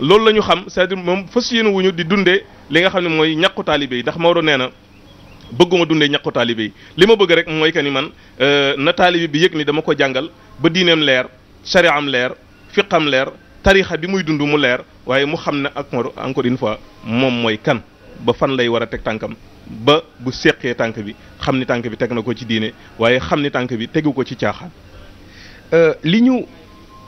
loolu la ñu xam cest moom fas yéene wuñu di dundee li nga xam ne mooy ñàkku taalibe yi ndax Maodo bëgguma dundee ñàkku taalibe li ma bëgg rek mooy que ni man euh, na taalibe bi yëg ni dama ko jàngal ba diineem leer shari'am leer fiqam leer tarixa bi muy dund mu leer waaye mu xam ne ak encore une fois moom mooy kan ba fan lay war a teg tànkam ba bu seqee tànk bi xam ne tànk bi teg na ko ci diine waaye xam ni tànk bi tegu ko ci caaxaan. Euh, li ñu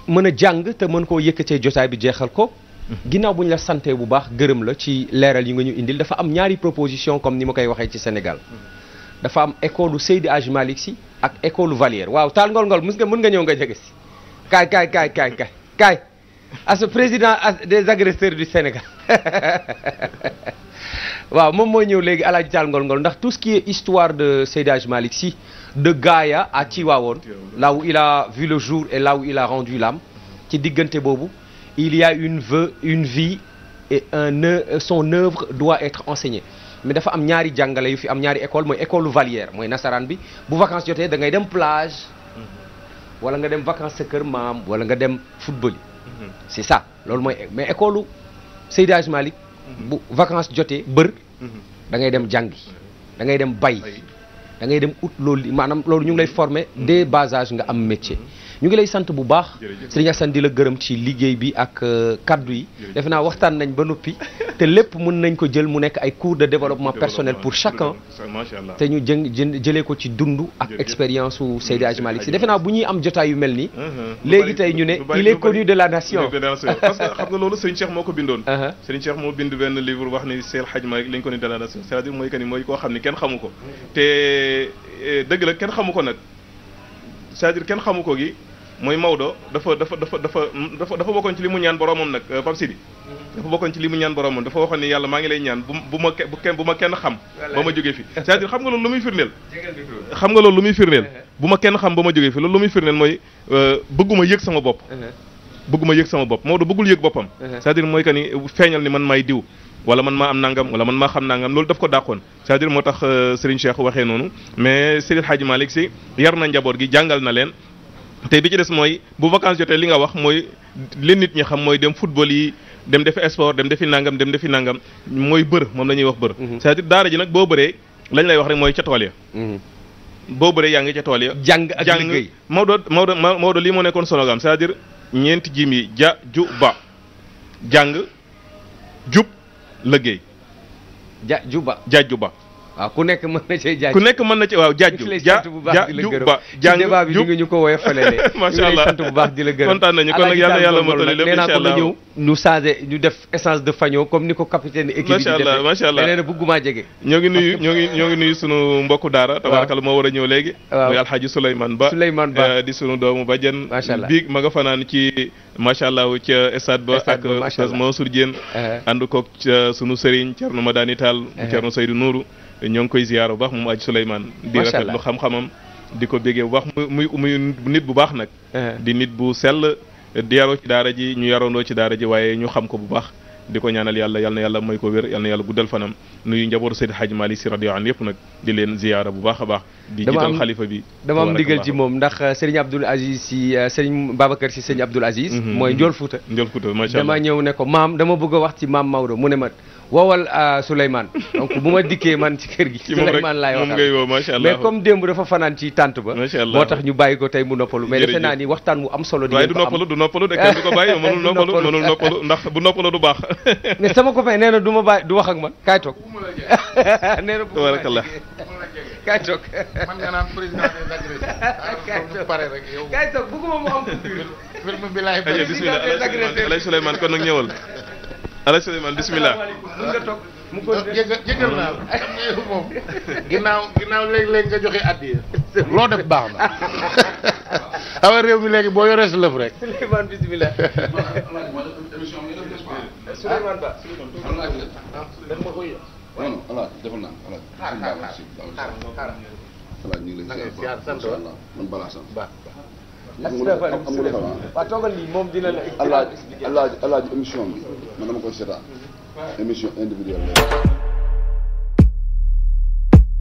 mën a jàng te mën koo yëkkatee jotaay bi jeexal ko. Mhm. ginnaaw bu ñu la sante bu baax gërëm la ci leeral yi nga ñu indil dafa am ñaari proposition comme ni ma koy waxee ci Sénégal. Mhm. dafa am école Seydi Hadj Malick Sy ak école Valière waaw taal ngol ngol mus nga mën nga ñëw nga jege si kaay kaay kaay kaay kaay kaay président des agresseurs du Sénégal waaw moom mooy ñëw léegi alaaji taal ngol ngol ndax tout ce qui est histoire de Seydi Hadji ci Sy de Gaaya à Tivaouane là où il a vu le jour et là où il a rendu l'âme ci diggante boobu il y a une vie et un œuvre doit être enseignée mais dafa am ñaari jàngale yu fi am ñaari école mooy école valière mooy nasaraan bi bu vacances jotee dangay ngay dem plage mm-hmm. wala nga dem vacance sa kër maam wala nga dem football yi mm-hmm. c'est ça loolu mooy mais école Seydi Hadji Malick mm-hmm. bu vacance jotee bër da ngay dem jàngi da ngay dem bay da ngay dem ut loolu maanaam loolu ñu ngi lay former dès bas nga am métier ñu ngi lay sant bu baax Serigne Assane di la gërëm ci liggéey bi ak euh, kaddu yi defe naa waxtaan nañ ba noppi te lépp mën nañ ko jël mu nekk ay cours de développement personnel pour chacun te ñu jën jëlee ko ci dund ak expérience su Seydi Hadji Malick Sy defe naa bu ñuy am jotaay yu mel ni uh-huh. léegi tey ñu ne il est connu de la nation parce xam nga loolu Serigne Cheikh moo ko bindoon uh-huh. Serigne Cheikh moo bind benn livre wax ni Seydi Hadji Malick li ñu ko ni de la nation cest à mooy que ni mooy koo xam ni kenn xamu ko te eh, dëgg la kenn xamu ko nag cest à kenn xamu ko gi mooy Maodo dafa dafa dafa dafa dafa bokkoon ci li mu ñaan boromam nag euh, Pape Sidi dafa bokkoon ci li mu ñaan boromam dafa waxoon ne yàlla ngi lay ñaan bu bu ma bu kenn bu ma kenn xam ba ma jógee fi c'est-à-dire xam nga loolu xam nga loolu lu muy firndeel uh-huh. bu ma kenn xam ba ma jógee fi loolu lu muy firndeel mooy euh, bëgguma yëg sama bopp uh-huh. bëgguma yëg sama bopp Maodo bëggul yëg boppam uh-huh. cest à mooy que ni feeñal ni man maay diw wala man maa am wala man maa xam nangam loolu daf ko dàqoon c'est-à-dire moo tax euh, Serigne Cheikh waxee noonu mais Serigne Hadji Malick Sy yar na njaboot gi jàngal na leen te bi ci des mooy bu vacances jotee li nga wax mooy leen nit ñi xam mooy dem football yi dem defi sport dem defi nangam dem defi nangam mooy bër moom la ñuy wax bër mhm. c'est-à-dire daara ji nag boo bëree lañ lay wax rek mooy ca tool ya mhm. boo bëree yaa ngi ca tool ya jàng ak liggéey Maodo Maodo Maodo lii moo nekkoon slogan c'est-à-dire ñeenti jim yi ja ju ba jàng jub liggéey ja ju ba ja ju ba waaw ku nekk mën na cee jaaj nekk mën na ci waaw jaaj ju ja ja ju ba jàng débat bi ñu ngi ñu ko woowee fële allah sant bu baax di la gërëm kontaan nañu yàlla yàlla motali lépp ñu changé ñu def essence de faño comme ni ko capitaine équipe bi di defee macha jege ñoo ngi nuyu ñoo ngi ñoo ngi nuyu sunu mbokku daara tabarakal moo war a ñëw léegi muy alxaaji Souleymane Ba Souleymane Ba eh, di sunu doomu bajjen macha allah bii ma fanaan ci macha allah ca stade ba ak Oustaz Mansour Diène eh. ànd koog eh, sunu sëriñ Thierno Madani Tall Thierno Seydou Nourou ñoo ngi koy ziyaar bu baax moom aji Souleymane di rafet lu xam-xamam di ko bégee bu baax muy muy nit bu baax nag eh. di nit bu sell di yaroo ci daara ji ñu yaroondoo ci daara ji waaye ñu xam ko bu baax di ko ñaanal yàlla yal na yàlla may ko wér yal na yàlla guddal fanam nuyu njaboot Seydi Hadj Malick Sy radiyallahu anhu yëpp nag di leen ziyaara bu baax a baax di jiital xalifa bi dama am ndigal ci moom ndax Serigne Abdoul Aziz si euh, Serigne Babacar si Serigne Abdoul Aziz mhm, mooy mhm. Ndiol Fouta Ndiol Fouta macha allah dama ñëw ne ko maam dama bëgg a wax ci maam Maodo mu ne ma woowal euh, Souleymane donc bu ma dikkee man ci kër gi. Souleymane laay waxal mais comme démb dafa fanaan ci tànt ba. macha allah moo tax ñu bàyyi ko tey mu noppalu. mais defe naa ni waxtaan mu am solo. di ngeen ko am waaye du noppalu du noppalu de du ko bàyyi mënul noppalu mënul noppalu ndax bu noppalu du baax. mais sama copain nee na du ma bàyyi du wax ak man kaay toog. nee na bu ma la kaay toog man nga mu am. film bi laay bëri. bismillah Alay Souleymane kon nag ñëwal ala Souleymane bisimilah mën nga toog mu ko jëgal naa la moom ginnaaw ginnaaw léeg-léeg nga joxe addiya loo def baax na awa réew mi léegi boo yoree sa rek Souleymane bisimilah Souleymane Ba xam nga waaw toogal lii moom dina la. alaaj alaaj alaaj émission bi man dama koy seetaan émission individuelle